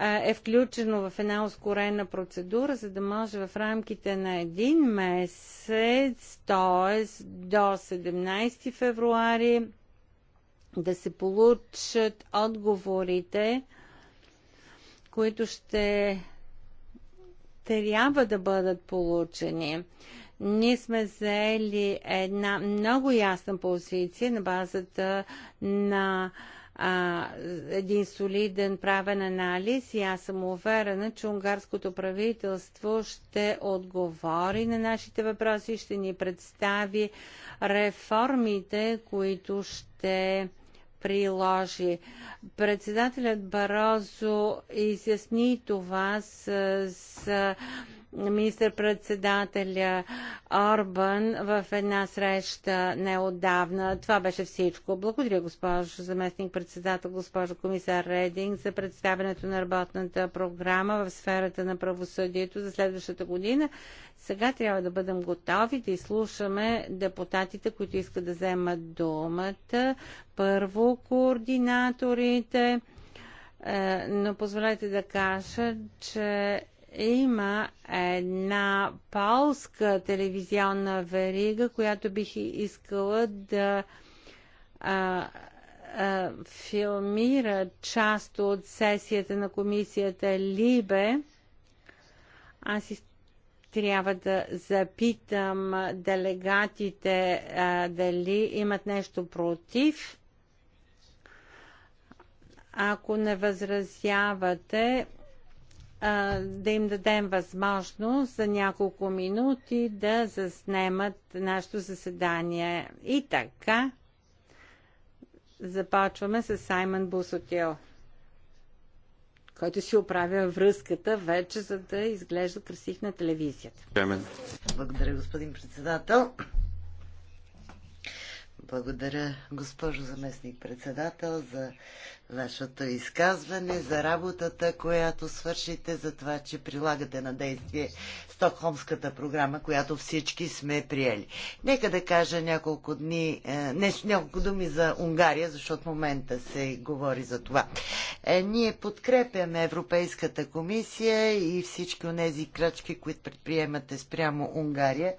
Speaker 3: е включено в една ускорена процедура, за да може в рамките на един месец, т.е. до 17 февруари, да се получат отговорите които ще трябва да бъдат получени. Ние сме взели една много ясна позиция на базата на а, един солиден правен анализ и аз съм уверена, че унгарското правителство ще отговори на нашите въпроси, ще ни представи реформите, които ще приложи. Председателят Барозо изясни това с, с министър-председателя Орбан в една среща неодавна. Това беше всичко. Благодаря, госпожо заместник-председател, госпожо комисар Рединг, за представянето на работната програма в сферата на правосъдието за следващата година. Сега трябва да бъдем готови да изслушаме депутатите, които искат да вземат думата. Първо координаторите е, но позволете да кажа, че има една полска телевизионна верига, която бих искала да а, а, филмира част от сесията на комисията Либе. Аз трябва да запитам делегатите а, дали имат нещо против. Ако не възразявате, да им дадем възможност за няколко минути да заснемат нашето заседание. И така, започваме с Саймън Бусотил, който си оправя връзката вече, за да изглежда красив на телевизията.
Speaker 1: Благодаря, господин председател. Благодаря, госпожо заместник-председател, за вашето изказване, за работата, която свършите, за това, че прилагате на действие Стокхолмската програма, която всички сме приели. Нека да кажа няколко, дни, е, не, няколко думи за Унгария, защото в момента се говори за това. Е, ние подкрепяме Европейската комисия и всички от тези крачки, които предприемате спрямо Унгария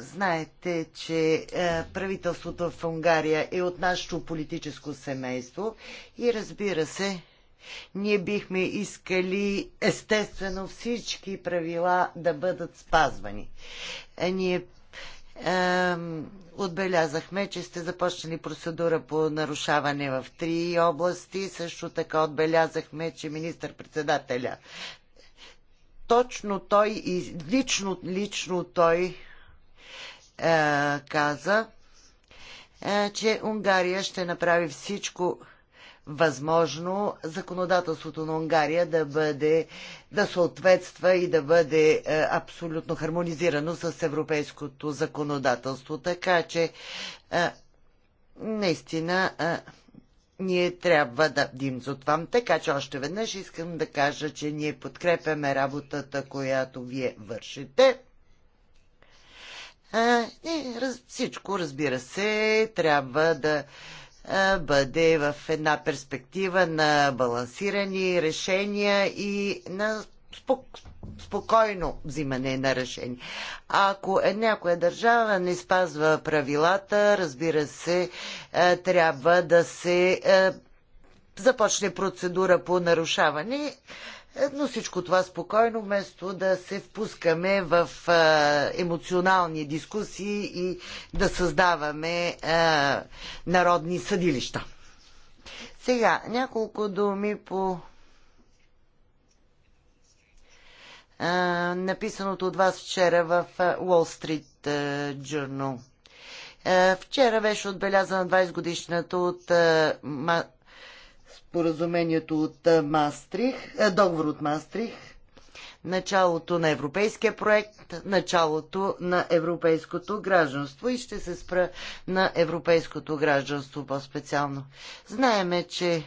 Speaker 1: Знаете, че е, правителството в Унгария е от нашето политическо семейство и разбира се, ние бихме искали естествено всички правила да бъдат спазвани. Е, ние отбелязахме, че сте започнали процедура по нарушаване в три области. Също така отбелязахме, че министър-председателя точно той и лично, лично той е, каза, е, че Унгария ще направи всичко възможно законодателството на Унгария да бъде, да съответства и да бъде е, абсолютно хармонизирано с европейското законодателство. Така че наистина ние трябва да дим за това. Така че още веднъж искам да кажа, че ние подкрепяме работата, която вие вършите и раз, всичко, разбира се, трябва да бъде в една перспектива на балансирани решения и на спок... спокойно взимане на решения. Ако е някоя държава не спазва правилата, разбира се, трябва да се започне процедура по нарушаване. Но всичко това спокойно, вместо да се впускаме в емоционални дискусии и да създаваме народни съдилища. Сега, няколко думи по написаното от вас вчера в Wall Street Journal. Вчера беше отбелязана 20 годишната от споразумението от Мастрих, договор от Мастрих, началото на европейския проект, началото на европейското гражданство и ще се спра на европейското гражданство по-специално. Знаеме, че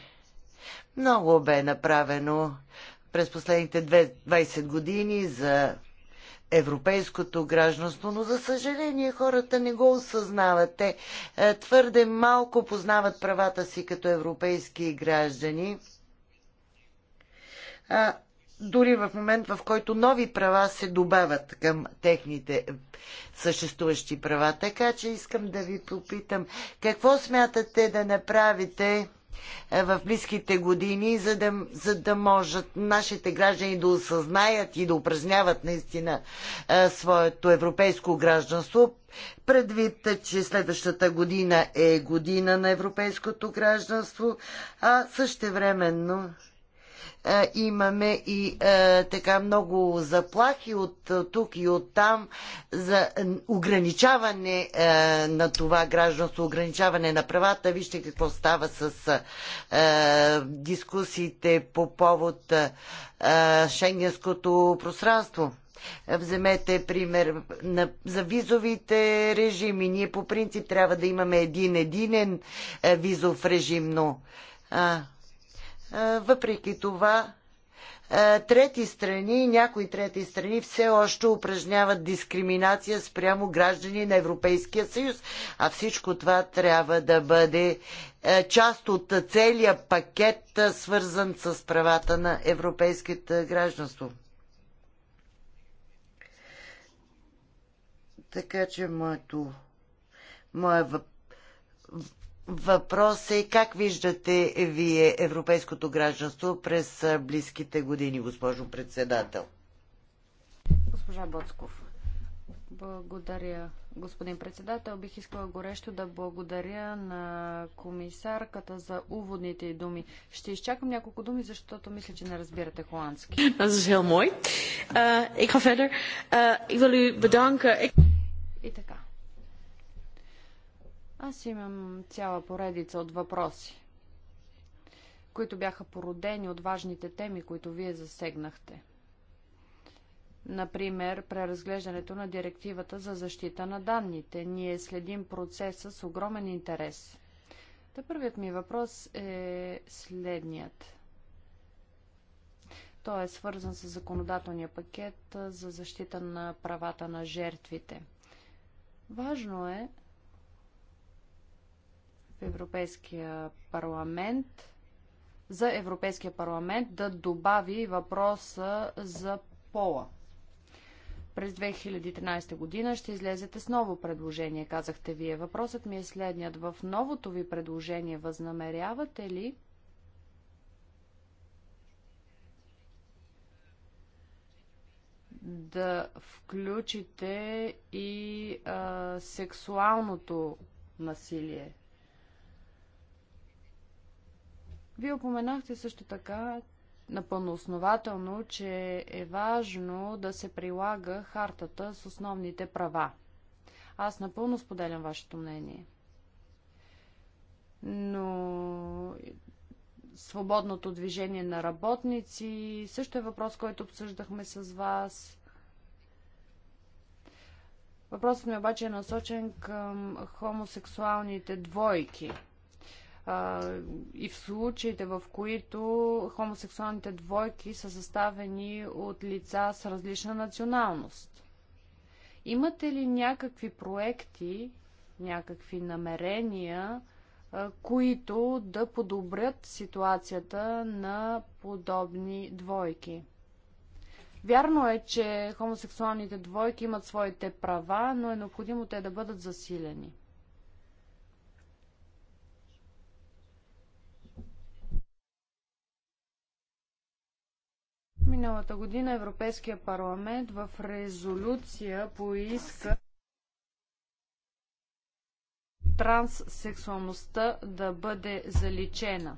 Speaker 1: много бе направено през последните 20 години за европейското гражданство, но за съжаление хората не го осъзнават. Те е, твърде малко познават правата си като европейски граждани. А, дори в момент, в който нови права се добавят към техните съществуващи права. Така че искам да ви попитам, какво смятате да направите е, в близките години, за да, за да можат нашите граждани да осъзнаят и да упражняват наистина е, своето европейско гражданство. Предвид, че следващата година е година на европейското гражданство, а същевременно имаме и така много заплахи от тук и от там за ограничаване на това гражданство, ограничаване на правата. Вижте какво става с дискусиите по повод шенгенското пространство. Вземете пример на, за визовите режими. Ние по принцип трябва да имаме един единен визов режим, но а, въпреки това, трети страни, някои трети страни все още упражняват дискриминация спрямо граждани на Европейския съюз. А всичко това трябва да бъде част от целия пакет, свързан с правата на европейските гражданство. Така че моето, моя въпрос Въпрос е как виждате вие европейското гражданство през близките години, госпожо председател?
Speaker 2: Госпожа Боцков. Благодаря, господин председател. Бих искала горещо да благодаря на комисарката за уводните думи. Ще изчакам няколко думи, защото мисля, че не разбирате холандски. Eh, ik ga verder. Eh, ik wil u bedanken. И така. Аз имам цяла поредица от въпроси, които бяха породени от важните теми, които вие засегнахте. Например, преразглеждането на директивата за защита на данните. Ние следим процеса с огромен интерес. Та първият ми въпрос е следният. Той е свързан с законодателния пакет за защита на правата на жертвите. Важно е Европейския парламент за Европейския парламент да добави въпроса за пола. През 2013 година ще излезете с ново предложение, казахте вие. Въпросът ми е следният. В новото ви предложение възнамерявате ли да включите и а, сексуалното насилие Вие упоменахте също така напълно основателно, че е важно да се прилага хартата с основните права. Аз напълно споделям вашето мнение. Но свободното движение на работници също е въпрос, който обсъждахме с вас. Въпросът ми обаче е насочен към хомосексуалните двойки – и в случаите, в които хомосексуалните двойки са съставени от лица с различна националност. Имате ли някакви проекти, някакви намерения, които да подобрят ситуацията на подобни двойки? Вярно е, че хомосексуалните двойки имат своите права, но е необходимо те да бъдат засилени. Миналата година Европейския парламент в резолюция поиска транссексуалността да бъде заличена.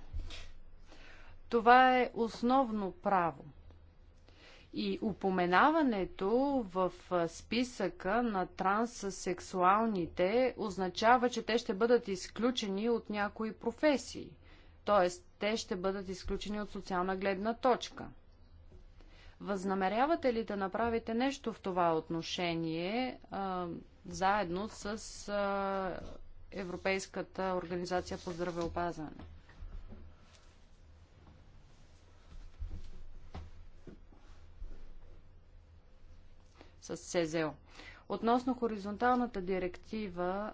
Speaker 2: Това е основно право. И упоменаването в списъка на транссексуалните означава, че те ще бъдат изключени от някои професии. Тоест, те ще бъдат изключени от социална гледна точка – Възнамерявате ли да направите нещо в това отношение а, заедно с а, Европейската организация по здравеопазване? С СЗО. Относно хоризонталната директива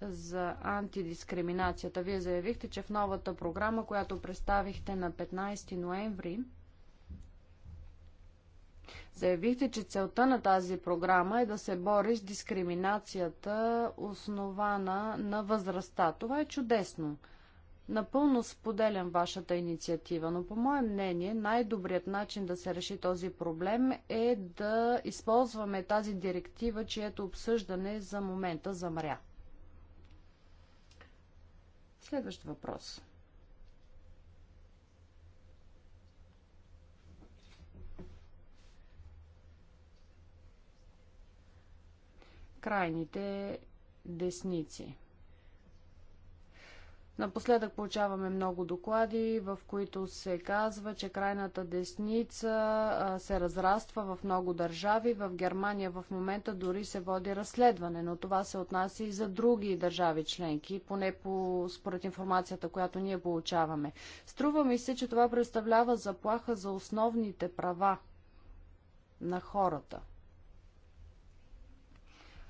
Speaker 2: за антидискриминацията, вие заявихте, че в новата програма, която представихте на 15 ноември, Заявихте, че целта на тази програма е да се бори с дискриминацията, основана на възрастта. Това е чудесно. Напълно споделям вашата инициатива, но по мое мнение най-добрият начин да се реши този проблем е да използваме тази директива, чието обсъждане за момента замря. Следващ въпрос. крайните десници. Напоследък получаваме много доклади, в които се казва, че крайната десница се разраства в много държави. В Германия в момента дори се води разследване, но това се отнася и за други държави членки, поне по, според информацията, която ние получаваме. Струва ми се, че това представлява заплаха за основните права на хората.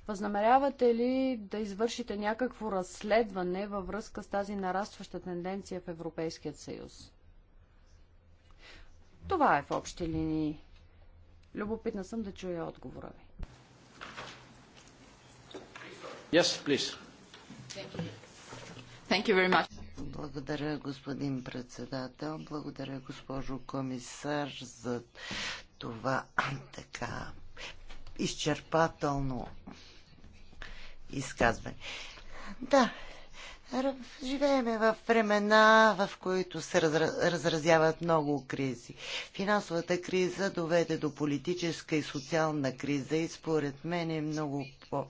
Speaker 2: Възнамерявате ли да извършите някакво разследване във връзка с тази нарастваща тенденция в Европейският съюз? Това е в общи линии. Любопитна съм да чуя отговора ви.
Speaker 1: Yes, please. Thank you. Thank you very much. Благодаря, господин председател. Благодаря, госпожо комисар, за това така изчерпателно изказване. Да, живееме в времена, в които се разразяват много кризи. Финансовата криза доведе до политическа и социална криза и според мен е много, по...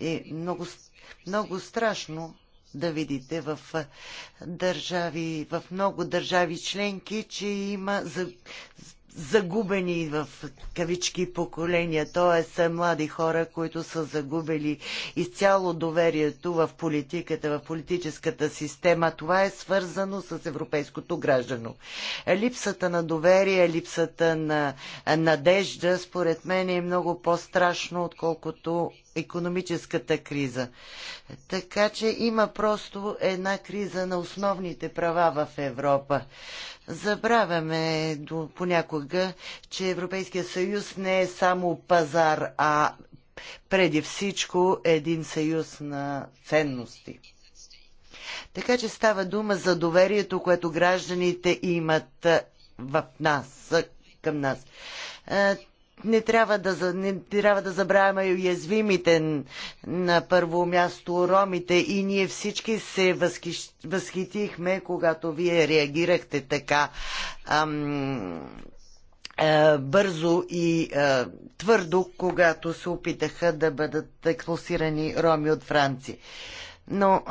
Speaker 1: е много, много страшно да видите в държави, в много държави членки, че има загубени в кавички поколения, т.е. млади хора, които са загубили изцяло доверието в политиката, в политическата система. Това е свързано с европейското граждано. Липсата на доверие, липсата на надежда, според мен е много по-страшно, отколкото економическата криза. Така че има просто една криза на основните права в Европа. Забравяме до, понякога, че Европейския съюз не е само пазар, а преди всичко е един съюз на ценности. Така че става дума за доверието, което гражданите имат в нас, към нас не трябва да, не трябва да забравяме и уязвимите на първо място ромите и ние всички се възхи, възхитихме, когато вие реагирахте така ам, а, е, бързо и а, е, твърдо, когато се опитаха да бъдат експлосирани роми от Франция. Но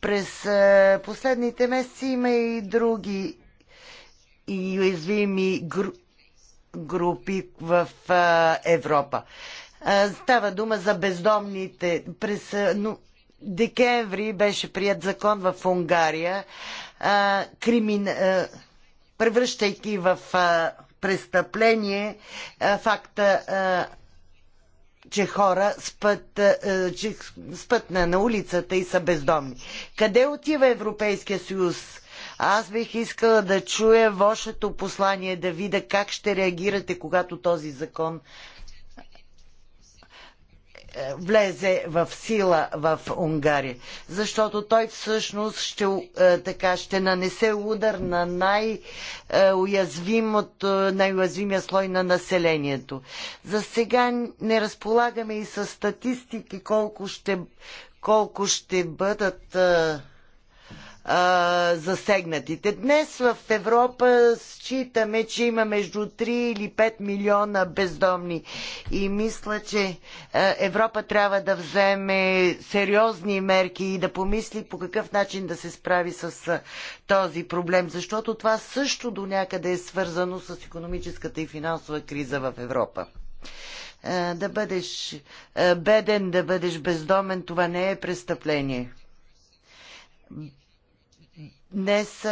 Speaker 1: през а, е, последните месеци има и други и уязвими групи групи в Европа. Става дума за бездомните. През декември беше прият закон в Унгария, кримин... превръщайки в престъпление факта че хора спът, че спът на, на улицата и са бездомни. Къде отива Европейския съюз? Аз бих искала да чуя вашето послание, да видя как ще реагирате, когато този закон е, влезе в сила в Унгария. Защото той всъщност ще, е, така, ще нанесе удар на е, най-уязвимия най слой на населението. За сега не разполагаме и с статистики колко ще, колко ще бъдат засегнатите. Днес в Европа считаме, че има между 3 или 5 милиона бездомни и мисля, че Европа трябва да вземе сериозни мерки и да помисли по какъв начин да се справи с този проблем, защото това също до някъде е свързано с економическата и финансова криза в Европа да бъдеш беден, да бъдеш бездомен, това не е престъпление. Днес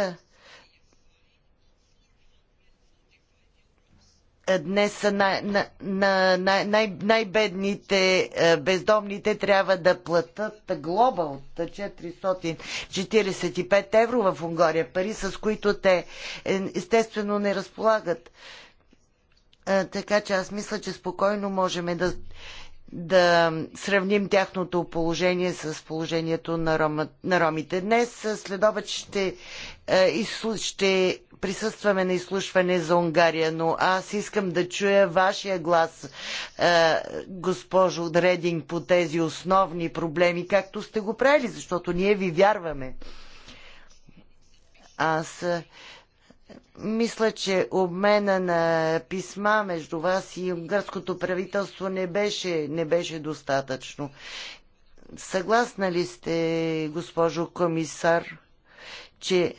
Speaker 1: днес най- най- най- най- най-бедните бездомните трябва да платят глоба от 445 евро в Унгария, пари с които те е, естествено не разполагат. Така че аз мисля, че спокойно можем да да сравним тяхното положение с положението на, рома, на ромите. Днес след обед ще, ще присъстваме на изслушване за Унгария, но аз искам да чуя вашия глас, госпожо Дрединг, по тези основни проблеми, както сте го правили, защото ние ви вярваме. Аз мисля, че обмена на писма между вас и гръцкото правителство не беше, не беше достатъчно. Съгласна ли сте, госпожо комисар, че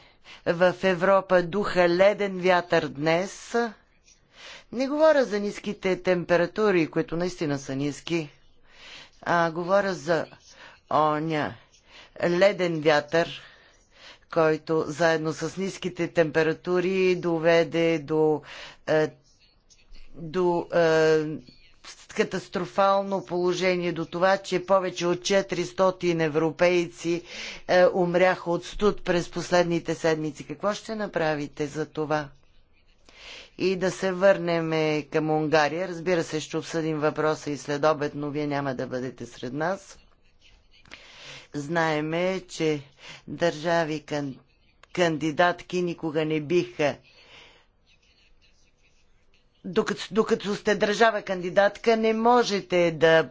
Speaker 1: в Европа духа леден вятър днес? Не говоря за ниските температури, които наистина са ниски, а говоря за оня леден вятър, който заедно с ниските температури доведе до, е, до е, катастрофално положение до това, че повече от 400 европейци е, умряха от студ през последните седмици. Какво ще направите за това? И да се върнем към Унгария. Разбира се, ще обсъдим въпроса и след обед, но вие няма да бъдете сред нас. Знаеме, че държави кандидатки никога не биха докато, докато сте държава кандидатка, не можете да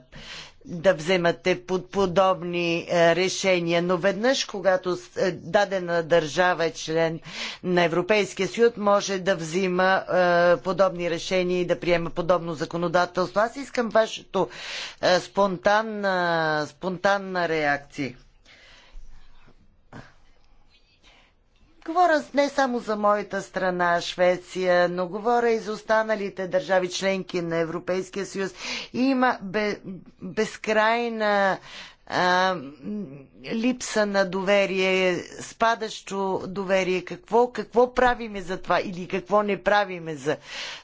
Speaker 1: да вземате под подобни е, решения, но веднъж, когато е, дадена държава е член на Европейския съюз, може да взима е, подобни решения и да приема подобно законодателство. Аз искам вашето спонтанна, спонтанна реакция. Говоря не само за моята страна, Швеция, но говоря и за останалите държави членки на Европейския съюз. Има безкрайна а, липса на доверие, спадащо доверие. Какво, какво правиме за това или какво не правиме за,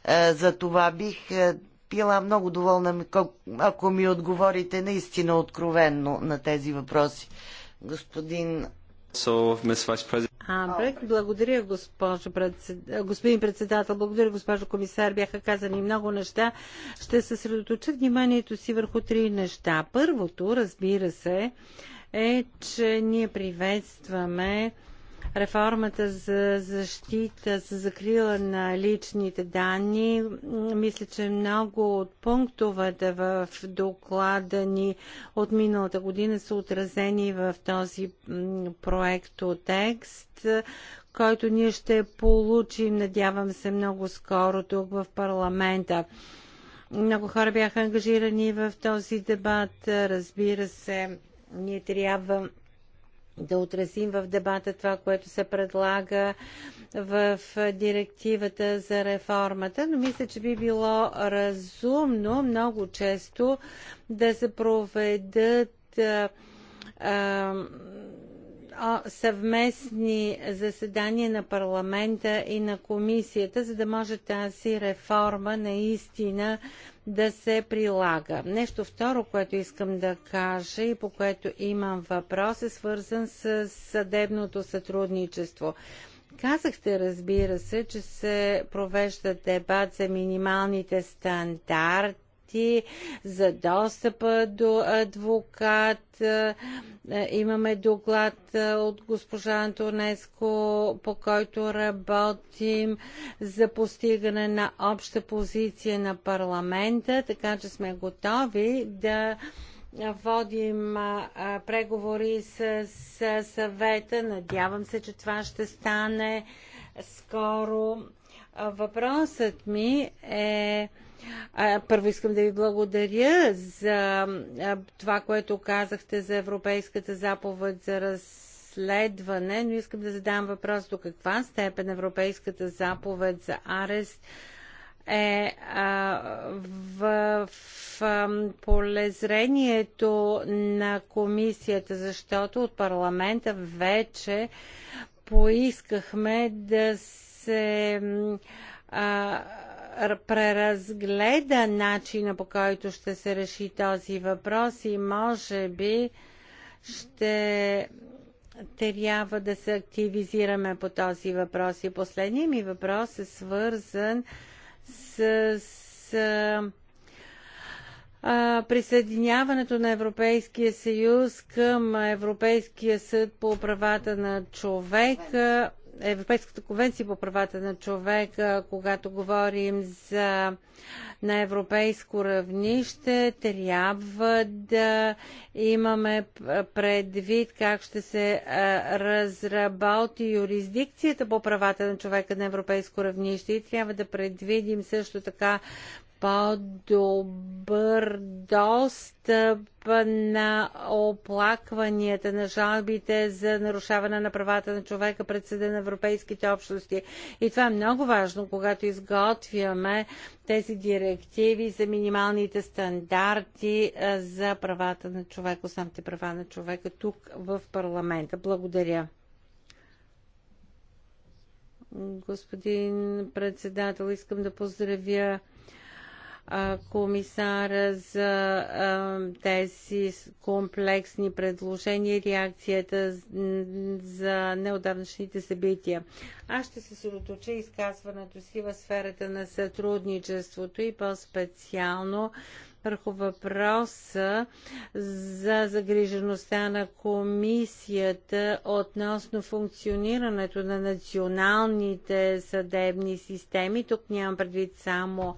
Speaker 1: а, за това? Бих била много доволна, ако ми отговорите наистина откровенно на тези въпроси. Господин благодаря госпожо
Speaker 3: господин председател, благодаря госпожо комисар, бяха казани много неща. Ще съсредоточа вниманието си върху три неща. Първото, разбира се, е, че ние приветстваме реформата за защита, за закрила на личните данни. Мисля, че много от пунктовете в доклада ни от миналата година са отразени в този проект текст, който ние ще получим, надявам се, много скоро тук в парламента. Много хора бяха ангажирани в този дебат. Разбира се, ние трябва да отразим в дебата това, което се предлага в директивата за реформата, но мисля, че би било разумно много често да се проведат а, а, съвместни заседания на парламента и на комисията, за да може тази реформа наистина да се прилага. Нещо второ, което искам да кажа и по което имам въпрос, е свързан с съдебното сътрудничество. Казахте, разбира се, че се провежда дебат за минималните стандарти документи, за достъпа до адвокат. Е, е, имаме доклад е, от госпожа Антонеско, по който работим за постигане на обща позиция на парламента, така че сме готови да водим а, преговори с, с съвета. Надявам се, че това ще стане скоро. Въпросът ми е първо искам да ви благодаря за това, което казахте за Европейската заповед за разследване, но искам да задам въпрос до каква степен Европейската заповед за арест е в, в полезрението на комисията, защото от парламента вече поискахме да се а, преразгледа начина по който ще се реши този въпрос и може би ще трябва да се активизираме по този въпрос. И последният ми въпрос е свързан с, с а, присъединяването на Европейския съюз към Европейския съд по правата на човека Европейската конвенция по правата на човека, когато говорим за на европейско равнище, трябва да имаме предвид как ще се разработи юрисдикцията по правата на човека на европейско равнище и трябва да предвидим също така по-добър достъп на оплакванията, на жалбите за нарушаване на правата на човека пред съда на европейските общности. И това е много важно, когато изготвяме тези директиви за минималните стандарти за правата на човека, основните права на човека тук в парламента. Благодаря. Господин председател, искам да поздравя комисара за тези комплексни предложения и реакцията за неодавнашните събития. Аз ще се сороточа изказването си в сферата на сътрудничеството и по-специално върху въпроса за загрижеността на комисията относно функционирането на националните съдебни системи. Тук нямам предвид само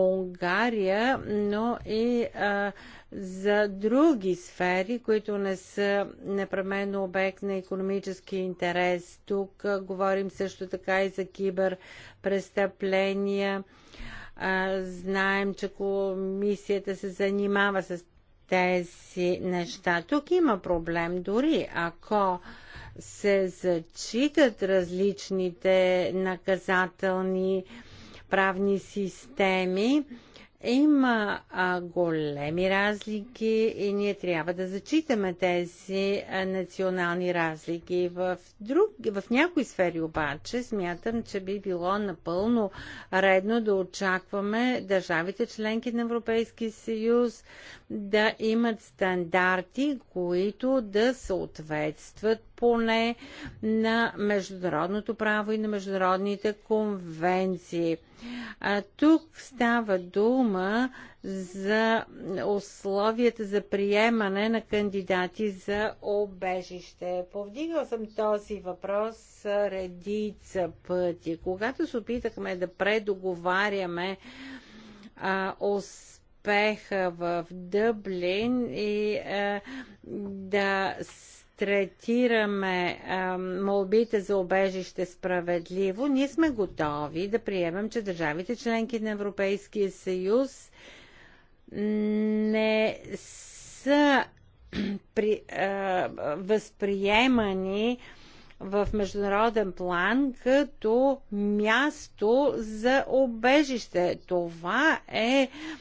Speaker 3: Унгария, но и а, за други сфери, които не са непременно обект на економически интерес. Тук а, говорим също така и за киберпрестъпления. А, знаем, че комисията се занимава с тези неща. Тук има проблем, дори ако се зачитат различните наказателни а, правни системи. Има а, големи разлики и ние трябва да зачитаме тези а, национални разлики. В, друг, в някои сфери обаче смятам, че би било напълно редно да очакваме държавите членки на Европейския съюз да имат стандарти, които да съответстват поне на международното право и на международните конвенции. А тук става дума за условията за приемане на кандидати за обежище. Повдигал съм този въпрос редица пъти. Когато се опитахме да предоговаряме а, успеха в Дъблин и а, е, да третираме а, е, молбите за обежище справедливо, ние сме готови да приемем, че държавите членки на Европейския съюз не са при, а, е, възприемани в международен план като място за обежище. Това е а,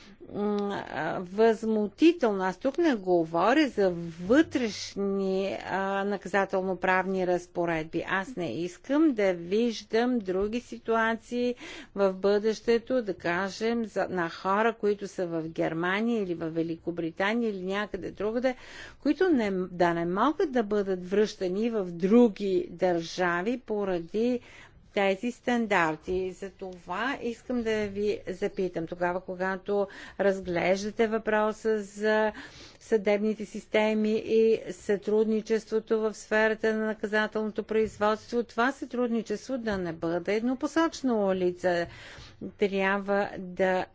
Speaker 3: възмутително. Аз тук не говоря за вътрешни наказателно-правни разпоредби. Аз не искам да виждам други ситуации в бъдещето, да кажем, за, на хора, които са в Германия или в Великобритания или някъде другаде, които не, да не могат да бъдат връщани в други държави поради тези стандарти. За това искам да ви запитам тогава, когато разглеждате въпроса за съдебните системи и сътрудничеството в сферата на наказателното производство, това сътрудничество да не бъде еднопосочна улица. Трябва да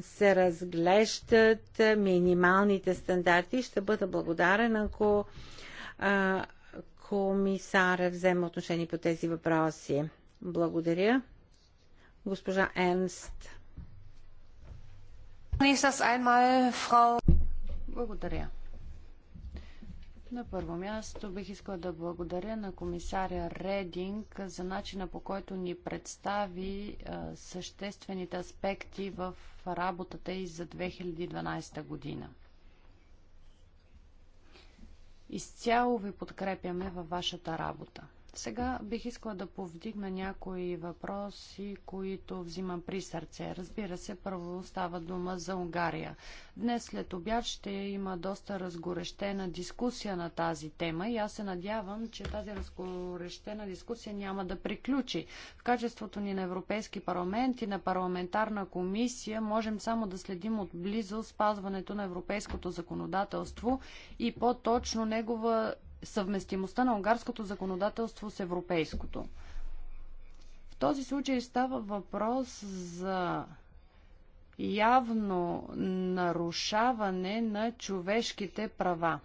Speaker 3: се разглеждат минималните стандарти. Ще бъда благодарен, ако комисаря взема отношение по тези въпроси. Благодаря. Госпожа Енст. Благодаря.
Speaker 2: На първо място бих искала да благодаря на комисаря Рединг за начина по който ни представи съществените аспекти в работата и за 2012 година. Изцяло ви подкрепяме във вашата работа. Сега бих искала да повдигна някои въпроси, които взимам при сърце. Разбира се, първо става дума за Унгария. Днес след обяд ще има доста разгорещена дискусия на тази тема и аз се надявам, че тази разгорещена дискусия няма да приключи. В качеството ни на Европейски парламент и на парламентарна комисия можем само да следим отблизо спазването на европейското законодателство и по-точно негова съвместимостта на унгарското законодателство с европейското. В този случай става въпрос за явно нарушаване на човешките права.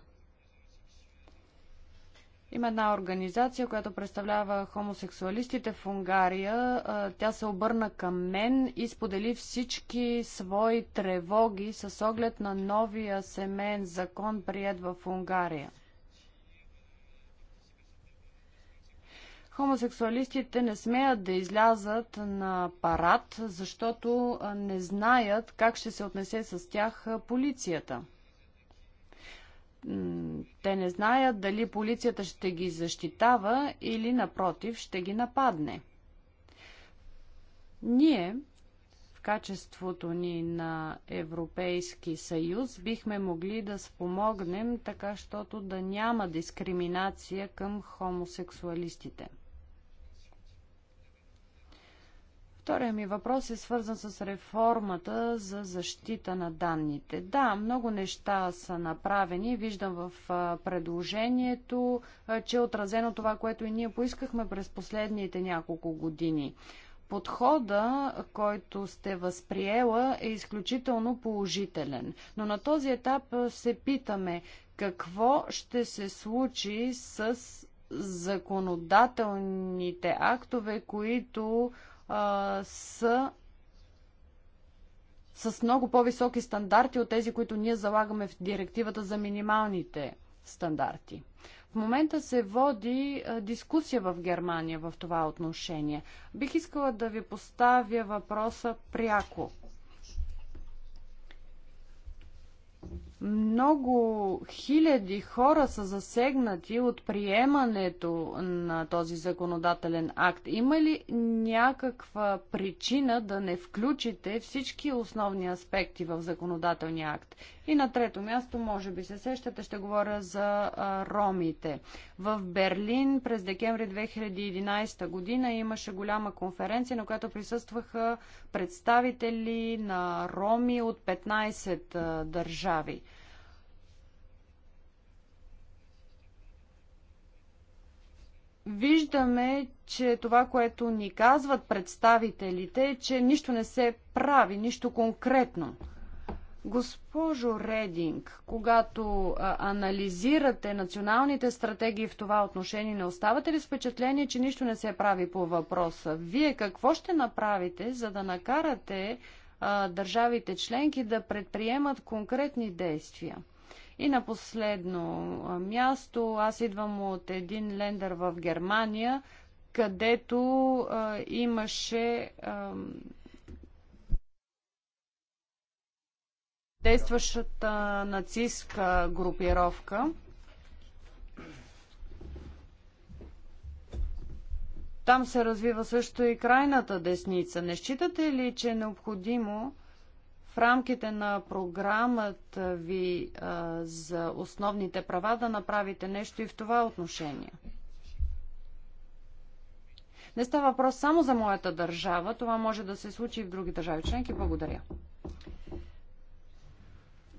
Speaker 2: Има една организация, която представлява хомосексуалистите в Унгария. Тя се обърна към мен и сподели всички свои тревоги с оглед на новия семейен закон, прият в Унгария. хомосексуалистите не смеят да излязат на парад, защото не знаят как ще се отнесе с тях полицията. Те не знаят дали полицията ще ги защитава или напротив ще ги нападне. Ние, в качеството ни на Европейски съюз, бихме могли да спомогнем така, щото да няма дискриминация към хомосексуалистите. Втория ми въпрос е свързан с реформата за защита на данните. Да, много неща са направени. Виждам в предложението, че е отразено това, което и ние поискахме през последните няколко години. Подхода, който сте възприела, е изключително положителен. Но на този етап се питаме какво ще се случи с законодателните актове, които а, са с много по-високи стандарти от тези, които ние залагаме в директивата за минималните стандарти. В момента се води дискусия в Германия в това отношение. Бих искала да ви поставя въпроса пряко. Много хиляди хора са засегнати от приемането на този законодателен акт. Има ли някаква причина да не включите всички основни аспекти в законодателния акт? И на трето място, може би се сещате, ще говоря за ромите. В Берлин през декември 2011 година имаше голяма конференция, на която присъстваха представители на роми от 15 държави. виждаме, че това, което ни казват представителите, е, че нищо не се прави, нищо конкретно. Госпожо Рединг, когато а, анализирате националните стратегии в това отношение, не оставате ли с впечатление, че нищо не се прави по въпроса? Вие какво ще направите, за да накарате а, държавите членки да предприемат конкретни действия? И на последно място, аз идвам от един лендър в Германия, където а, имаше а, действащата нацистска групировка. Там се развива също и крайната десница. Не считате ли, че е необходимо в рамките на програмата ви а, за основните права да направите нещо и в това отношение. Не става въпрос само за моята държава, това може
Speaker 1: да се случи и в други държави членки. Благодаря.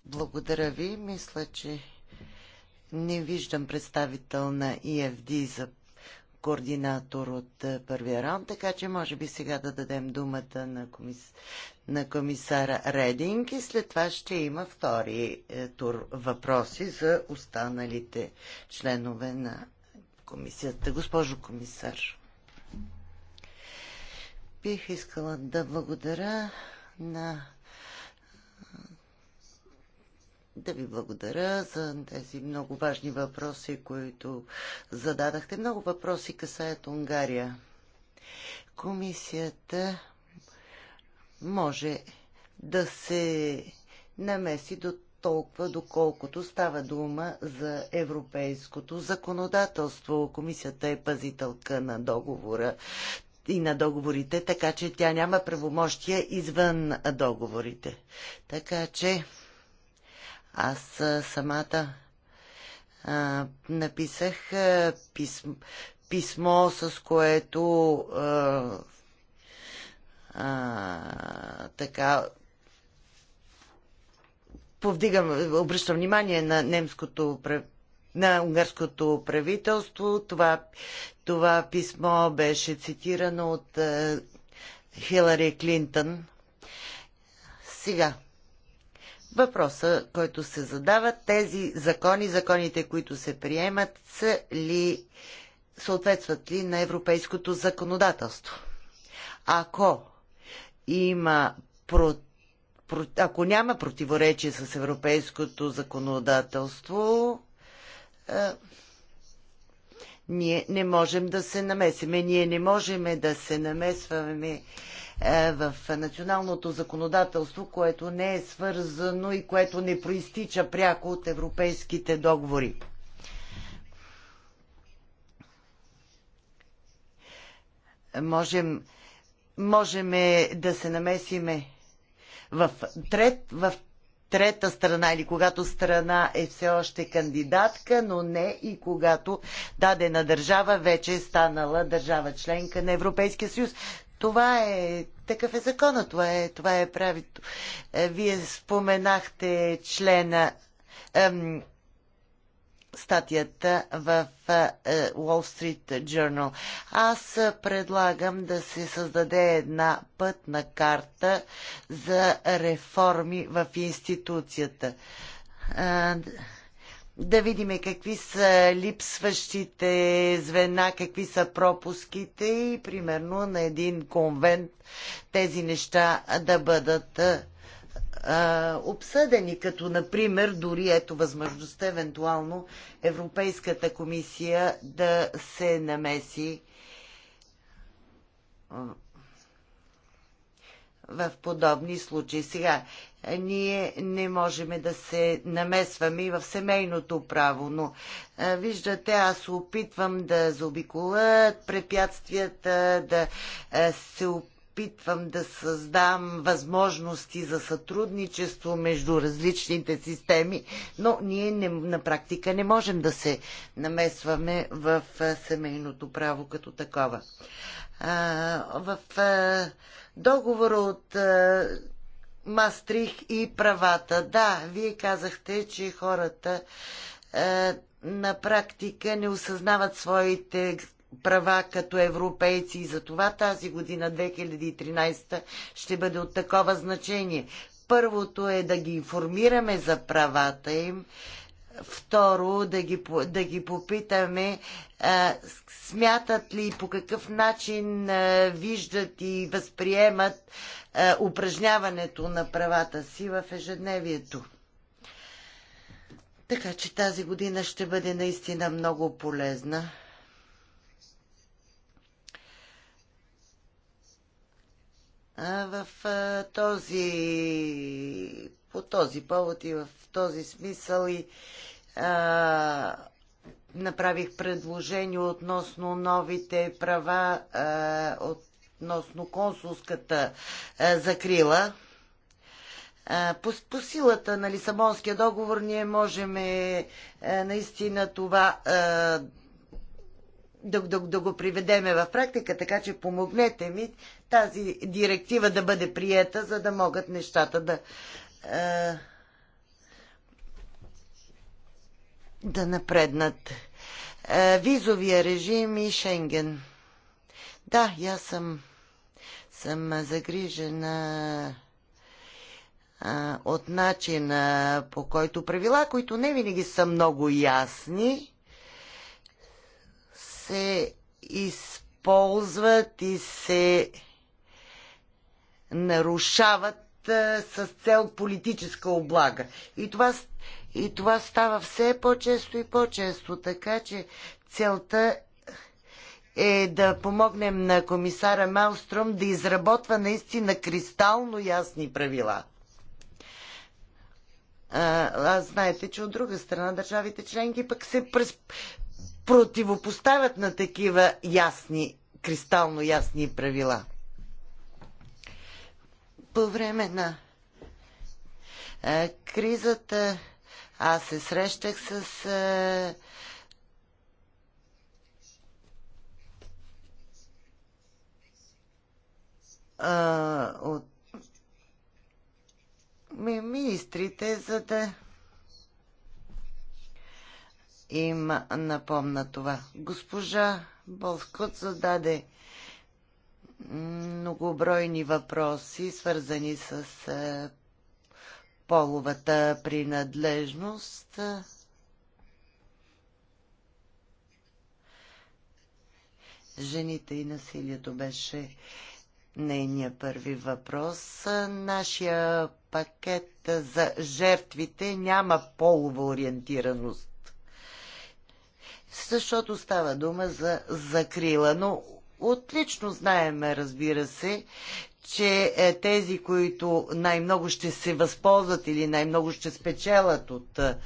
Speaker 1: Благодаря ви. Мисля, че не виждам представител на EFD за координатор от е, първия раунд, така че може би сега да дадем думата на, комис... на комисара Рединг и след това ще има втори е, тур въпроси за останалите членове на комисията. Госпожо комисар, бих искала да благодаря на да ви благодаря за тези много важни въпроси, които зададахте. Много въпроси касаят Унгария. Комисията може да се намеси до толкова, доколкото става дума за европейското законодателство. Комисията е пазителка на договора и на договорите, така че тя няма правомощия извън договорите. Така че аз самата а, написах а, писмо, писмо, с което а, а, така повдигам, обръщам внимание на немското на унгарското правителство. Това, това писмо беше цитирано от е, Хилари Клинтън. Сега, въпроса, който се задава, тези закони, законите, които се приемат, са ли, съответстват ли на европейското законодателство? Ако има ако няма противоречие с европейското законодателство, е, ние не можем да се намесиме. Ние не можем да се намесваме е, в националното законодателство, което не е свързано и което не проистича пряко от европейските договори. Можем, можем е да се намесиме в, трет, в трета страна или когато страна е все още кандидатка, но не и когато дадена държава вече е станала държава членка на Европейския съюз. Това е, такъв е закона, това е, това е правито. Е, вие споменахте члена, ем, статията в е, Wall Street Journal. Аз предлагам да се създаде една пътна карта за реформи в институцията. Е, да видим какви са липсващите звена, какви са пропуските и примерно на един конвент тези неща да бъдат обсъдени, като например дори ето възможността евентуално Европейската комисия да се намеси в подобни случаи. Сега, ние не можем да се намесваме и в семейното право, но виждате, аз опитвам да заобикола препятствията, да се опитвам да създам възможности за сътрудничество между различните системи, но ние не, на практика не можем да се намесваме в семейното право като такова. в договора от Мастрих и правата. Да, вие казахте, че хората е, на практика не осъзнават своите права като европейци и затова тази година, 2013, ще бъде от такова значение. Първото е да ги информираме за правата им, Второ, да ги, да ги попитаме, а, смятат ли по какъв начин а, виждат и възприемат а, упражняването на правата си в ежедневието. Така че тази година ще бъде наистина много полезна. В този по този повод и в този смисъл и а, направих предложение относно новите права, а, относно консулската а, закрила. По, по силата на Лисабонския договор ние можем е, е наистина това е, да, да, да го приведеме в практика, така че помогнете ми тази директива да бъде приета, за да могат нещата да е, да напреднат. Е, визовия режим и Шенген. Да, я съм, съм загрижена а, е, от начина по който правила, които не винаги са много ясни, се използват и се нарушават с цел политическа облага. И това, и това става все по-често и по-често, така че целта е да помогнем на комисара Малстром да изработва наистина кристално ясни правила. А, а знаете, че от друга страна държавите членки пък се през... противопоставят на такива ясни, кристално ясни правила по време на е, кризата аз се срещах с а, е, е, от ми, министрите, за да им напомна това. Госпожа Болскот зададе многобройни въпроси, свързани с е, половата принадлежност. Жените и насилието беше нейния първи въпрос. Нашия пакет за жертвите няма полова ориентираност. Защото става дума за закрила, но Отлично знаем, разбира се, че е, тези, които най-много ще се възползват или най-много ще спечелят от е,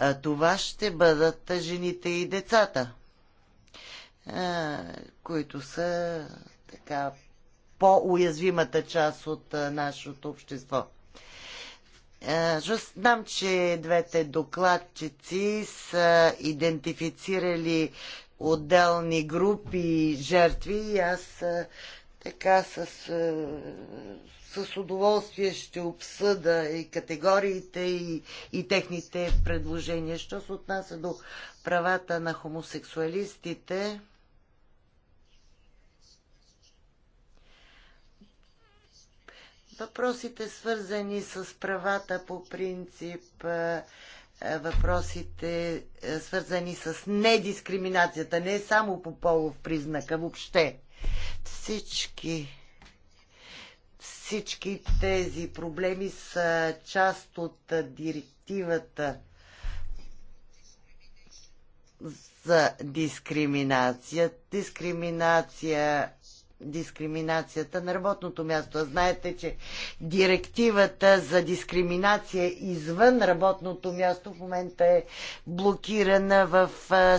Speaker 1: е, това, ще бъдат жените и децата, които са така по-уязвимата част от нашето общество. Знам, че двете докладчици са идентифицирали отделни групи жертви и аз а, така с, а, с удоволствие ще обсъда и категориите и, и техните предложения. Що се отнася до правата на хомосексуалистите, въпросите свързани с правата по принцип а, е, въпросите, е, свързани с недискриминацията, не само по полов признак, а въобще. Всички, всички тези проблеми са част от директивата за дискриминация. Дискриминация дискриминацията на работното място. Знаете, че директивата за дискриминация извън работното място в момента е блокирана в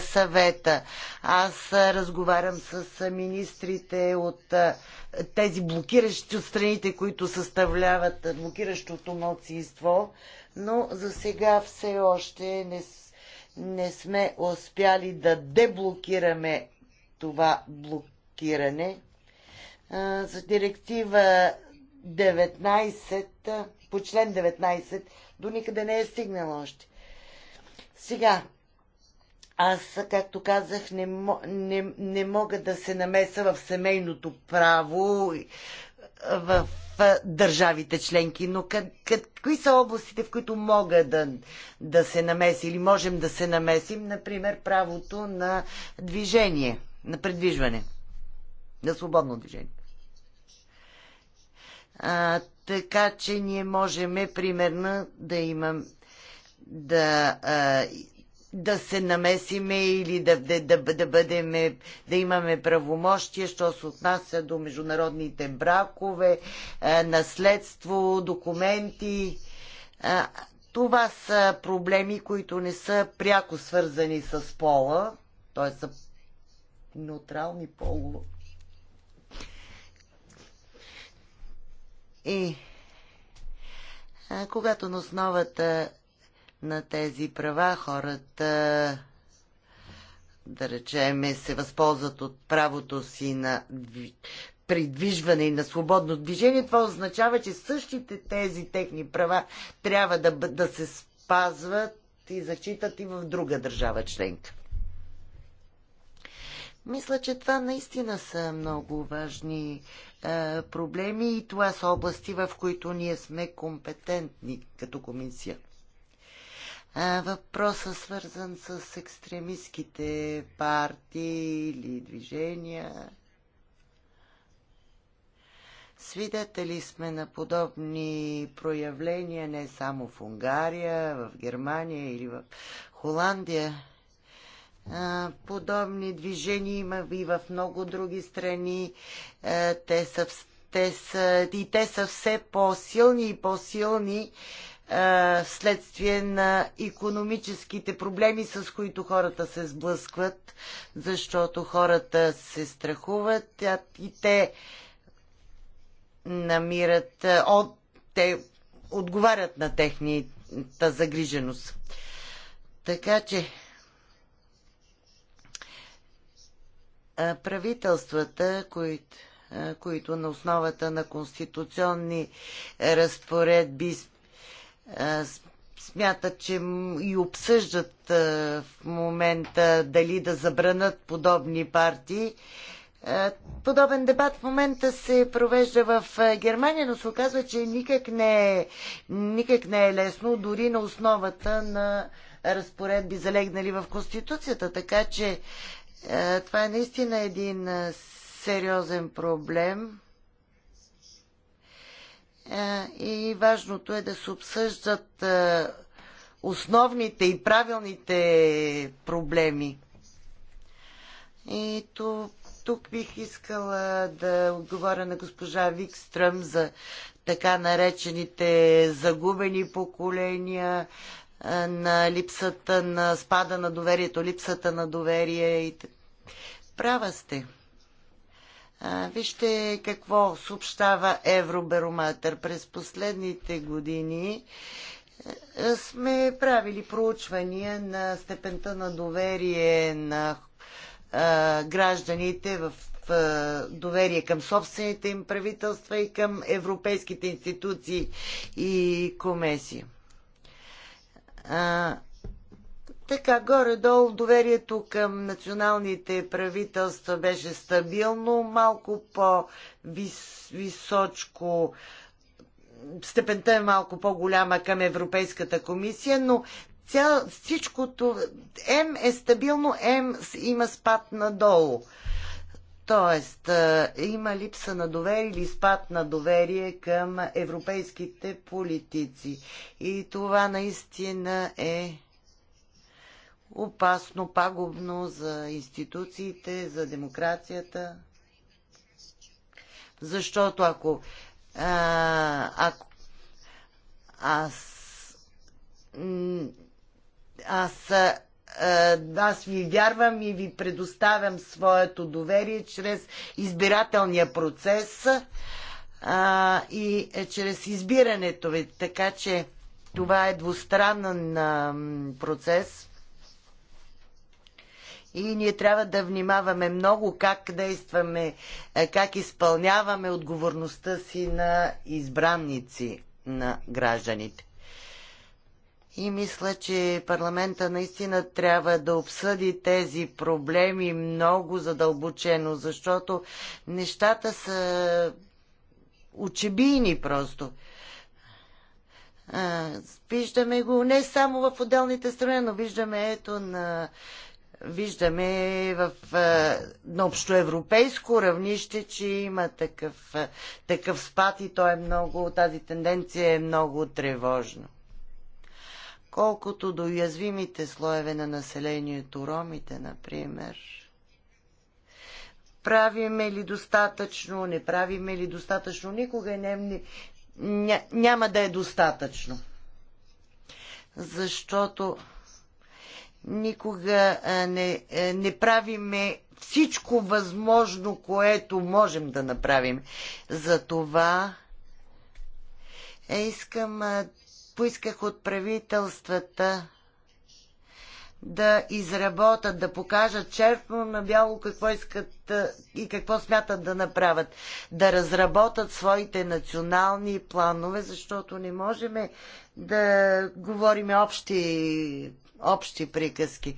Speaker 1: съвета. Аз разговарям с министрите от тези блокиращи от страните, които съставляват блокиращото младсинство, но за сега все още не, не сме успяли да деблокираме това блокиране за директива 19, по член 19, до никъде не е стигнала още. Сега, аз, както казах, не, не, не мога да се намеса в семейното право в държавите членки, но къд, кои са областите, в които мога да, да се намеси или можем да се намесим, например, правото на движение, на предвижване, на свободно движение? А, така че ние можем примерно да имам да, а, да се намесиме или да, да, да, да, бъдем, да имаме правомощие, що се отнася до международните бракове, а, наследство, документи. А, това са проблеми, които не са пряко свързани с пола, т.е. са неутрални полово. И а, когато на основата на тези права хората, да речем, се възползват от правото си на придвижване и на свободно движение, това означава, че същите тези техни права трябва да, да се спазват и зачитат и в друга държава членка. Мисля, че това наистина са много важни е, проблеми и това са области, в които ние сме компетентни като комисия. Е, Въпросът свързан с екстремистските партии или движения. Свидетели сме на подобни проявления не само в Унгария, в Германия или в Холандия. Подобни движения има и в много други страни. Те са, те са, и те са все по-силни и по-силни следствие на економическите проблеми, с които хората се сблъскват, защото хората се страхуват и те намират, от, те отговарят на техните загриженост. Така че правителствата, които, които на основата на конституционни разпоредби смятат, че и обсъждат в момента дали да забранат подобни партии. Подобен дебат в момента се провежда в Германия, но се оказва, че никак не е, никак не е лесно, дори на основата на разпоредби залегнали в Конституцията. Така че е, това е наистина един е, сериозен проблем. Е, и важното е да се обсъждат основните и правилните проблеми. И тук, бих искала да отговоря на госпожа Викстръм за така наречените загубени поколения, на липсата на спада на доверието, липсата на доверие и Права сте. А, вижте какво съобщава Евробарометър. През последните години сме правили проучвания на степента на доверие на а, гражданите в а, доверие към собствените им правителства и към европейските институции и комесии. Така, горе-долу доверието към националните правителства беше стабилно, малко по-височко, степента е малко по-голяма към Европейската комисия, но цял, всичкото, М е стабилно, М има спад надолу. Тоест, има липса на доверие или спад на доверие към европейските политици. И това наистина е опасно, пагубно за институциите, за демокрацията. Защото ако, а, ако аз аз, аз ви вярвам и ви предоставям своето доверие чрез избирателния процес а, и чрез избирането ви. Така че това е двустранен процес. И ние трябва да внимаваме много как действаме, е, как изпълняваме отговорността си на избранници на гражданите. И мисля, че парламента наистина трябва да обсъди тези проблеми много задълбочено, защото нещата са учебийни просто. А, виждаме го не само в отделните страни, но виждаме ето на виждаме в, на общоевропейско равнище, че има такъв, такъв спад и той е много, тази тенденция е много тревожна. Колкото до уязвимите слоеве на населението, ромите, например, правиме ли достатъчно, не правиме ли достатъчно, никога не, ня, няма да е достатъчно. Защото никога не, не правиме всичко възможно, което можем да направим. За това е, искам, поисках от правителствата да изработат, да покажат черно на бяло какво искат и какво смятат да направят. Да разработат своите национални планове, защото не можем да говорим общи общи приказки.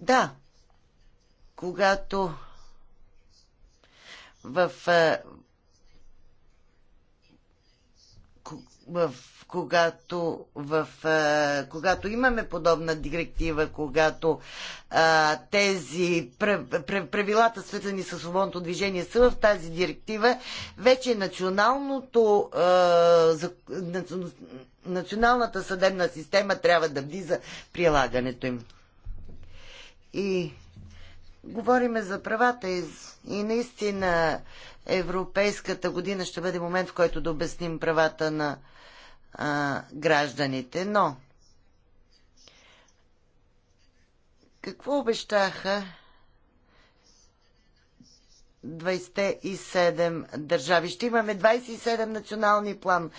Speaker 1: Да, когато в, в когато, в, а, когато имаме подобна директива, когато а, тези правилата, свързани с свободното движение, са в тази директива, вече националното, а, за, националната съдебна система трябва да бди за прилагането им. И говориме за правата и, и наистина Европейската година ще бъде момент, в който да обясним правата на а, гражданите. Но какво обещаха 27 държави? Ще имаме 27 национални план.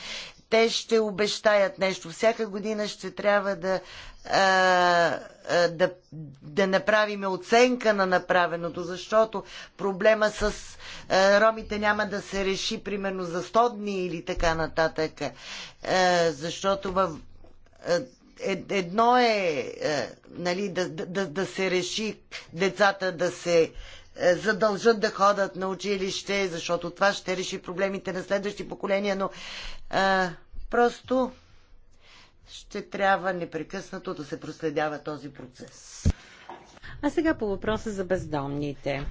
Speaker 1: Те ще обещаят нещо. Всяка година ще трябва да е, е, да, да направим оценка на направеното, защото проблема с е, ромите няма да се реши примерно за 100 дни или така нататък. защото в, едно е, нали, да, да, да се реши децата да се задължат да ходят на училище, защото това ще реши проблемите на следващи поколения, но просто ще трябва непрекъснато да се проследява този процес.
Speaker 3: А сега по въпроса за бездомните.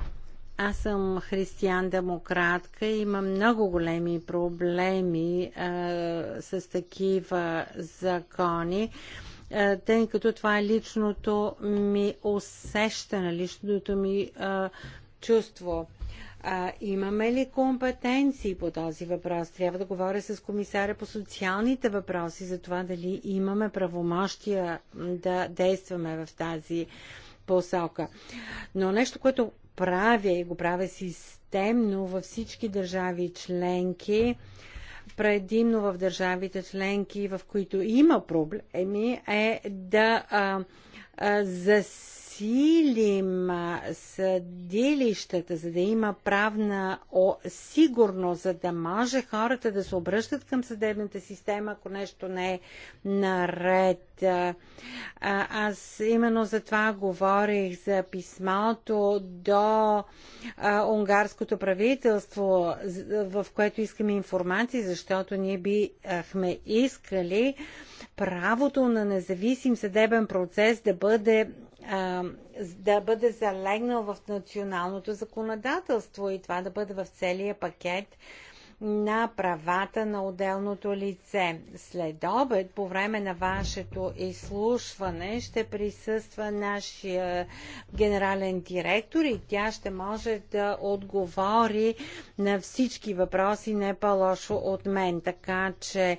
Speaker 3: Аз съм християн-демократка и имам много големи проблеми а, с такива закони, а, тъй като това е личното ми усещане, личното ми а, чувство. А, имаме ли компетенции по този въпрос? Трябва да говоря с комисаря по социалните въпроси за това дали имаме правомощия да действаме в тази посока. Но нещо, което правя и го правя системно във всички държави членки, предимно в държавите членки, в които има проблеми, е да а, засилим съдилищата, за да има правна сигурност, за да може хората да се обръщат към съдебната система, ако нещо не е наред. Аз именно за това говорих за писмото до унгарското правителство, в което искаме информация, защото ние бихме искали правото на независим съдебен процес да бъде, а, да бъде залегнал в националното законодателство и това да бъде в целия пакет на правата на отделното лице. След обед, по време на вашето изслушване, ще присъства нашия генерален директор и тя ще може да отговори на всички въпроси, не по-лошо от мен. Така че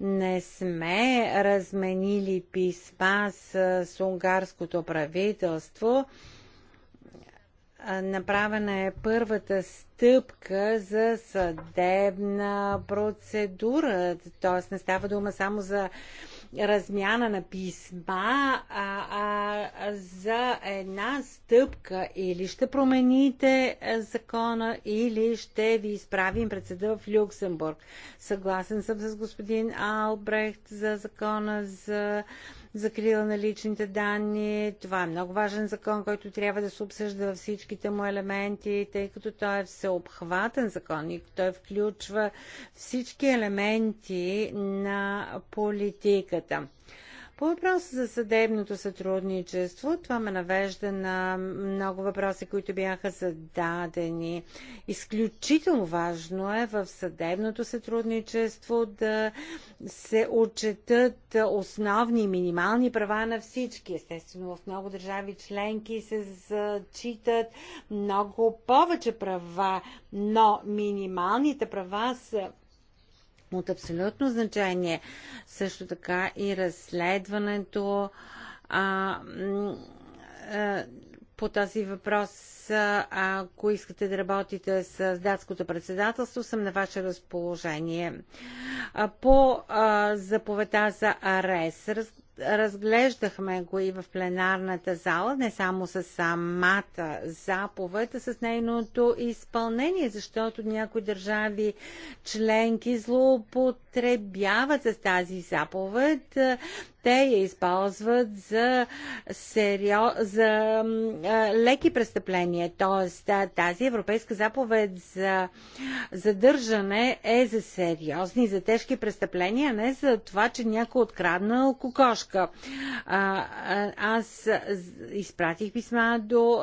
Speaker 3: не сме разменили писма с, с унгарското правителство. Направена е първата стъпка за съдебна процедура, т.е. не става дума само за размяна на писма, а, а за една стъпка или ще промените е, закона, или ще ви изправим пред съда в Люксембург. Съгласен съм с господин Албрехт за закона за а, закрила на личните данни. Това е много важен закон, който трябва да се обсъжда във всичките му елементи, тъй като той е всеобхватен закон и той включва всички елементи на политиката. По въпроса за съдебното сътрудничество, това ме навежда на много въпроси, които бяха зададени. Изключително важно е в съдебното сътрудничество да се отчетат основни и минимални права на всички. Естествено, в много държави членки се зачитат много повече права, но минималните права са от абсолютно значение. Също така и разследването а, а, по този въпрос. Ако искате да работите с датското председателство, съм на ваше разположение. По заповедта за арест, разглеждахме го и в пленарната зала, не само с самата заповед, а с нейното изпълнение, защото някои държави членки злоупотребяват с тази заповед те я използват за, серио... за леки престъпления. Тоест тази европейска заповед за задържане е за сериозни, за тежки престъпления, а не за това, че някой е откраднал кокошка. Аз изпратих писма до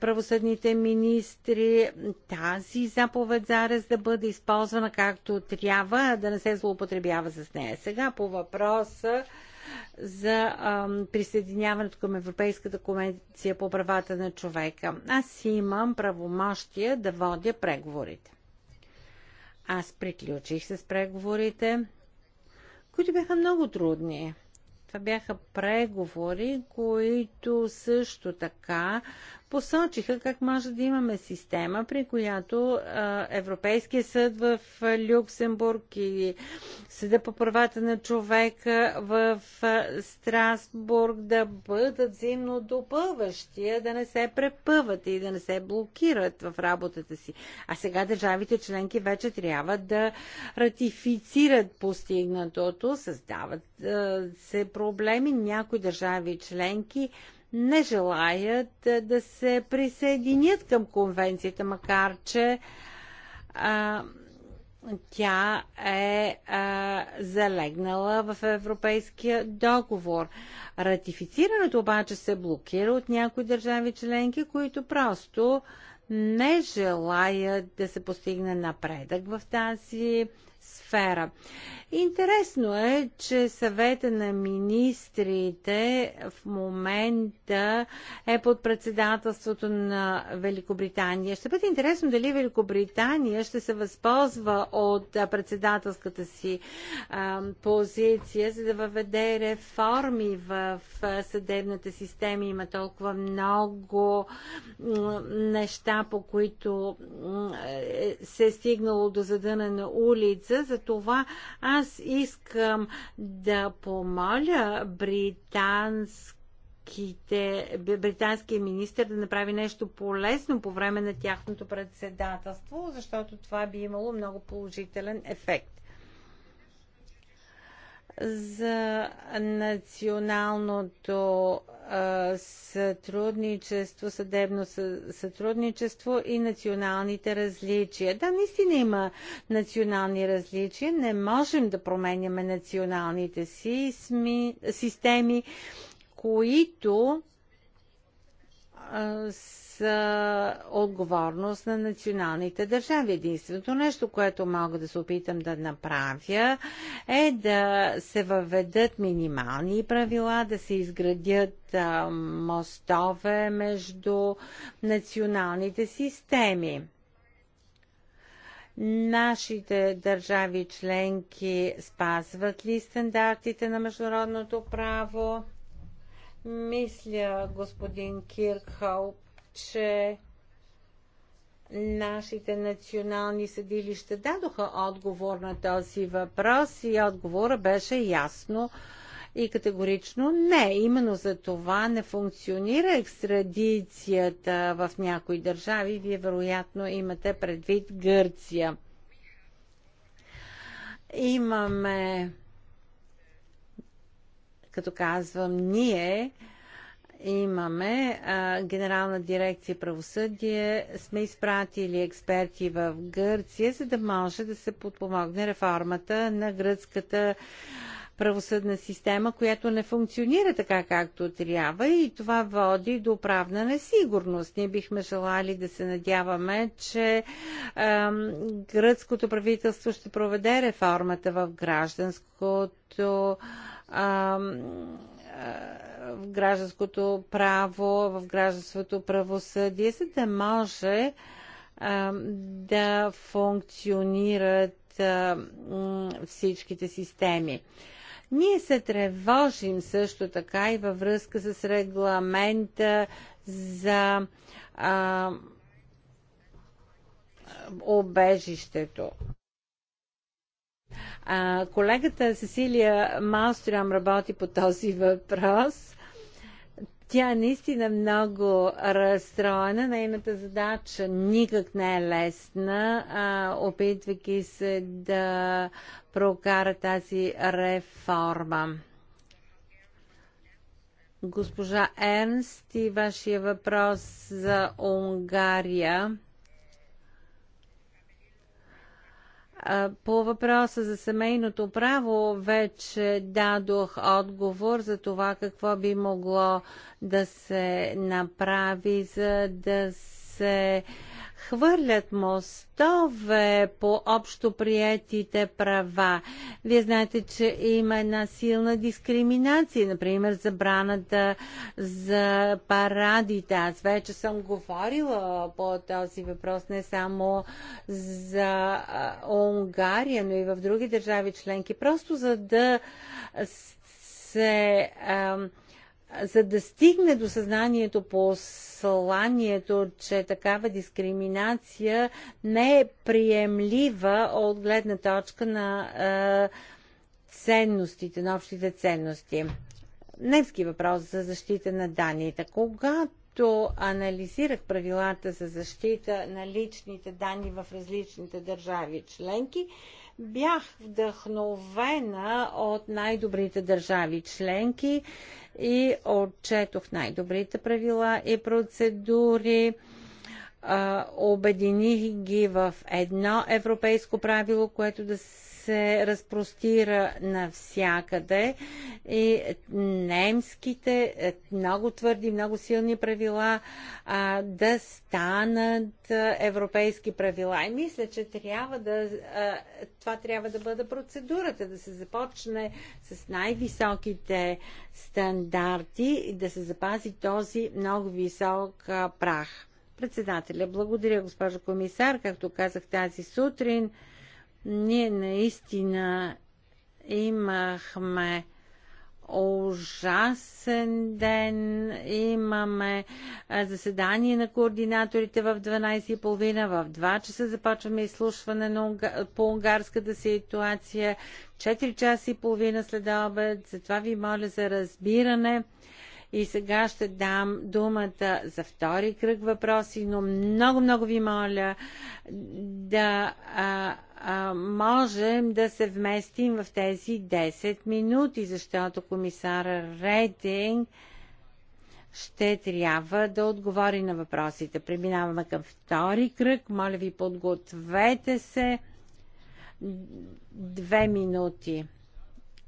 Speaker 3: правосъдните министри тази заповед за арест да бъде използвана както трябва, да не се злоупотребява с нея. Сега по въпроса за ам, присъединяването към Европейската конвенция по правата на човека. Аз имам правомощия да водя преговорите. Аз приключих с преговорите, които бяха много трудни. Това бяха преговори, които също така посочиха как може да имаме система, при която а, Европейския съд в Люксембург и Съда по правата на човека в а, Страсбург да бъдат взаимно допълващи, да не се препъват и да не се блокират в работата си. А сега държавите членки вече трябва да ратифицират постигнатото, създават а, се проблеми, някои държави членки не желаят е, да се присъединят към конвенцията, макар че а, тя е а, залегнала в Европейския договор. Ратифицирането обаче се блокира от някои държави членки, които просто не желаят да се постигне напредък в тази сфера. Интересно е, че съвета на министрите в момента е под председателството на Великобритания. Ще бъде интересно дали Великобритания ще се възползва от председателската си а, позиция, за да въведе реформи в съдебната система. Има толкова много неща, по които е, се е стигнало до задъна на улица. За затова аз искам да помоля британски британския министр да направи нещо полезно по време на тяхното председателство, защото това би имало много положителен ефект. За националното сътрудничество, съдебно сътрудничество и националните различия. Да, наистина има национални различия. Не можем да променяме националните сисми, системи, които за отговорност на националните държави. Единственото нещо, което мога да се опитам да направя е да се въведат минимални правила, да се изградят а, мостове между националните системи нашите държави членки спазват ли стандартите на международното право? Мисля, господин Киркхоп, че нашите национални съдилища дадоха отговор на този въпрос и отговора беше ясно и категорично не. Именно за това не функционира екстрадицията в някои държави. Вие вероятно имате предвид Гърция. Имаме, като казвам ние, имаме а, Генерална дирекция правосъдие, сме изпратили експерти в Гърция, за да може да се подпомогне реформата на гръцката правосъдна система, която не функционира така както трябва и това води до правна несигурност. Ние бихме желали да се надяваме, че е, гръцкото правителство ще проведе реформата в гражданското в гражданското право, в гражданството правосъдие, за да може да функционират всичките системи. Ние се тревожим също така и във връзка с регламента за а, обежището. А, колегата Сесилия Малстрюм работи по този въпрос. Тя е наистина много разстроена. Нейната задача никак не е лесна, а, опитвайки се да прокара тази реформа. Госпожа Ернст и вашия въпрос за Унгария. По въпроса за семейното право вече дадох отговор за това какво би могло да се направи, за да се хвърлят мостове по общо права. Вие знаете, че има една силна дискриминация, например забраната за парадите. Аз вече съм говорила по този въпрос не само за Унгария, но и в други държави членки, просто за да се. Ам, за да стигне до съзнанието посланието, че такава дискриминация не е приемлива от гледна точка на е, ценностите, на общите ценности. Немски въпрос за защита на данните. Когато анализирах правилата за защита на личните данни в различните държави членки, Бях вдъхновена от най-добрите държави членки и отчетох най-добрите правила и процедури. Обединих ги в едно европейско правило, което да се се разпростира навсякъде и немските е, много твърди, много силни правила а, да станат е, европейски правила. И мисля, че трябва да, а, е, това трябва да бъде процедурата, да се започне с най-високите стандарти и да се запази този много висок прах председателя. Благодаря, госпожо комисар. Както казах тази сутрин, ние наистина имахме ужасен ден. Имаме заседание на координаторите в 12.30. В 2 часа започваме изслушване на, по унгарската ситуация. 4 часа и половина след обед. Затова ви моля за разбиране. И сега ще дам думата за втори кръг въпроси, но много, много ви моля да а, а, можем да се вместим в тези 10 минути, защото комисара Рейтинг ще трябва да отговори на въпросите. Преминаваме към втори кръг. Моля ви, подгответе се. Две минути.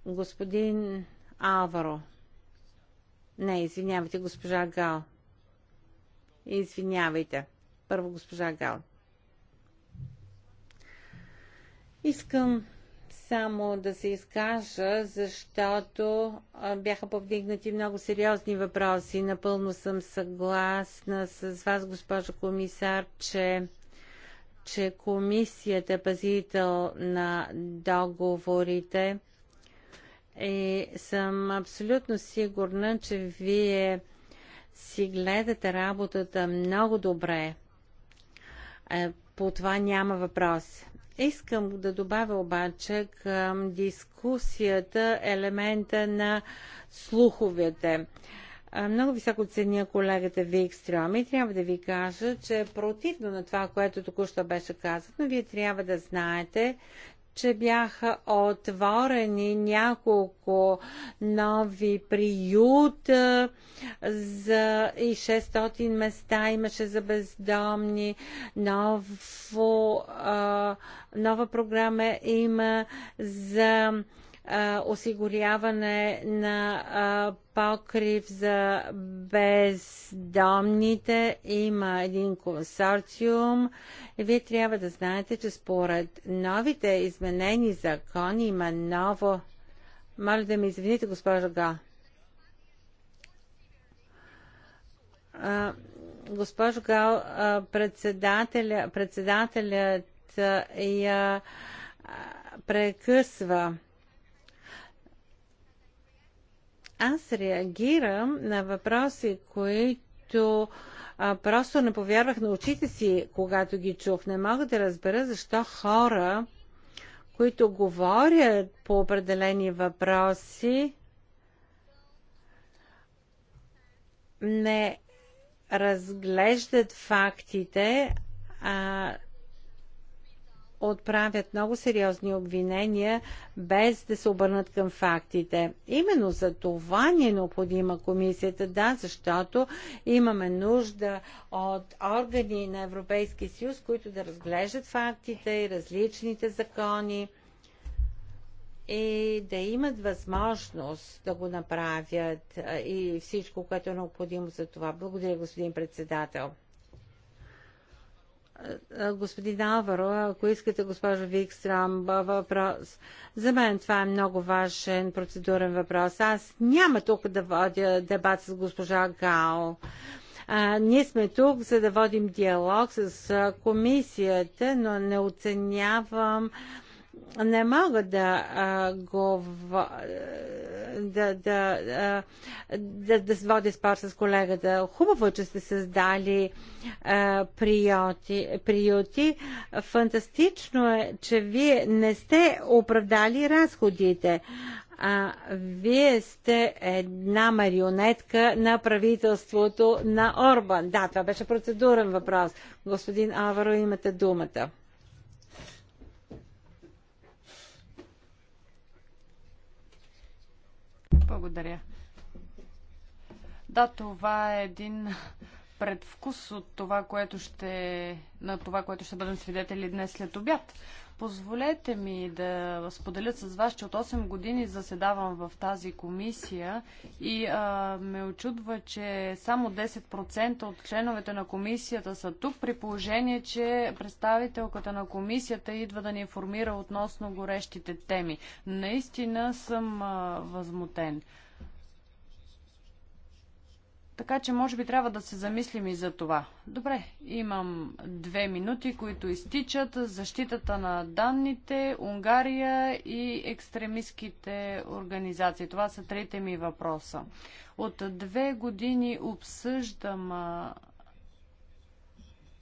Speaker 3: Господин Алваро. Не, извинявайте, госпожа Гал. Извинявайте. Първо госпожа Гал. Искам само да се изкажа, защото бяха повдигнати много сериозни въпроси. Напълно съм съгласна с вас, госпожо комисар, че че комисията е пазител на договорите и съм абсолютно сигурна, че вие си гледате работата много добре. Е, по това няма въпрос. Искам да добавя обаче към дискусията елемента на слуховете. Е, много високо ценя колегата Викстрем и трябва да ви кажа, че е противно на това, което току-що беше казано, вие трябва да знаете, че бяха отворени няколко нови приюта е, за и 600 места имаше за бездомни. Ново, а, е, нова програма има за осигуряване на покрив за бездомните. Има един консорциум. Вие трябва да знаете, че според новите изменени закони има ново. Моля да ми извините, госпожо Га. госпожо Гал, председателя, председателят я прекъсва. Аз реагирам на въпроси, които а, просто не повярвах на очите си, когато ги чух. Не мога да разбера защо хора, които говорят по определени въпроси, не разглеждат фактите, а отправят много сериозни обвинения, без да се обърнат към фактите. Именно за това ни е необходима комисията, да, защото имаме нужда от органи на Европейския съюз, които да разглеждат фактите и различните закони и да имат възможност да го направят и всичко, което е необходимо за това. Благодаря, господин председател. Господин Алваро, ако искате, госпожо Викстрам, въпрос. За мен това е много важен процедурен въпрос. Аз няма тук да водя дебат с госпожа Гао. А, ние сме тук, за да водим диалог с комисията, но не оценявам а, не мога да а, го да, да, да, да, да водя спор с колегата. Хубаво, е, че сте създали а, приюти, приюти. Фантастично е, че вие не сте оправдали разходите. А, вие сте една марионетка на правителството на Орбан. Да, това беше процедурен въпрос. Господин Аваро, имате думата.
Speaker 2: Благодаря. Да, това е един предвкус от това, което ще, на това, което ще бъдем свидетели днес след обяд. Позволете ми да споделя с вас, че от 8 години заседавам в тази комисия и а, ме очудва, че само 10% от членовете на комисията са тук, при положение, че представителката на комисията идва да ни информира относно горещите теми. Наистина съм а, възмутен. Така че може би трябва да се замислим и за това. Добре, имам две минути, които изтичат. Защитата на данните, Унгария и екстремистските организации. Това са трите ми въпроса. От две години обсъждам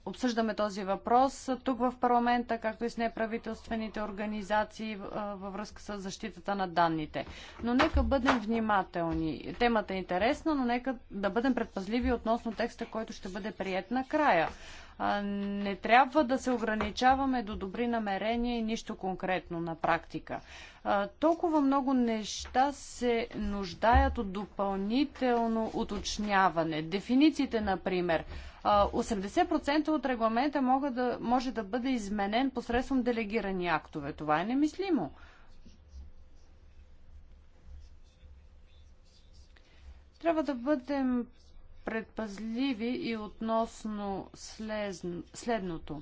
Speaker 2: обсъждаме този въпрос тук в парламента, както и с неправителствените организации във връзка с защитата на данните. Но нека бъдем внимателни. Темата е интересна, но нека да бъдем предпазливи относно текста, който ще бъде прият накрая не трябва да се ограничаваме до добри намерения и нищо конкретно на практика. Толкова много неща се нуждаят от допълнително уточняване. Дефинициите, например. 80% от регламента мога да, може да бъде изменен посредством делегирани актове. Това е немислимо. Трябва да бъдем предпазливи и относно следното.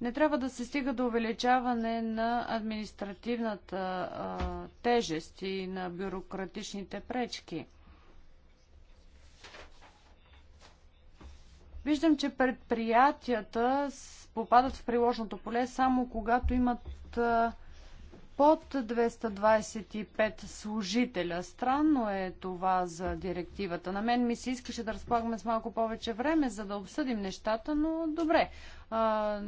Speaker 2: Не трябва да се стига до увеличаване на административната а, тежест и на бюрократичните пречки. Виждам, че предприятията попадат в приложното поле само когато имат а, под 225 служителя. Странно е това за директивата. На мен ми се искаше да разполагаме с малко повече време, за да обсъдим нещата, но добре. А,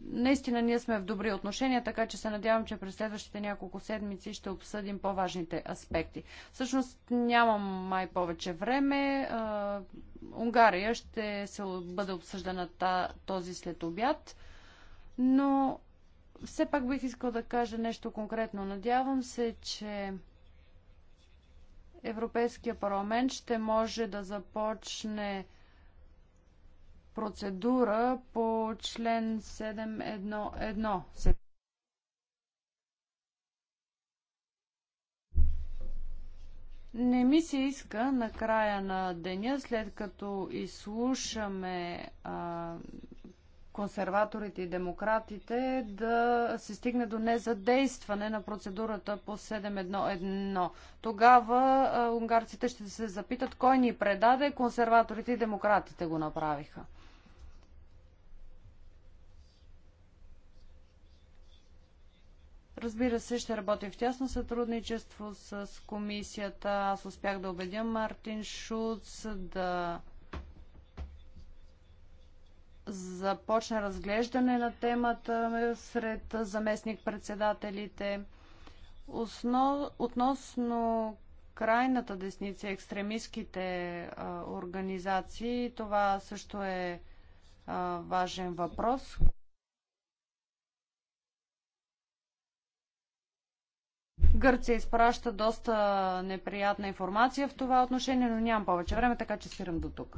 Speaker 2: наистина ние сме в добри отношения, така че се надявам, че през следващите няколко седмици ще обсъдим по-важните аспекти. Всъщност нямам май повече време. А, Унгария ще се бъде обсъждана този след обяд, но все пак бих искал да кажа нещо конкретно. Надявам се, че Европейския парламент ще може да започне процедура по член 7.1.1. Не ми се иска на края на деня, след като изслушаме а, консерваторите и демократите да се стигне до незадействане на процедурата по 7.1.1. Тогава а, унгарците ще се запитат кой ни предаде, консерваторите и демократите го направиха. Разбира се, ще работим в тясно сътрудничество с комисията. Аз успях да убедя Мартин Шуц да започна разглеждане на темата сред заместник-председателите. Относно крайната десница, екстремистските а, организации, това също е а, важен въпрос. Гърция изпраща доста неприятна информация в това отношение, но нямам повече време, така че спирам до тук.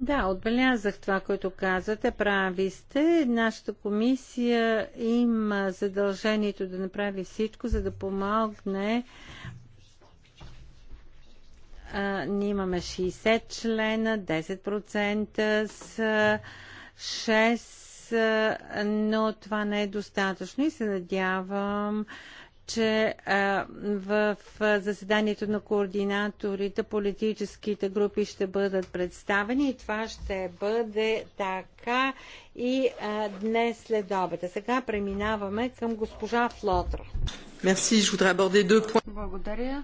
Speaker 3: Да, отбелязах това, което казвате. Прави сте. Нашата комисия има задължението да направи всичко, за да помогне. А, ние имаме 60 члена, 10% с 6 но това не е достатъчно и се надявам, че в заседанието на координаторите политическите групи ще бъдат представени и това ще бъде така и днес след обеда. Сега преминаваме към госпожа Флотра. Благодаря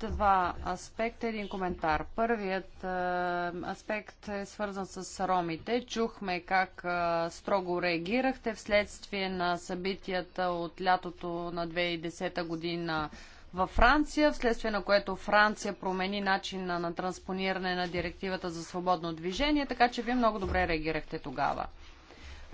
Speaker 3: два аспекта, един
Speaker 2: коментар. Първият а, е, аспект е свързан с ромите. Чухме как а, е, строго реагирахте вследствие на събитията от лятото на 2010 година във Франция, вследствие на което Франция промени начина на транспониране на директивата за свободно движение, така че вие много добре реагирахте тогава.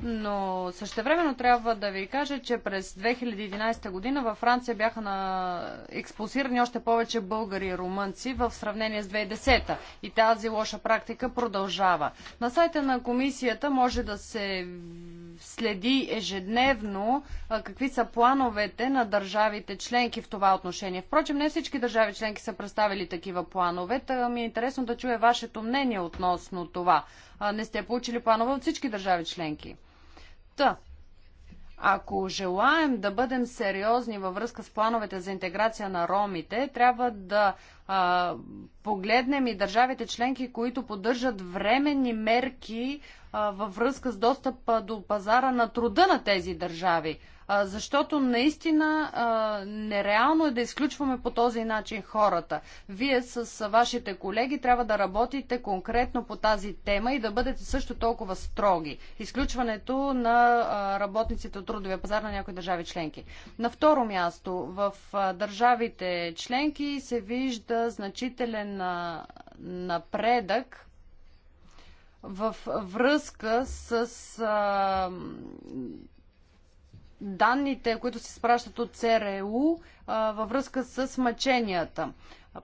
Speaker 2: Но същевременно трябва да ви кажа, че през 2011 година във Франция бяха на... експулсирани още повече българи и румънци в сравнение с 2010 И тази лоша практика продължава. На сайта на комисията може да се следи ежедневно какви са плановете на държавите членки в това отношение. Впрочем, не всички държави членки са представили такива планове. Та ми е интересно да чуя вашето мнение относно това. Не сте получили планове от всички държави членки. Та, ако желаем да бъдем сериозни във връзка с плановете за интеграция на ромите, трябва да а, погледнем и държавите членки, които поддържат временни мерки във връзка с достъп до пазара на труда на тези държави. Защото наистина нереално е да изключваме по този начин хората. Вие с вашите колеги трябва да работите конкретно по тази тема и да бъдете също толкова строги. Изключването на работниците от трудовия пазар на някои държави членки. На второ място, в държавите членки се вижда значителен напредък в връзка с а, данните, които се спращат от ЦРУ е а, във връзка с мъченията.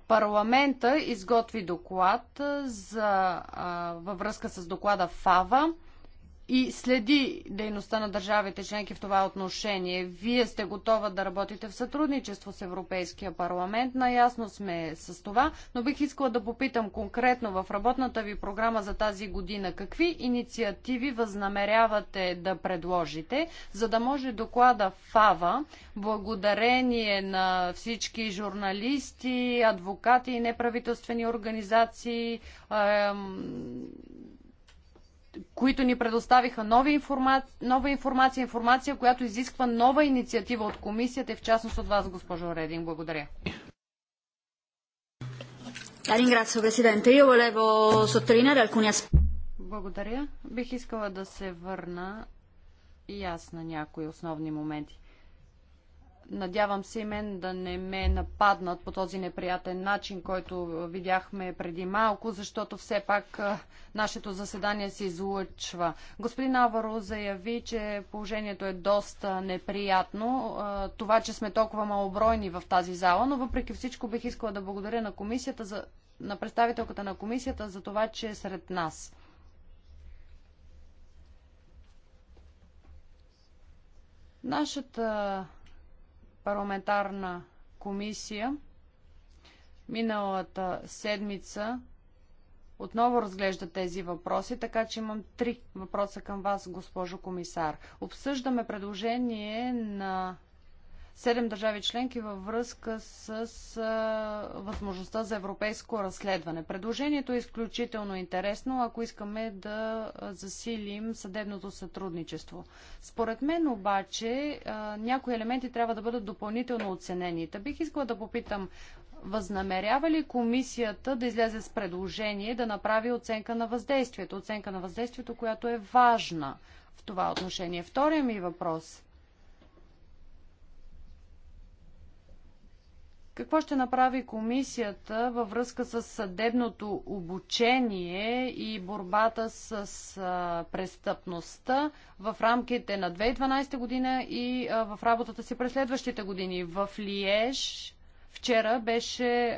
Speaker 2: Парламента изготви доклад за, а, във връзка с доклада ФАВА и следи дейността на държавите членки в това отношение. Вие сте готова да работите в сътрудничество с Европейския парламент, наясно сме с това, но бих искала да попитам конкретно в работната ви програма за тази година какви инициативи възнамерявате да предложите, за да може доклада ФАВА, благодарение на всички журналисти, адвокати и неправителствени организации, които ни предоставиха нови нова информация, информация, която изисква нова инициатива от комисията и в частност от вас, госпожо Редин. Благодаря. Благодаря. Бих искала да се върна и аз на някои основни моменти. Надявам се и мен да не ме нападнат по този неприятен начин, който видяхме преди малко, защото все пак нашето заседание се излъчва. Господин Аваро заяви, че положението е доста неприятно. Това, че сме толкова малобройни в тази зала, но въпреки всичко бих искала да благодаря на комисията за на представителката на комисията за това, че е сред нас. Нашата парламентарна комисия миналата седмица отново разглежда тези въпроси, така че имам три въпроса към вас, госпожо комисар. Обсъждаме предложение на седем държави членки във връзка с а, възможността за европейско разследване. Предложението е изключително интересно, ако искаме да засилим съдебното сътрудничество. Според мен обаче а, някои елементи трябва да бъдат допълнително оценени. Та бих искала да попитам, възнамерява ли комисията да излезе с предложение да направи оценка на въздействието? Оценка на въздействието, която е важна в това отношение. Втория ми въпрос – Какво ще направи комисията във връзка с съдебното обучение и борбата с престъпността в рамките на 2012 година и в работата си през следващите години? В Лиеж вчера беше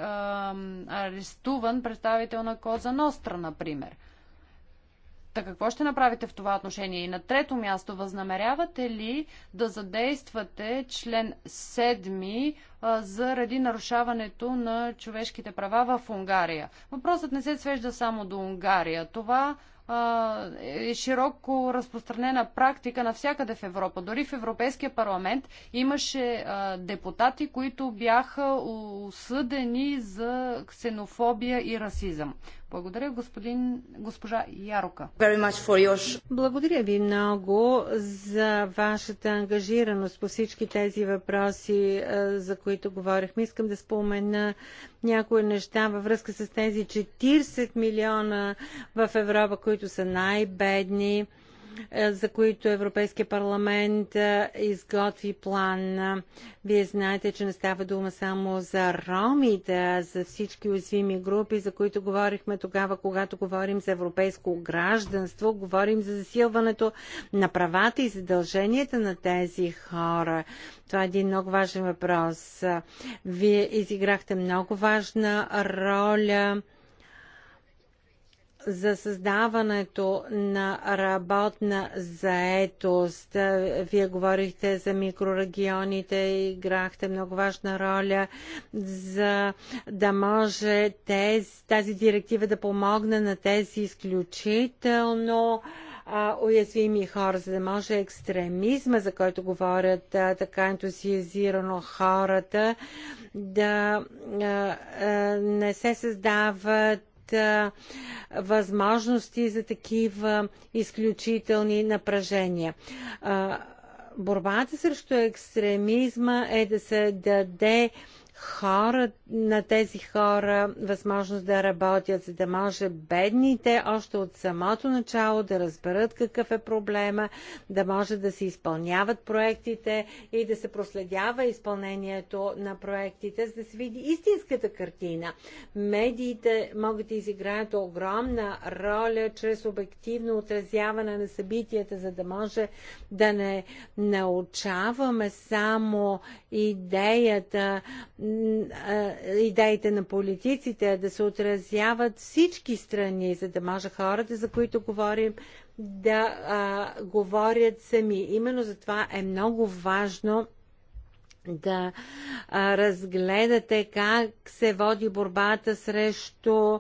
Speaker 2: арестуван представител на Коза Ностра, например. Та какво ще направите в това отношение? И на трето място, възнамерявате ли да задействате член 7 заради нарушаването на човешките права в Унгария? Въпросът не се свежда само до Унгария. Това е широко разпространена практика навсякъде в Европа. Дори в Европейския парламент имаше депутати, които бяха осъдени за ксенофобия и расизъм. Благодаря, господин, госпожа Ярока.
Speaker 3: Благодаря ви много за вашата ангажираност по всички тези въпроси, е, за които говорихме. Искам да спомена някои неща във връзка с тези 40 милиона в Европа, които са най-бедни е, за които Европейския парламент е, изготви план. Вие знаете, че не става дума само за ромите, а за всички уязвими групи, за които говорихме тогава, когато говорим за европейско гражданство, говорим за засилването на правата и задълженията на тези хора. Това е един много важен въпрос. Вие изиграхте много важна роля за създаването на работна заетост. Вие говорихте за микрорегионите, играхте много важна роля за да може тез, тази директива да помогне на тези изключително уязвими хора, за да може екстремизма, за който говорят така ентусиазирано хората, да а, не се създават възможности за такива изключителни напрежения борбата срещу екстремизма е да се даде хора, на тези хора възможност да работят, за да може бедните още от самото начало да разберат какъв е проблема, да може да се изпълняват проектите и да се проследява изпълнението на проектите, за да се види истинската картина. Медиите могат да изиграят огромна роля чрез обективно отразяване на събитията, за да може да не научаваме само идеята идеите на политиците, да се отразяват всички страни, за да може хората, за които говорим, да а, говорят сами. Именно за това е много важно да а, разгледате как се води борбата срещу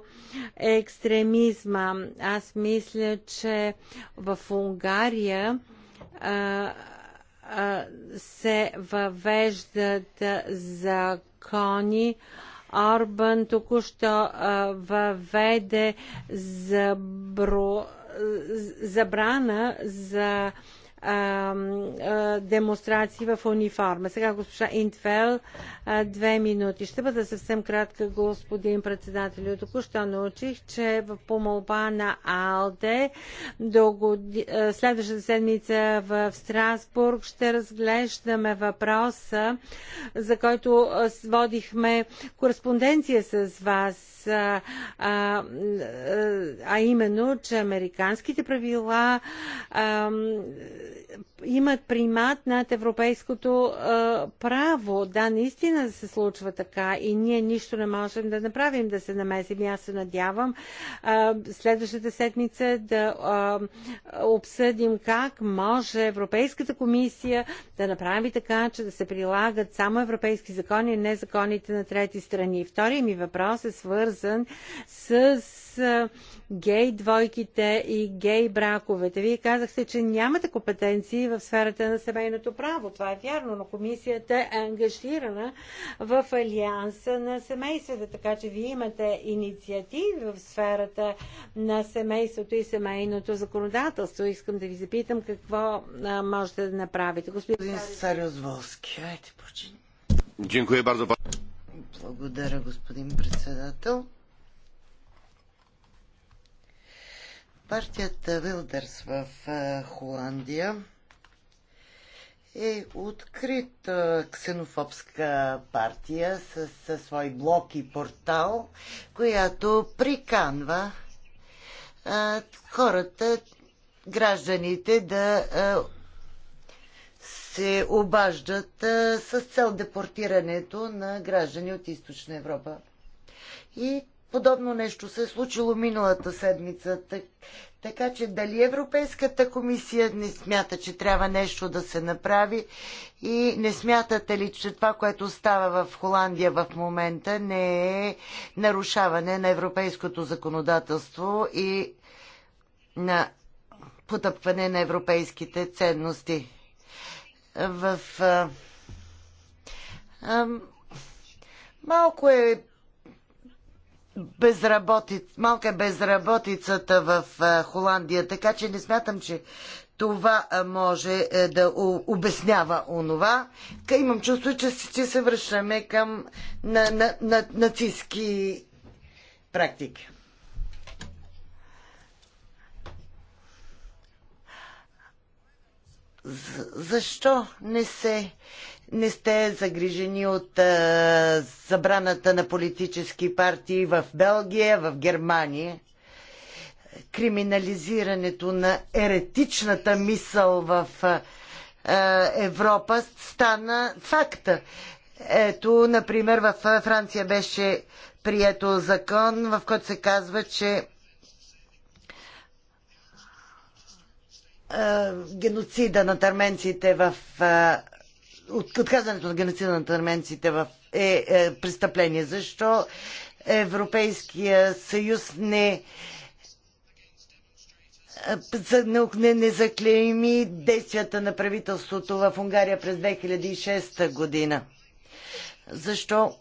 Speaker 3: екстремизма. Аз мисля, че в Унгария а, се въвеждат закони. Орбан току-що въведе забро, забрана за демонстрации в униформа. Сега госпожа Интфел, две минути. Ще бъда съвсем кратка, господин председател. Току-що научих, че в помолба на АЛДЕ до годи... следващата седмица в Страсбург ще разглеждаме въпроса, за който водихме кореспонденция с вас, а, а, а именно, че американските правила а, имат примат над европейското а, право. Да, наистина да се случва така и ние нищо не можем да направим да се намесим. Аз се надявам а, следващата седмица да а, обсъдим как може Европейската комисия да направи така, че да се прилагат само европейски закони, а не законите на трети страни. Втория ми въпрос е свързан с гей двойките и гей браковете. Вие казахте, че нямате компетенции в сферата на семейното право. Това е вярно, но комисията е ангажирана в Алианса на семействата, така че вие имате инициативи в сферата на семейството и семейното законодателство. Искам да ви запитам какво а, можете да направите. Господин
Speaker 1: Сарозволски, Волски, почини. Благодаря, господин председател. Партията Вилдърс в Холандия е открита ксенофобска партия със свой блок и портал, която приканва хората, гражданите да се обаждат с цел депортирането на граждани от Източна Европа. И Подобно нещо се е случило миналата седмица. Така че дали Европейската комисия не смята, че трябва нещо да се направи и не смятате ли, че това, което става в Холандия в момента не е нарушаване на европейското законодателство и на потъпване на европейските ценности? В а, а, малко е безработица, малка безработицата в Холандия, така че не смятам, че това може е, да обяснява онова. Имам чувство, че, че се връщаме към на, на, на, нацистски практики. Защо не се не сте загрижени от а, забраната на политически партии в Белгия, в Германия, криминализирането на еретичната мисъл в а, Европа стана факта. Ето, например, в Франция беше прието закон, в който се казва, че геноцида на търменците в от, отказването на геноцида на арменците в, е, е престъпление. Защо Европейския съюз е, не не, не заклейми действията на правителството в Унгария през 2006 година. Защо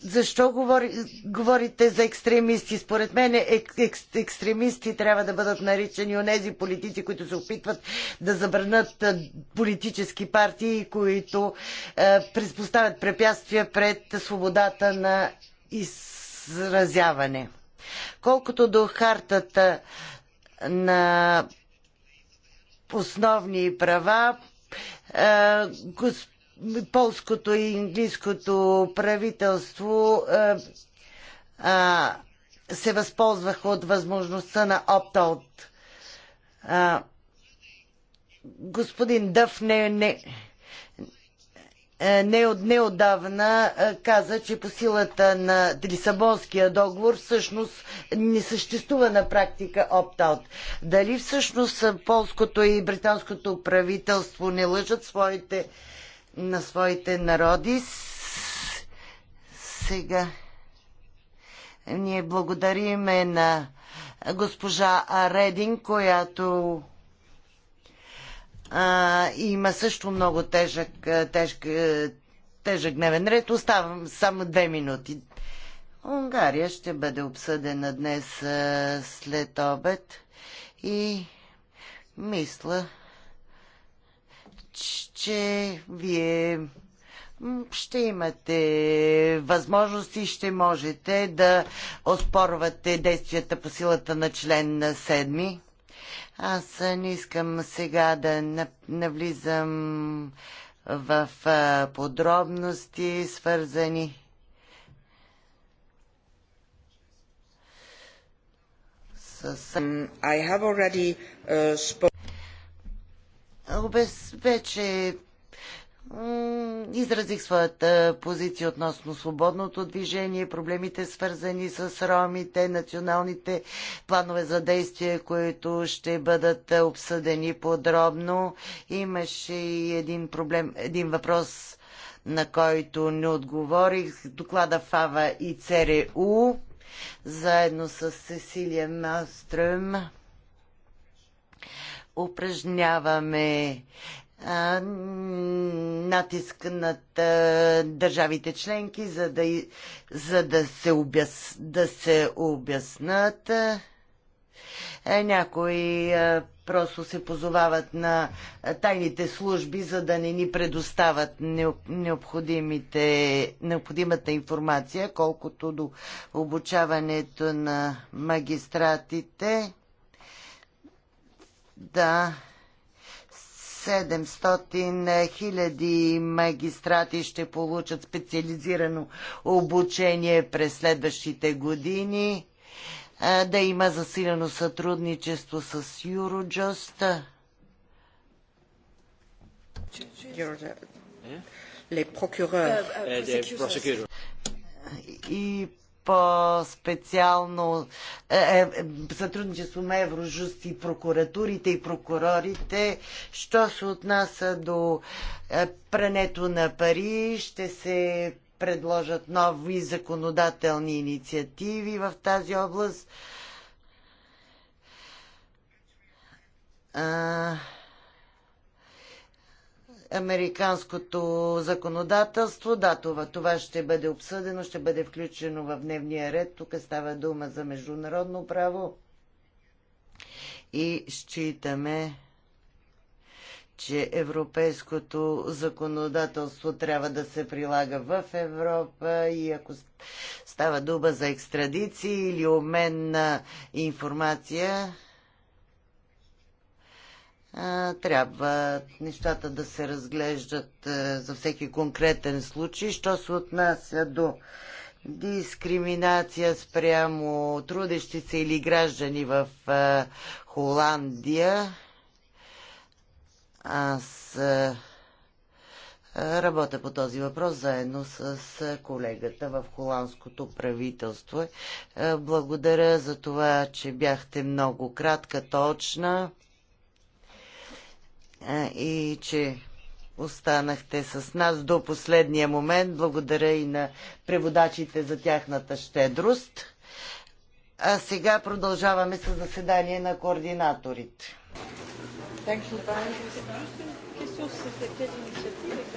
Speaker 1: защо говори, говорите за екстремисти? Според мен ек, ек, екстремисти трябва да бъдат наричани онези политици, които се опитват да забранат политически партии, които е, предпоставят препятствия пред свободата на изразяване. Колкото до хартата на основни права, е, господин полското и индийското правителство а, е, а, се възползваха от възможността на опт-аут. Господин Дъв не, не, е, не, неодавна е, каза, че по силата на Лисабонския договор всъщност не съществува на практика опт-аут. Дали всъщност полското и британското правителство не лъжат своите на своите народи. Сега ние благодариме на госпожа Редин, която а, има също много тежък, тежък, тежък дневен ред. Оставам само две минути. Унгария ще бъде обсъдена днес а, след обед и мисля, че вие ще имате възможности, ще можете да оспорвате действията по силата на член на седми. Аз не искам сега да навлизам в подробности, свързани с... I have already, uh, Обез... Вече изразих своята позиция относно свободното движение, проблемите свързани с ромите, националните планове за действие, които ще бъдат обсъдени подробно. Имаше и един проблем, един въпрос, на който не отговорих. Доклада ФАВА и ЦРУ, заедно с Сесилия Малстрем упражняваме натиск над а, държавите членки, за да, за да, се, обяс, да се обяснат. А, е, някои а, просто се позовават на а, тайните служби, за да не ни предоставят необходимите, необходимата информация, колкото до обучаването на магистратите да 700 хиляди магистрати ще получат специализирано обучение през следващите години, да има засилено сътрудничество с Eurojust. Euh, euh, И по-специално е, е, сътрудничество на Еврожуст и прокуратурите и прокурорите. Що се отнася до е, прането на пари, ще се предложат нови законодателни инициативи в тази област. А американското законодателство. Да, това, това ще бъде обсъдено, ще бъде включено в дневния ред. Тук става дума за международно право. И считаме, че европейското законодателство трябва да се прилага в Европа и ако става дума за екстрадиции или обмен на информация, трябва нещата да се разглеждат за всеки конкретен случай. Що се отнася до дискриминация спрямо трудещи се или граждани в Холандия, аз работя по този въпрос заедно с колегата в холандското правителство. Благодаря за това, че бяхте много кратка, точна и че останахте с нас до последния момент. Благодаря и на преводачите за тяхната щедрост. А сега продължаваме с заседание на координаторите. Thank you.